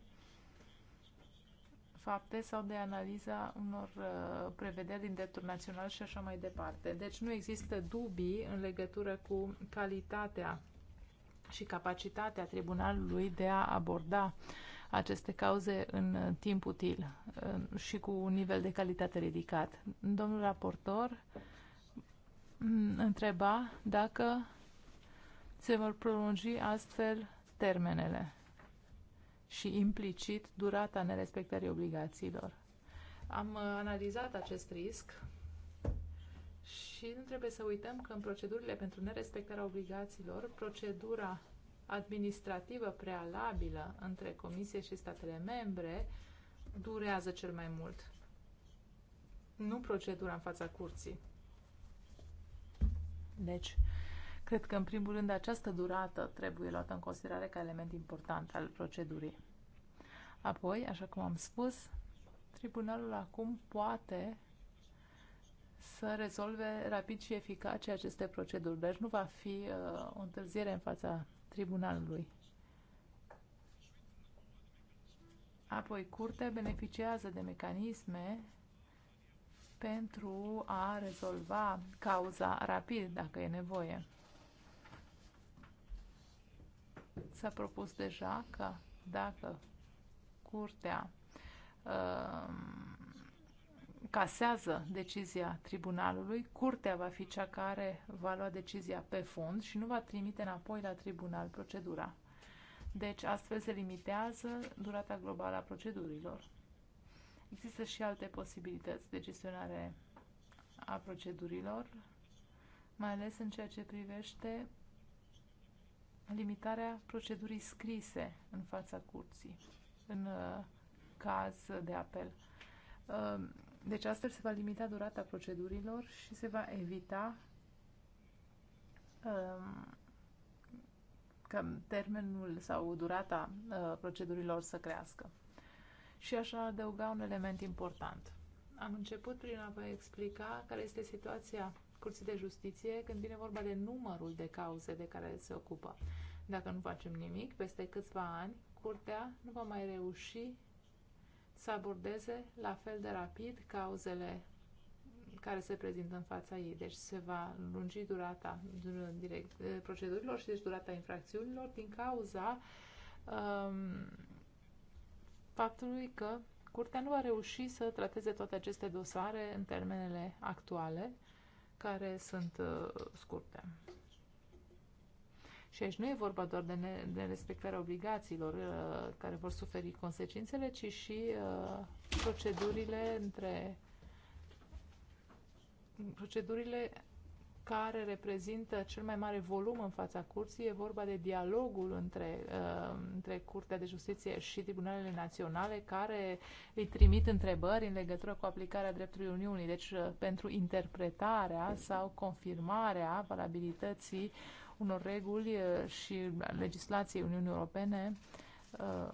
fapte sau de analiza unor uh, prevederi din dreptul național și așa mai departe. Deci nu există dubii în legătură cu calitatea și capacitatea tribunalului de a aborda aceste cauze în uh, timp util uh, și cu un nivel de calitate ridicat. Domnul raportor întreba dacă se vor prolungi astfel termenele și implicit durata nerespectării obligațiilor. Am uh, analizat acest risc și nu trebuie să uităm că în procedurile pentru nerespectarea obligațiilor, procedura administrativă prealabilă între Comisie și statele membre durează cel mai mult. Nu procedura în fața curții. Deci, Cred că, în primul rând, această durată trebuie luată în considerare ca element important al procedurii. Apoi, așa cum am spus, tribunalul acum poate să rezolve rapid și eficace aceste proceduri. Deci nu va fi uh, o întârziere în fața tribunalului. Apoi, curtea beneficiază de mecanisme pentru a rezolva cauza rapid, dacă e nevoie. S-a propus deja că dacă curtea uh, casează decizia tribunalului, curtea va fi cea care va lua decizia pe fond și nu va trimite înapoi la tribunal procedura. Deci, astfel se limitează durata globală a procedurilor. Există și alte posibilități de gestionare a procedurilor, mai ales în ceea ce privește limitarea procedurii scrise în fața curții, în uh, caz de apel. Uh, deci astfel se va limita durata procedurilor și se va evita um, că termenul sau durata uh, procedurilor să crească. Și așa adăuga un element important. Am început prin a vă explica care este situația Curții de Justiție când vine vorba de numărul de cauze de care se ocupă. Dacă nu facem nimic, peste câțiva ani, Curtea nu va mai reuși să abordeze la fel de rapid cauzele care se prezintă în fața ei. Deci se va lungi durata direct, eh, procedurilor și deci durata infracțiunilor din cauza um, faptului că Curtea nu a reușit să trateze toate aceste dosare în termenele actuale care sunt uh, scurte. Și aici nu e vorba doar de nerespectarea obligațiilor uh, care vor suferi consecințele, ci și uh, procedurile între procedurile care reprezintă cel mai mare volum în fața curții. E vorba de dialogul între, uh, între Curtea de Justiție și Tribunalele Naționale, care îi trimit întrebări în legătură cu aplicarea dreptului Uniunii, deci uh, pentru interpretarea sau confirmarea valabilității unor reguli uh, și legislației Uniunii Europene uh,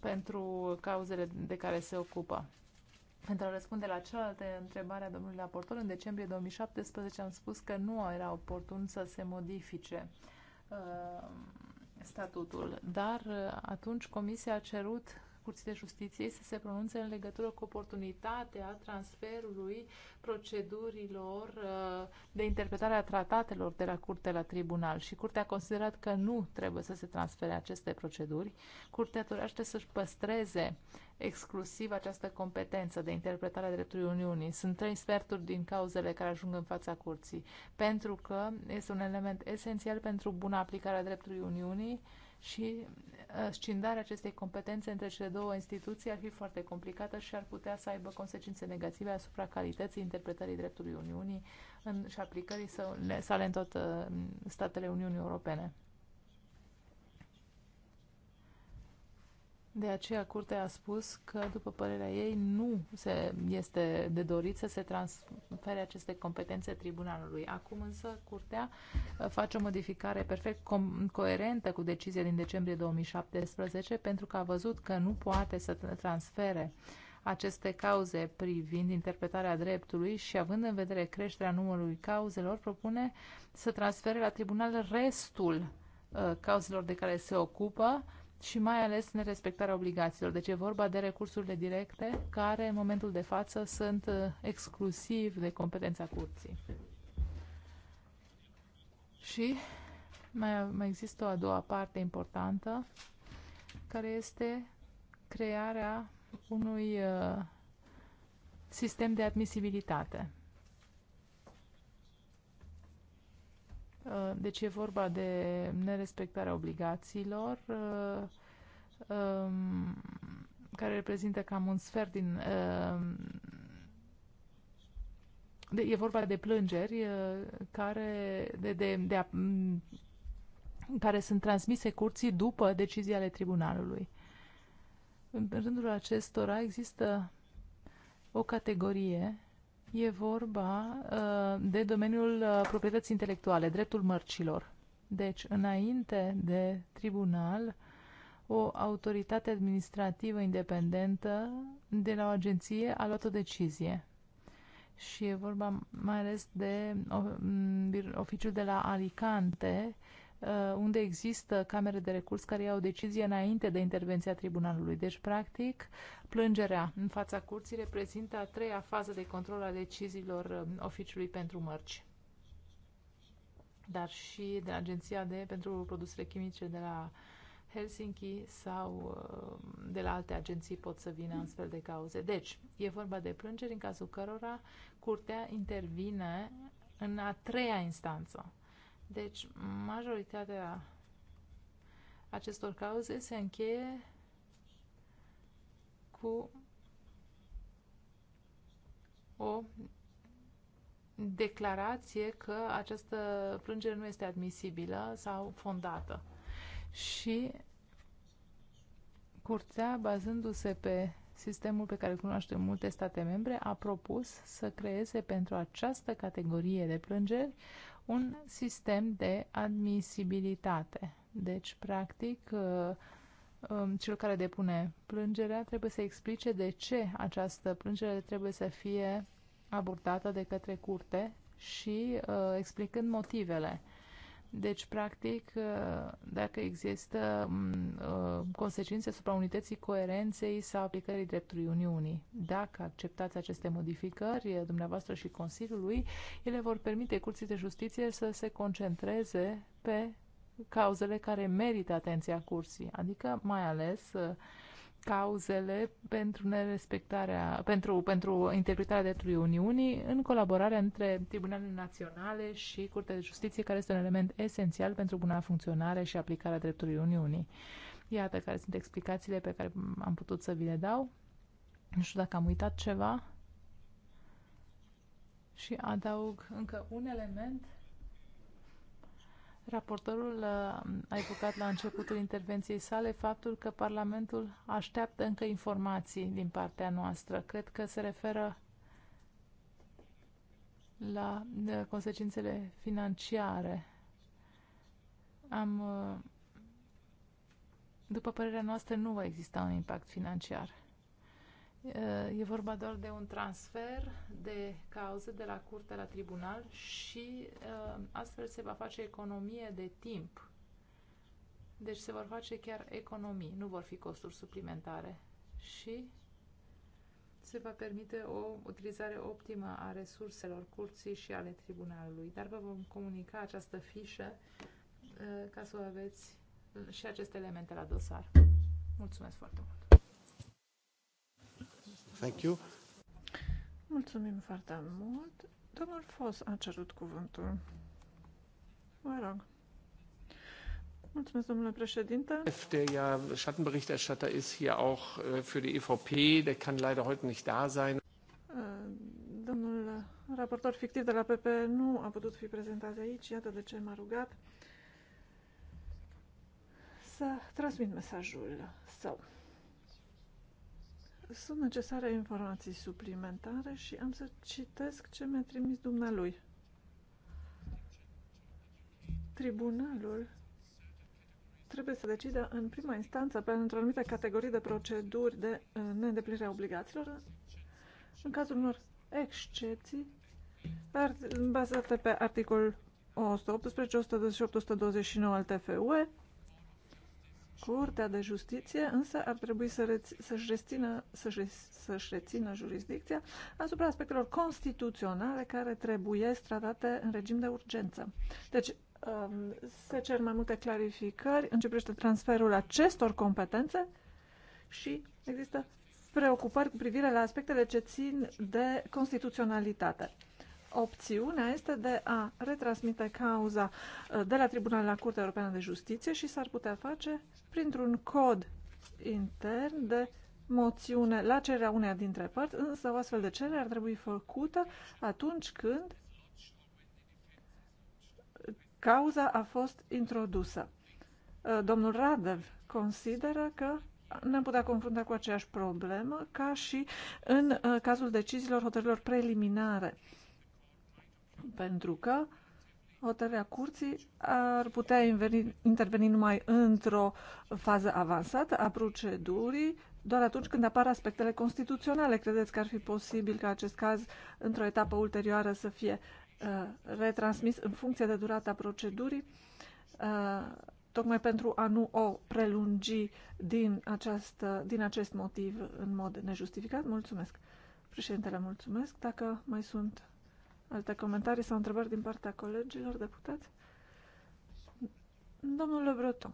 pentru cauzele de care se ocupă. Pentru a răspunde la cealaltă întrebare a domnului raportor, în decembrie 2017 am spus că nu era oportun să se modifice uh, statutul, dar uh, atunci Comisia a cerut Curții de Justiție să se pronunțe în legătură cu oportunitatea transferului procedurilor uh, de interpretare a tratatelor de la curte la tribunal și curtea a considerat că nu trebuie să se transfere aceste proceduri. Curtea dorește să-și păstreze exclusiv această competență de interpretare a dreptului Uniunii. Sunt trei sferturi din cauzele care ajung în fața curții, pentru că este un element esențial pentru buna aplicare a dreptului Uniunii, și uh, scindarea acestei competențe între cele două instituții ar fi foarte complicată și ar putea să aibă consecințe negative asupra calității interpretării dreptului Uniunii în, și aplicării sale în toate uh, statele Uniunii Europene. De aceea curtea a spus că, după părerea ei, nu se este de dorit să se transfere aceste competențe tribunalului. Acum însă curtea uh, face o modificare perfect co- coerentă cu decizia din decembrie 2017 pentru că a văzut că nu poate să transfere aceste cauze privind interpretarea dreptului și având în vedere creșterea numărului cauzelor, propune să transfere la tribunal restul uh, cauzelor de care se ocupă și mai ales nerespectarea obligațiilor. Deci e vorba de recursurile directe care în momentul de față sunt uh, exclusiv de competența curții. Și mai, mai există o a doua parte importantă care este crearea unui uh, sistem de admisibilitate. Uh, deci e vorba de nerespectarea obligațiilor, uh, um, care reprezintă cam un sfert din... Uh, e vorba de plângeri care, de, de, de a, mm, care sunt transmise curții după decizia ale tribunalului. În rândul acestora există o categorie E vorba uh, de domeniul uh, proprietății intelectuale, dreptul mărcilor. Deci, înainte de tribunal, o autoritate administrativă independentă de la o agenție a luat o decizie. Și e vorba mai ales de uh, oficiul de la Alicante, Uh, unde există camere de recurs care iau decizie înainte de intervenția tribunalului. Deci, practic, plângerea în fața curții reprezintă a treia fază de control a deciziilor uh, oficiului pentru mărci dar și de Agenția de, pentru Produsele Chimice de la Helsinki sau uh, de la alte agenții pot să vină astfel de cauze. Deci, e vorba de plângeri în cazul cărora curtea intervine în a treia instanță. Deci, majoritatea acestor cauze se încheie cu o declarație că această plângere nu este admisibilă sau fondată. Și curtea, bazându-se pe sistemul pe care îl cunoaște multe state membre, a propus să creeze pentru această categorie de plângeri un sistem de admisibilitate. Deci, practic, uh, um, cel care depune plângerea trebuie să explice de ce această plângere trebuie să fie abordată de către curte și uh, explicând motivele. Deci, practic, uh, dacă există mm, uh, consecințe asupra unității coerenței sau aplicării dreptului Uniunii. Dacă acceptați aceste modificări, dumneavoastră și Consiliului, ele vor permite Curții de Justiție să se concentreze pe cauzele care merită atenția Curții, adică mai ales uh, cauzele pentru nerespectarea, pentru, pentru interpretarea dreptului Uniunii în colaborare între Tribunalele Naționale și Curtea de Justiție, care este un element esențial pentru buna funcționare și aplicarea dreptului Uniunii. Iată care sunt explicațiile pe care am putut să vi le dau. Nu știu dacă am uitat ceva. Și adaug încă un element Raportorul uh, a evocat la începutul intervenției sale faptul că Parlamentul așteaptă încă informații din partea noastră. Cred că se referă la uh, consecințele financiare. Am, uh, după părerea noastră, nu va exista un impact financiar. Eh, e vorba doar de un transfer de cauze de la curte la tribunal și eh, astfel se va face economie de timp. Deci se vor face chiar economii, nu vor fi costuri suplimentare. Și se va permite o utilizare optimă a resurselor curții și ale tribunalului. Dar vă vom comunica această fișă eh, ca să o aveți și aceste elemente la dosar. Mulțumesc foarte mult! Thank you. Mulțumim foarte mult. Domnul Fos a cerut cuvântul. Mă rog. Mulțumesc, domnule președinte. Der ja Schattenberichterstatter ist hier auch äh, für die EVP, der kann leider heute nicht da sein. Äh, domnul raportor fictiv de la PP nu a putut fi prezentat aici, iată de ce m-a rugat să transmit mesajul său. So sunt necesare informații suplimentare și am să citesc ce mi-a trimis dumnealui. Tribunalul trebuie să decidă în prima instanță pentru anumite categorii de proceduri de uh, neîndeplinire a obligațiilor în cazul unor excepții bazate pe articolul 118, 128, 129 al TFUE Curtea de Justiție însă ar trebui să să-și rețină, să să-și rețină jurisdicția asupra aspectelor constituționale care trebuie tratate în regim de urgență. Deci, um, se cer mai multe clarificări în ce privește transferul acestor competențe și există preocupări cu privire la aspectele ce țin de constituționalitate opțiunea este de a retransmite cauza uh, de la Tribunal la Curtea Europeană de Justiție și s-ar putea face printr-un cod intern de moțiune la cererea uneia dintre părți, însă o astfel de cerere ar trebui făcută atunci când cauza a fost introdusă. Uh, domnul Radev consideră că ne-am putea confrunta cu aceeași problemă ca și în uh, cazul deciziilor hotărârilor preliminare pentru că hotărârea curții ar putea interveni numai într-o fază avansată a procedurii, doar atunci când apar aspectele constituționale. Credeți că ar fi posibil ca acest caz, într-o etapă ulterioară, să fie uh, retransmis în funcție de durata procedurii, uh, tocmai pentru a nu o prelungi din, această, din acest motiv în mod nejustificat? Mulțumesc. Președintele, mulțumesc. Dacă mai sunt Alte comentarii sau întrebări din partea colegilor deputați? Domnule Breton.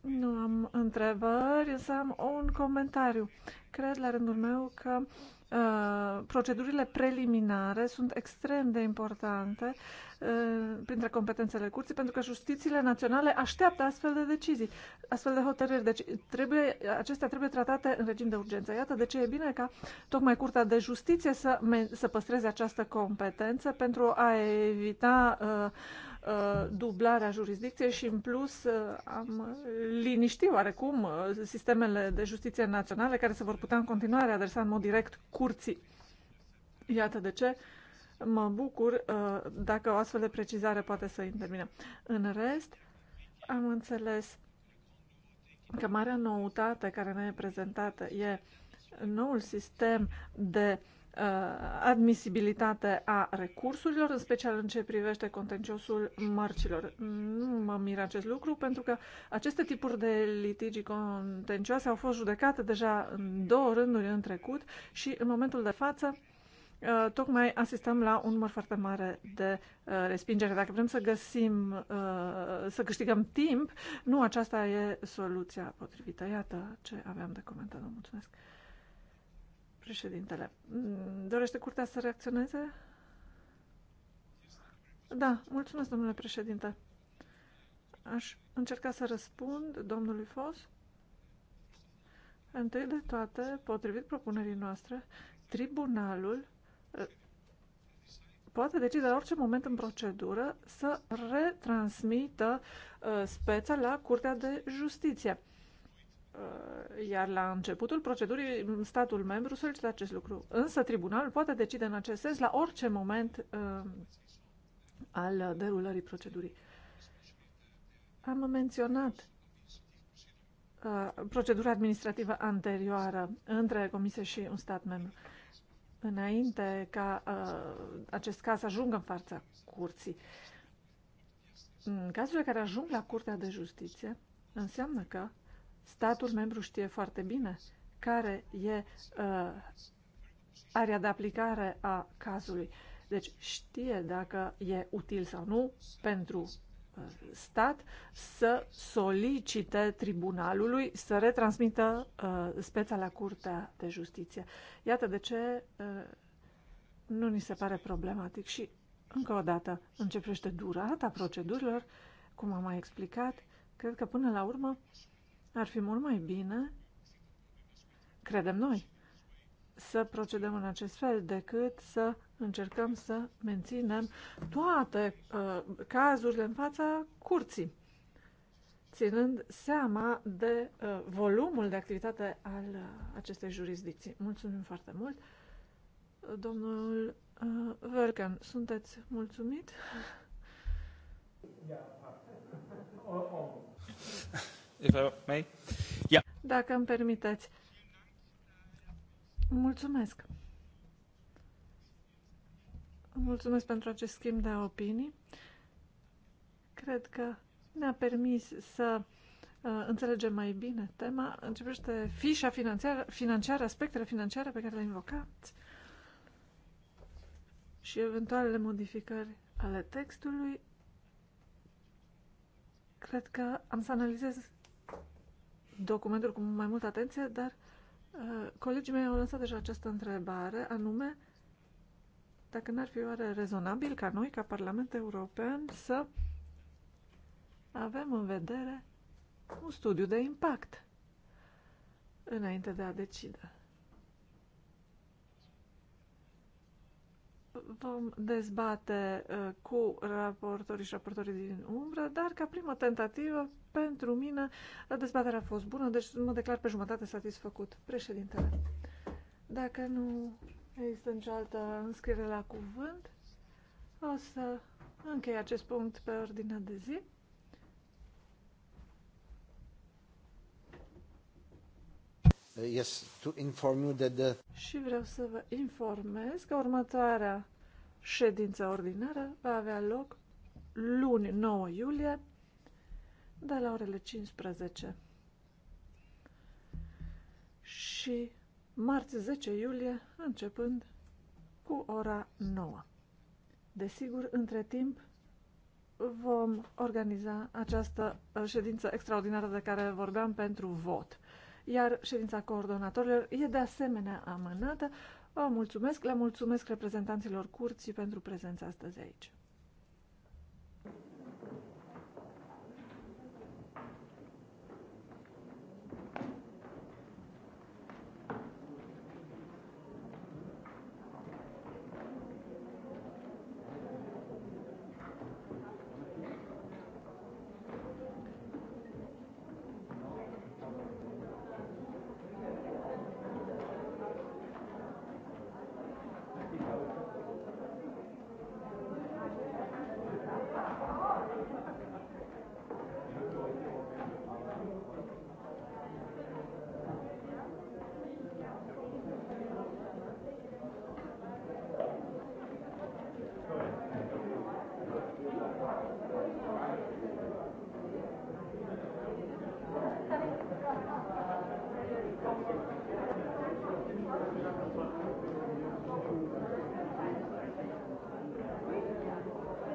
Nu am întrebări, însă am un comentariu. Cred la rândul meu că Uh, procedurile preliminare sunt extrem de importante uh, printre competențele curții, pentru că justițiile naționale așteaptă astfel de decizii, astfel de hotărâri. Deci trebuie, acestea trebuie tratate în regim de urgență. Iată de ce e bine ca tocmai Curtea de Justiție să, să păstreze această competență pentru a evita uh, Uh, dublarea jurisdicției și, în plus, uh, am liniștit oarecum uh, sistemele de justiție naționale care se vor putea în continuare adresa în mod direct curții. Iată de ce mă bucur dacă o astfel de precizare poate să intervină. În rest, am înțeles că marea noutate care ne e prezentată e noul sistem de Uh, admisibilitate a recursurilor, în special în ce privește contenciosul mărcilor. Nu mă miră acest lucru pentru că aceste tipuri de litigi contencioase au fost judecate deja în două rânduri în trecut și în momentul de față uh, tocmai asistăm la un număr foarte mare de uh, respingere. Dacă vrem să găsim, să câștigăm timp, nu aceasta e soluția potrivită. Iată ce aveam de comentat. Vă mulțumesc! Președintele, mm, dorește curtea să reacționeze? Da, mulțumesc, domnule președinte. Aș încerca să răspund domnului Fos. Întâi de toate, potrivit propunerii noastre, tribunalul eh, poate decide la orice moment în procedură să retransmită eh, speța la Curtea de Justiție. Uh, iar la începutul procedurii statul membru solicită acest lucru. Însă tribunalul poate decide în acest sens la orice moment uh, al derulării procedurii. Am menționat uh, procedura administrativă anterioară între comisie și un stat membru. Înainte ca uh, acest caz să ajungă în fața curții. În cazurile care ajung la Curtea de Justiție, înseamnă că Statul membru știe foarte bine care e uh, area de aplicare a cazului. Deci știe dacă e util sau nu pentru uh, stat să solicite tribunalului să retransmită uh, speța la Curtea de Justiție. Iată de ce uh, nu ni se pare problematic și, încă o dată, începește durata procedurilor, cum am mai explicat, cred că până la urmă uh, ar fi mult mai bine, credem noi, să procedăm în acest fel decât să încercăm să menținem toate uh, cazurile în fața curții, ținând seama de uh, volumul de activitate al uh, acestei jurisdicții. Mulțumim foarte mult. Domnul uh, Verken, sunteți mulțumit? Da. if I may. Yeah. Dacă îmi permiteți. Mulțumesc. Mulțumesc pentru acest schimb de opinii. Cred că ne-a permis să uh, înțelegem mai bine tema. Începește fișa financiară, financiară, aspectele financiare pe care le invocați și eventualele modificări ale textului. Cred că am să analizez documentul cu mai multă atenție, dar uh, colegii mei au lansat deja această întrebare, anume dacă n-ar fi oare rezonabil ca noi, ca Parlament European, să avem în vedere un studiu de impact înainte de a decide. vom dezbate uh, cu raportorii și raportorii din umbră, dar ca primă tentativă, pentru mine, dezbaterea a fost bună, deci mă declar pe jumătate satisfăcut. Președintele, dacă nu există nicio altă înscriere la cuvânt, o să închei acest punct pe ordinea de zi. Uh, yes, to inform you that the... Și vreau să vă informez că următoarea ședință ordinară va avea loc luni 9 iulie de la orele 15 și marți 10 iulie începând cu ora 9. Desigur, între timp vom organiza această uh, ședință extraordinară de care vorbeam pentru vot iar ședința coordonatorilor e de asemenea amânată. Vă mulțumesc, le mulțumesc reprezentanților curții pentru prezența astăzi aici.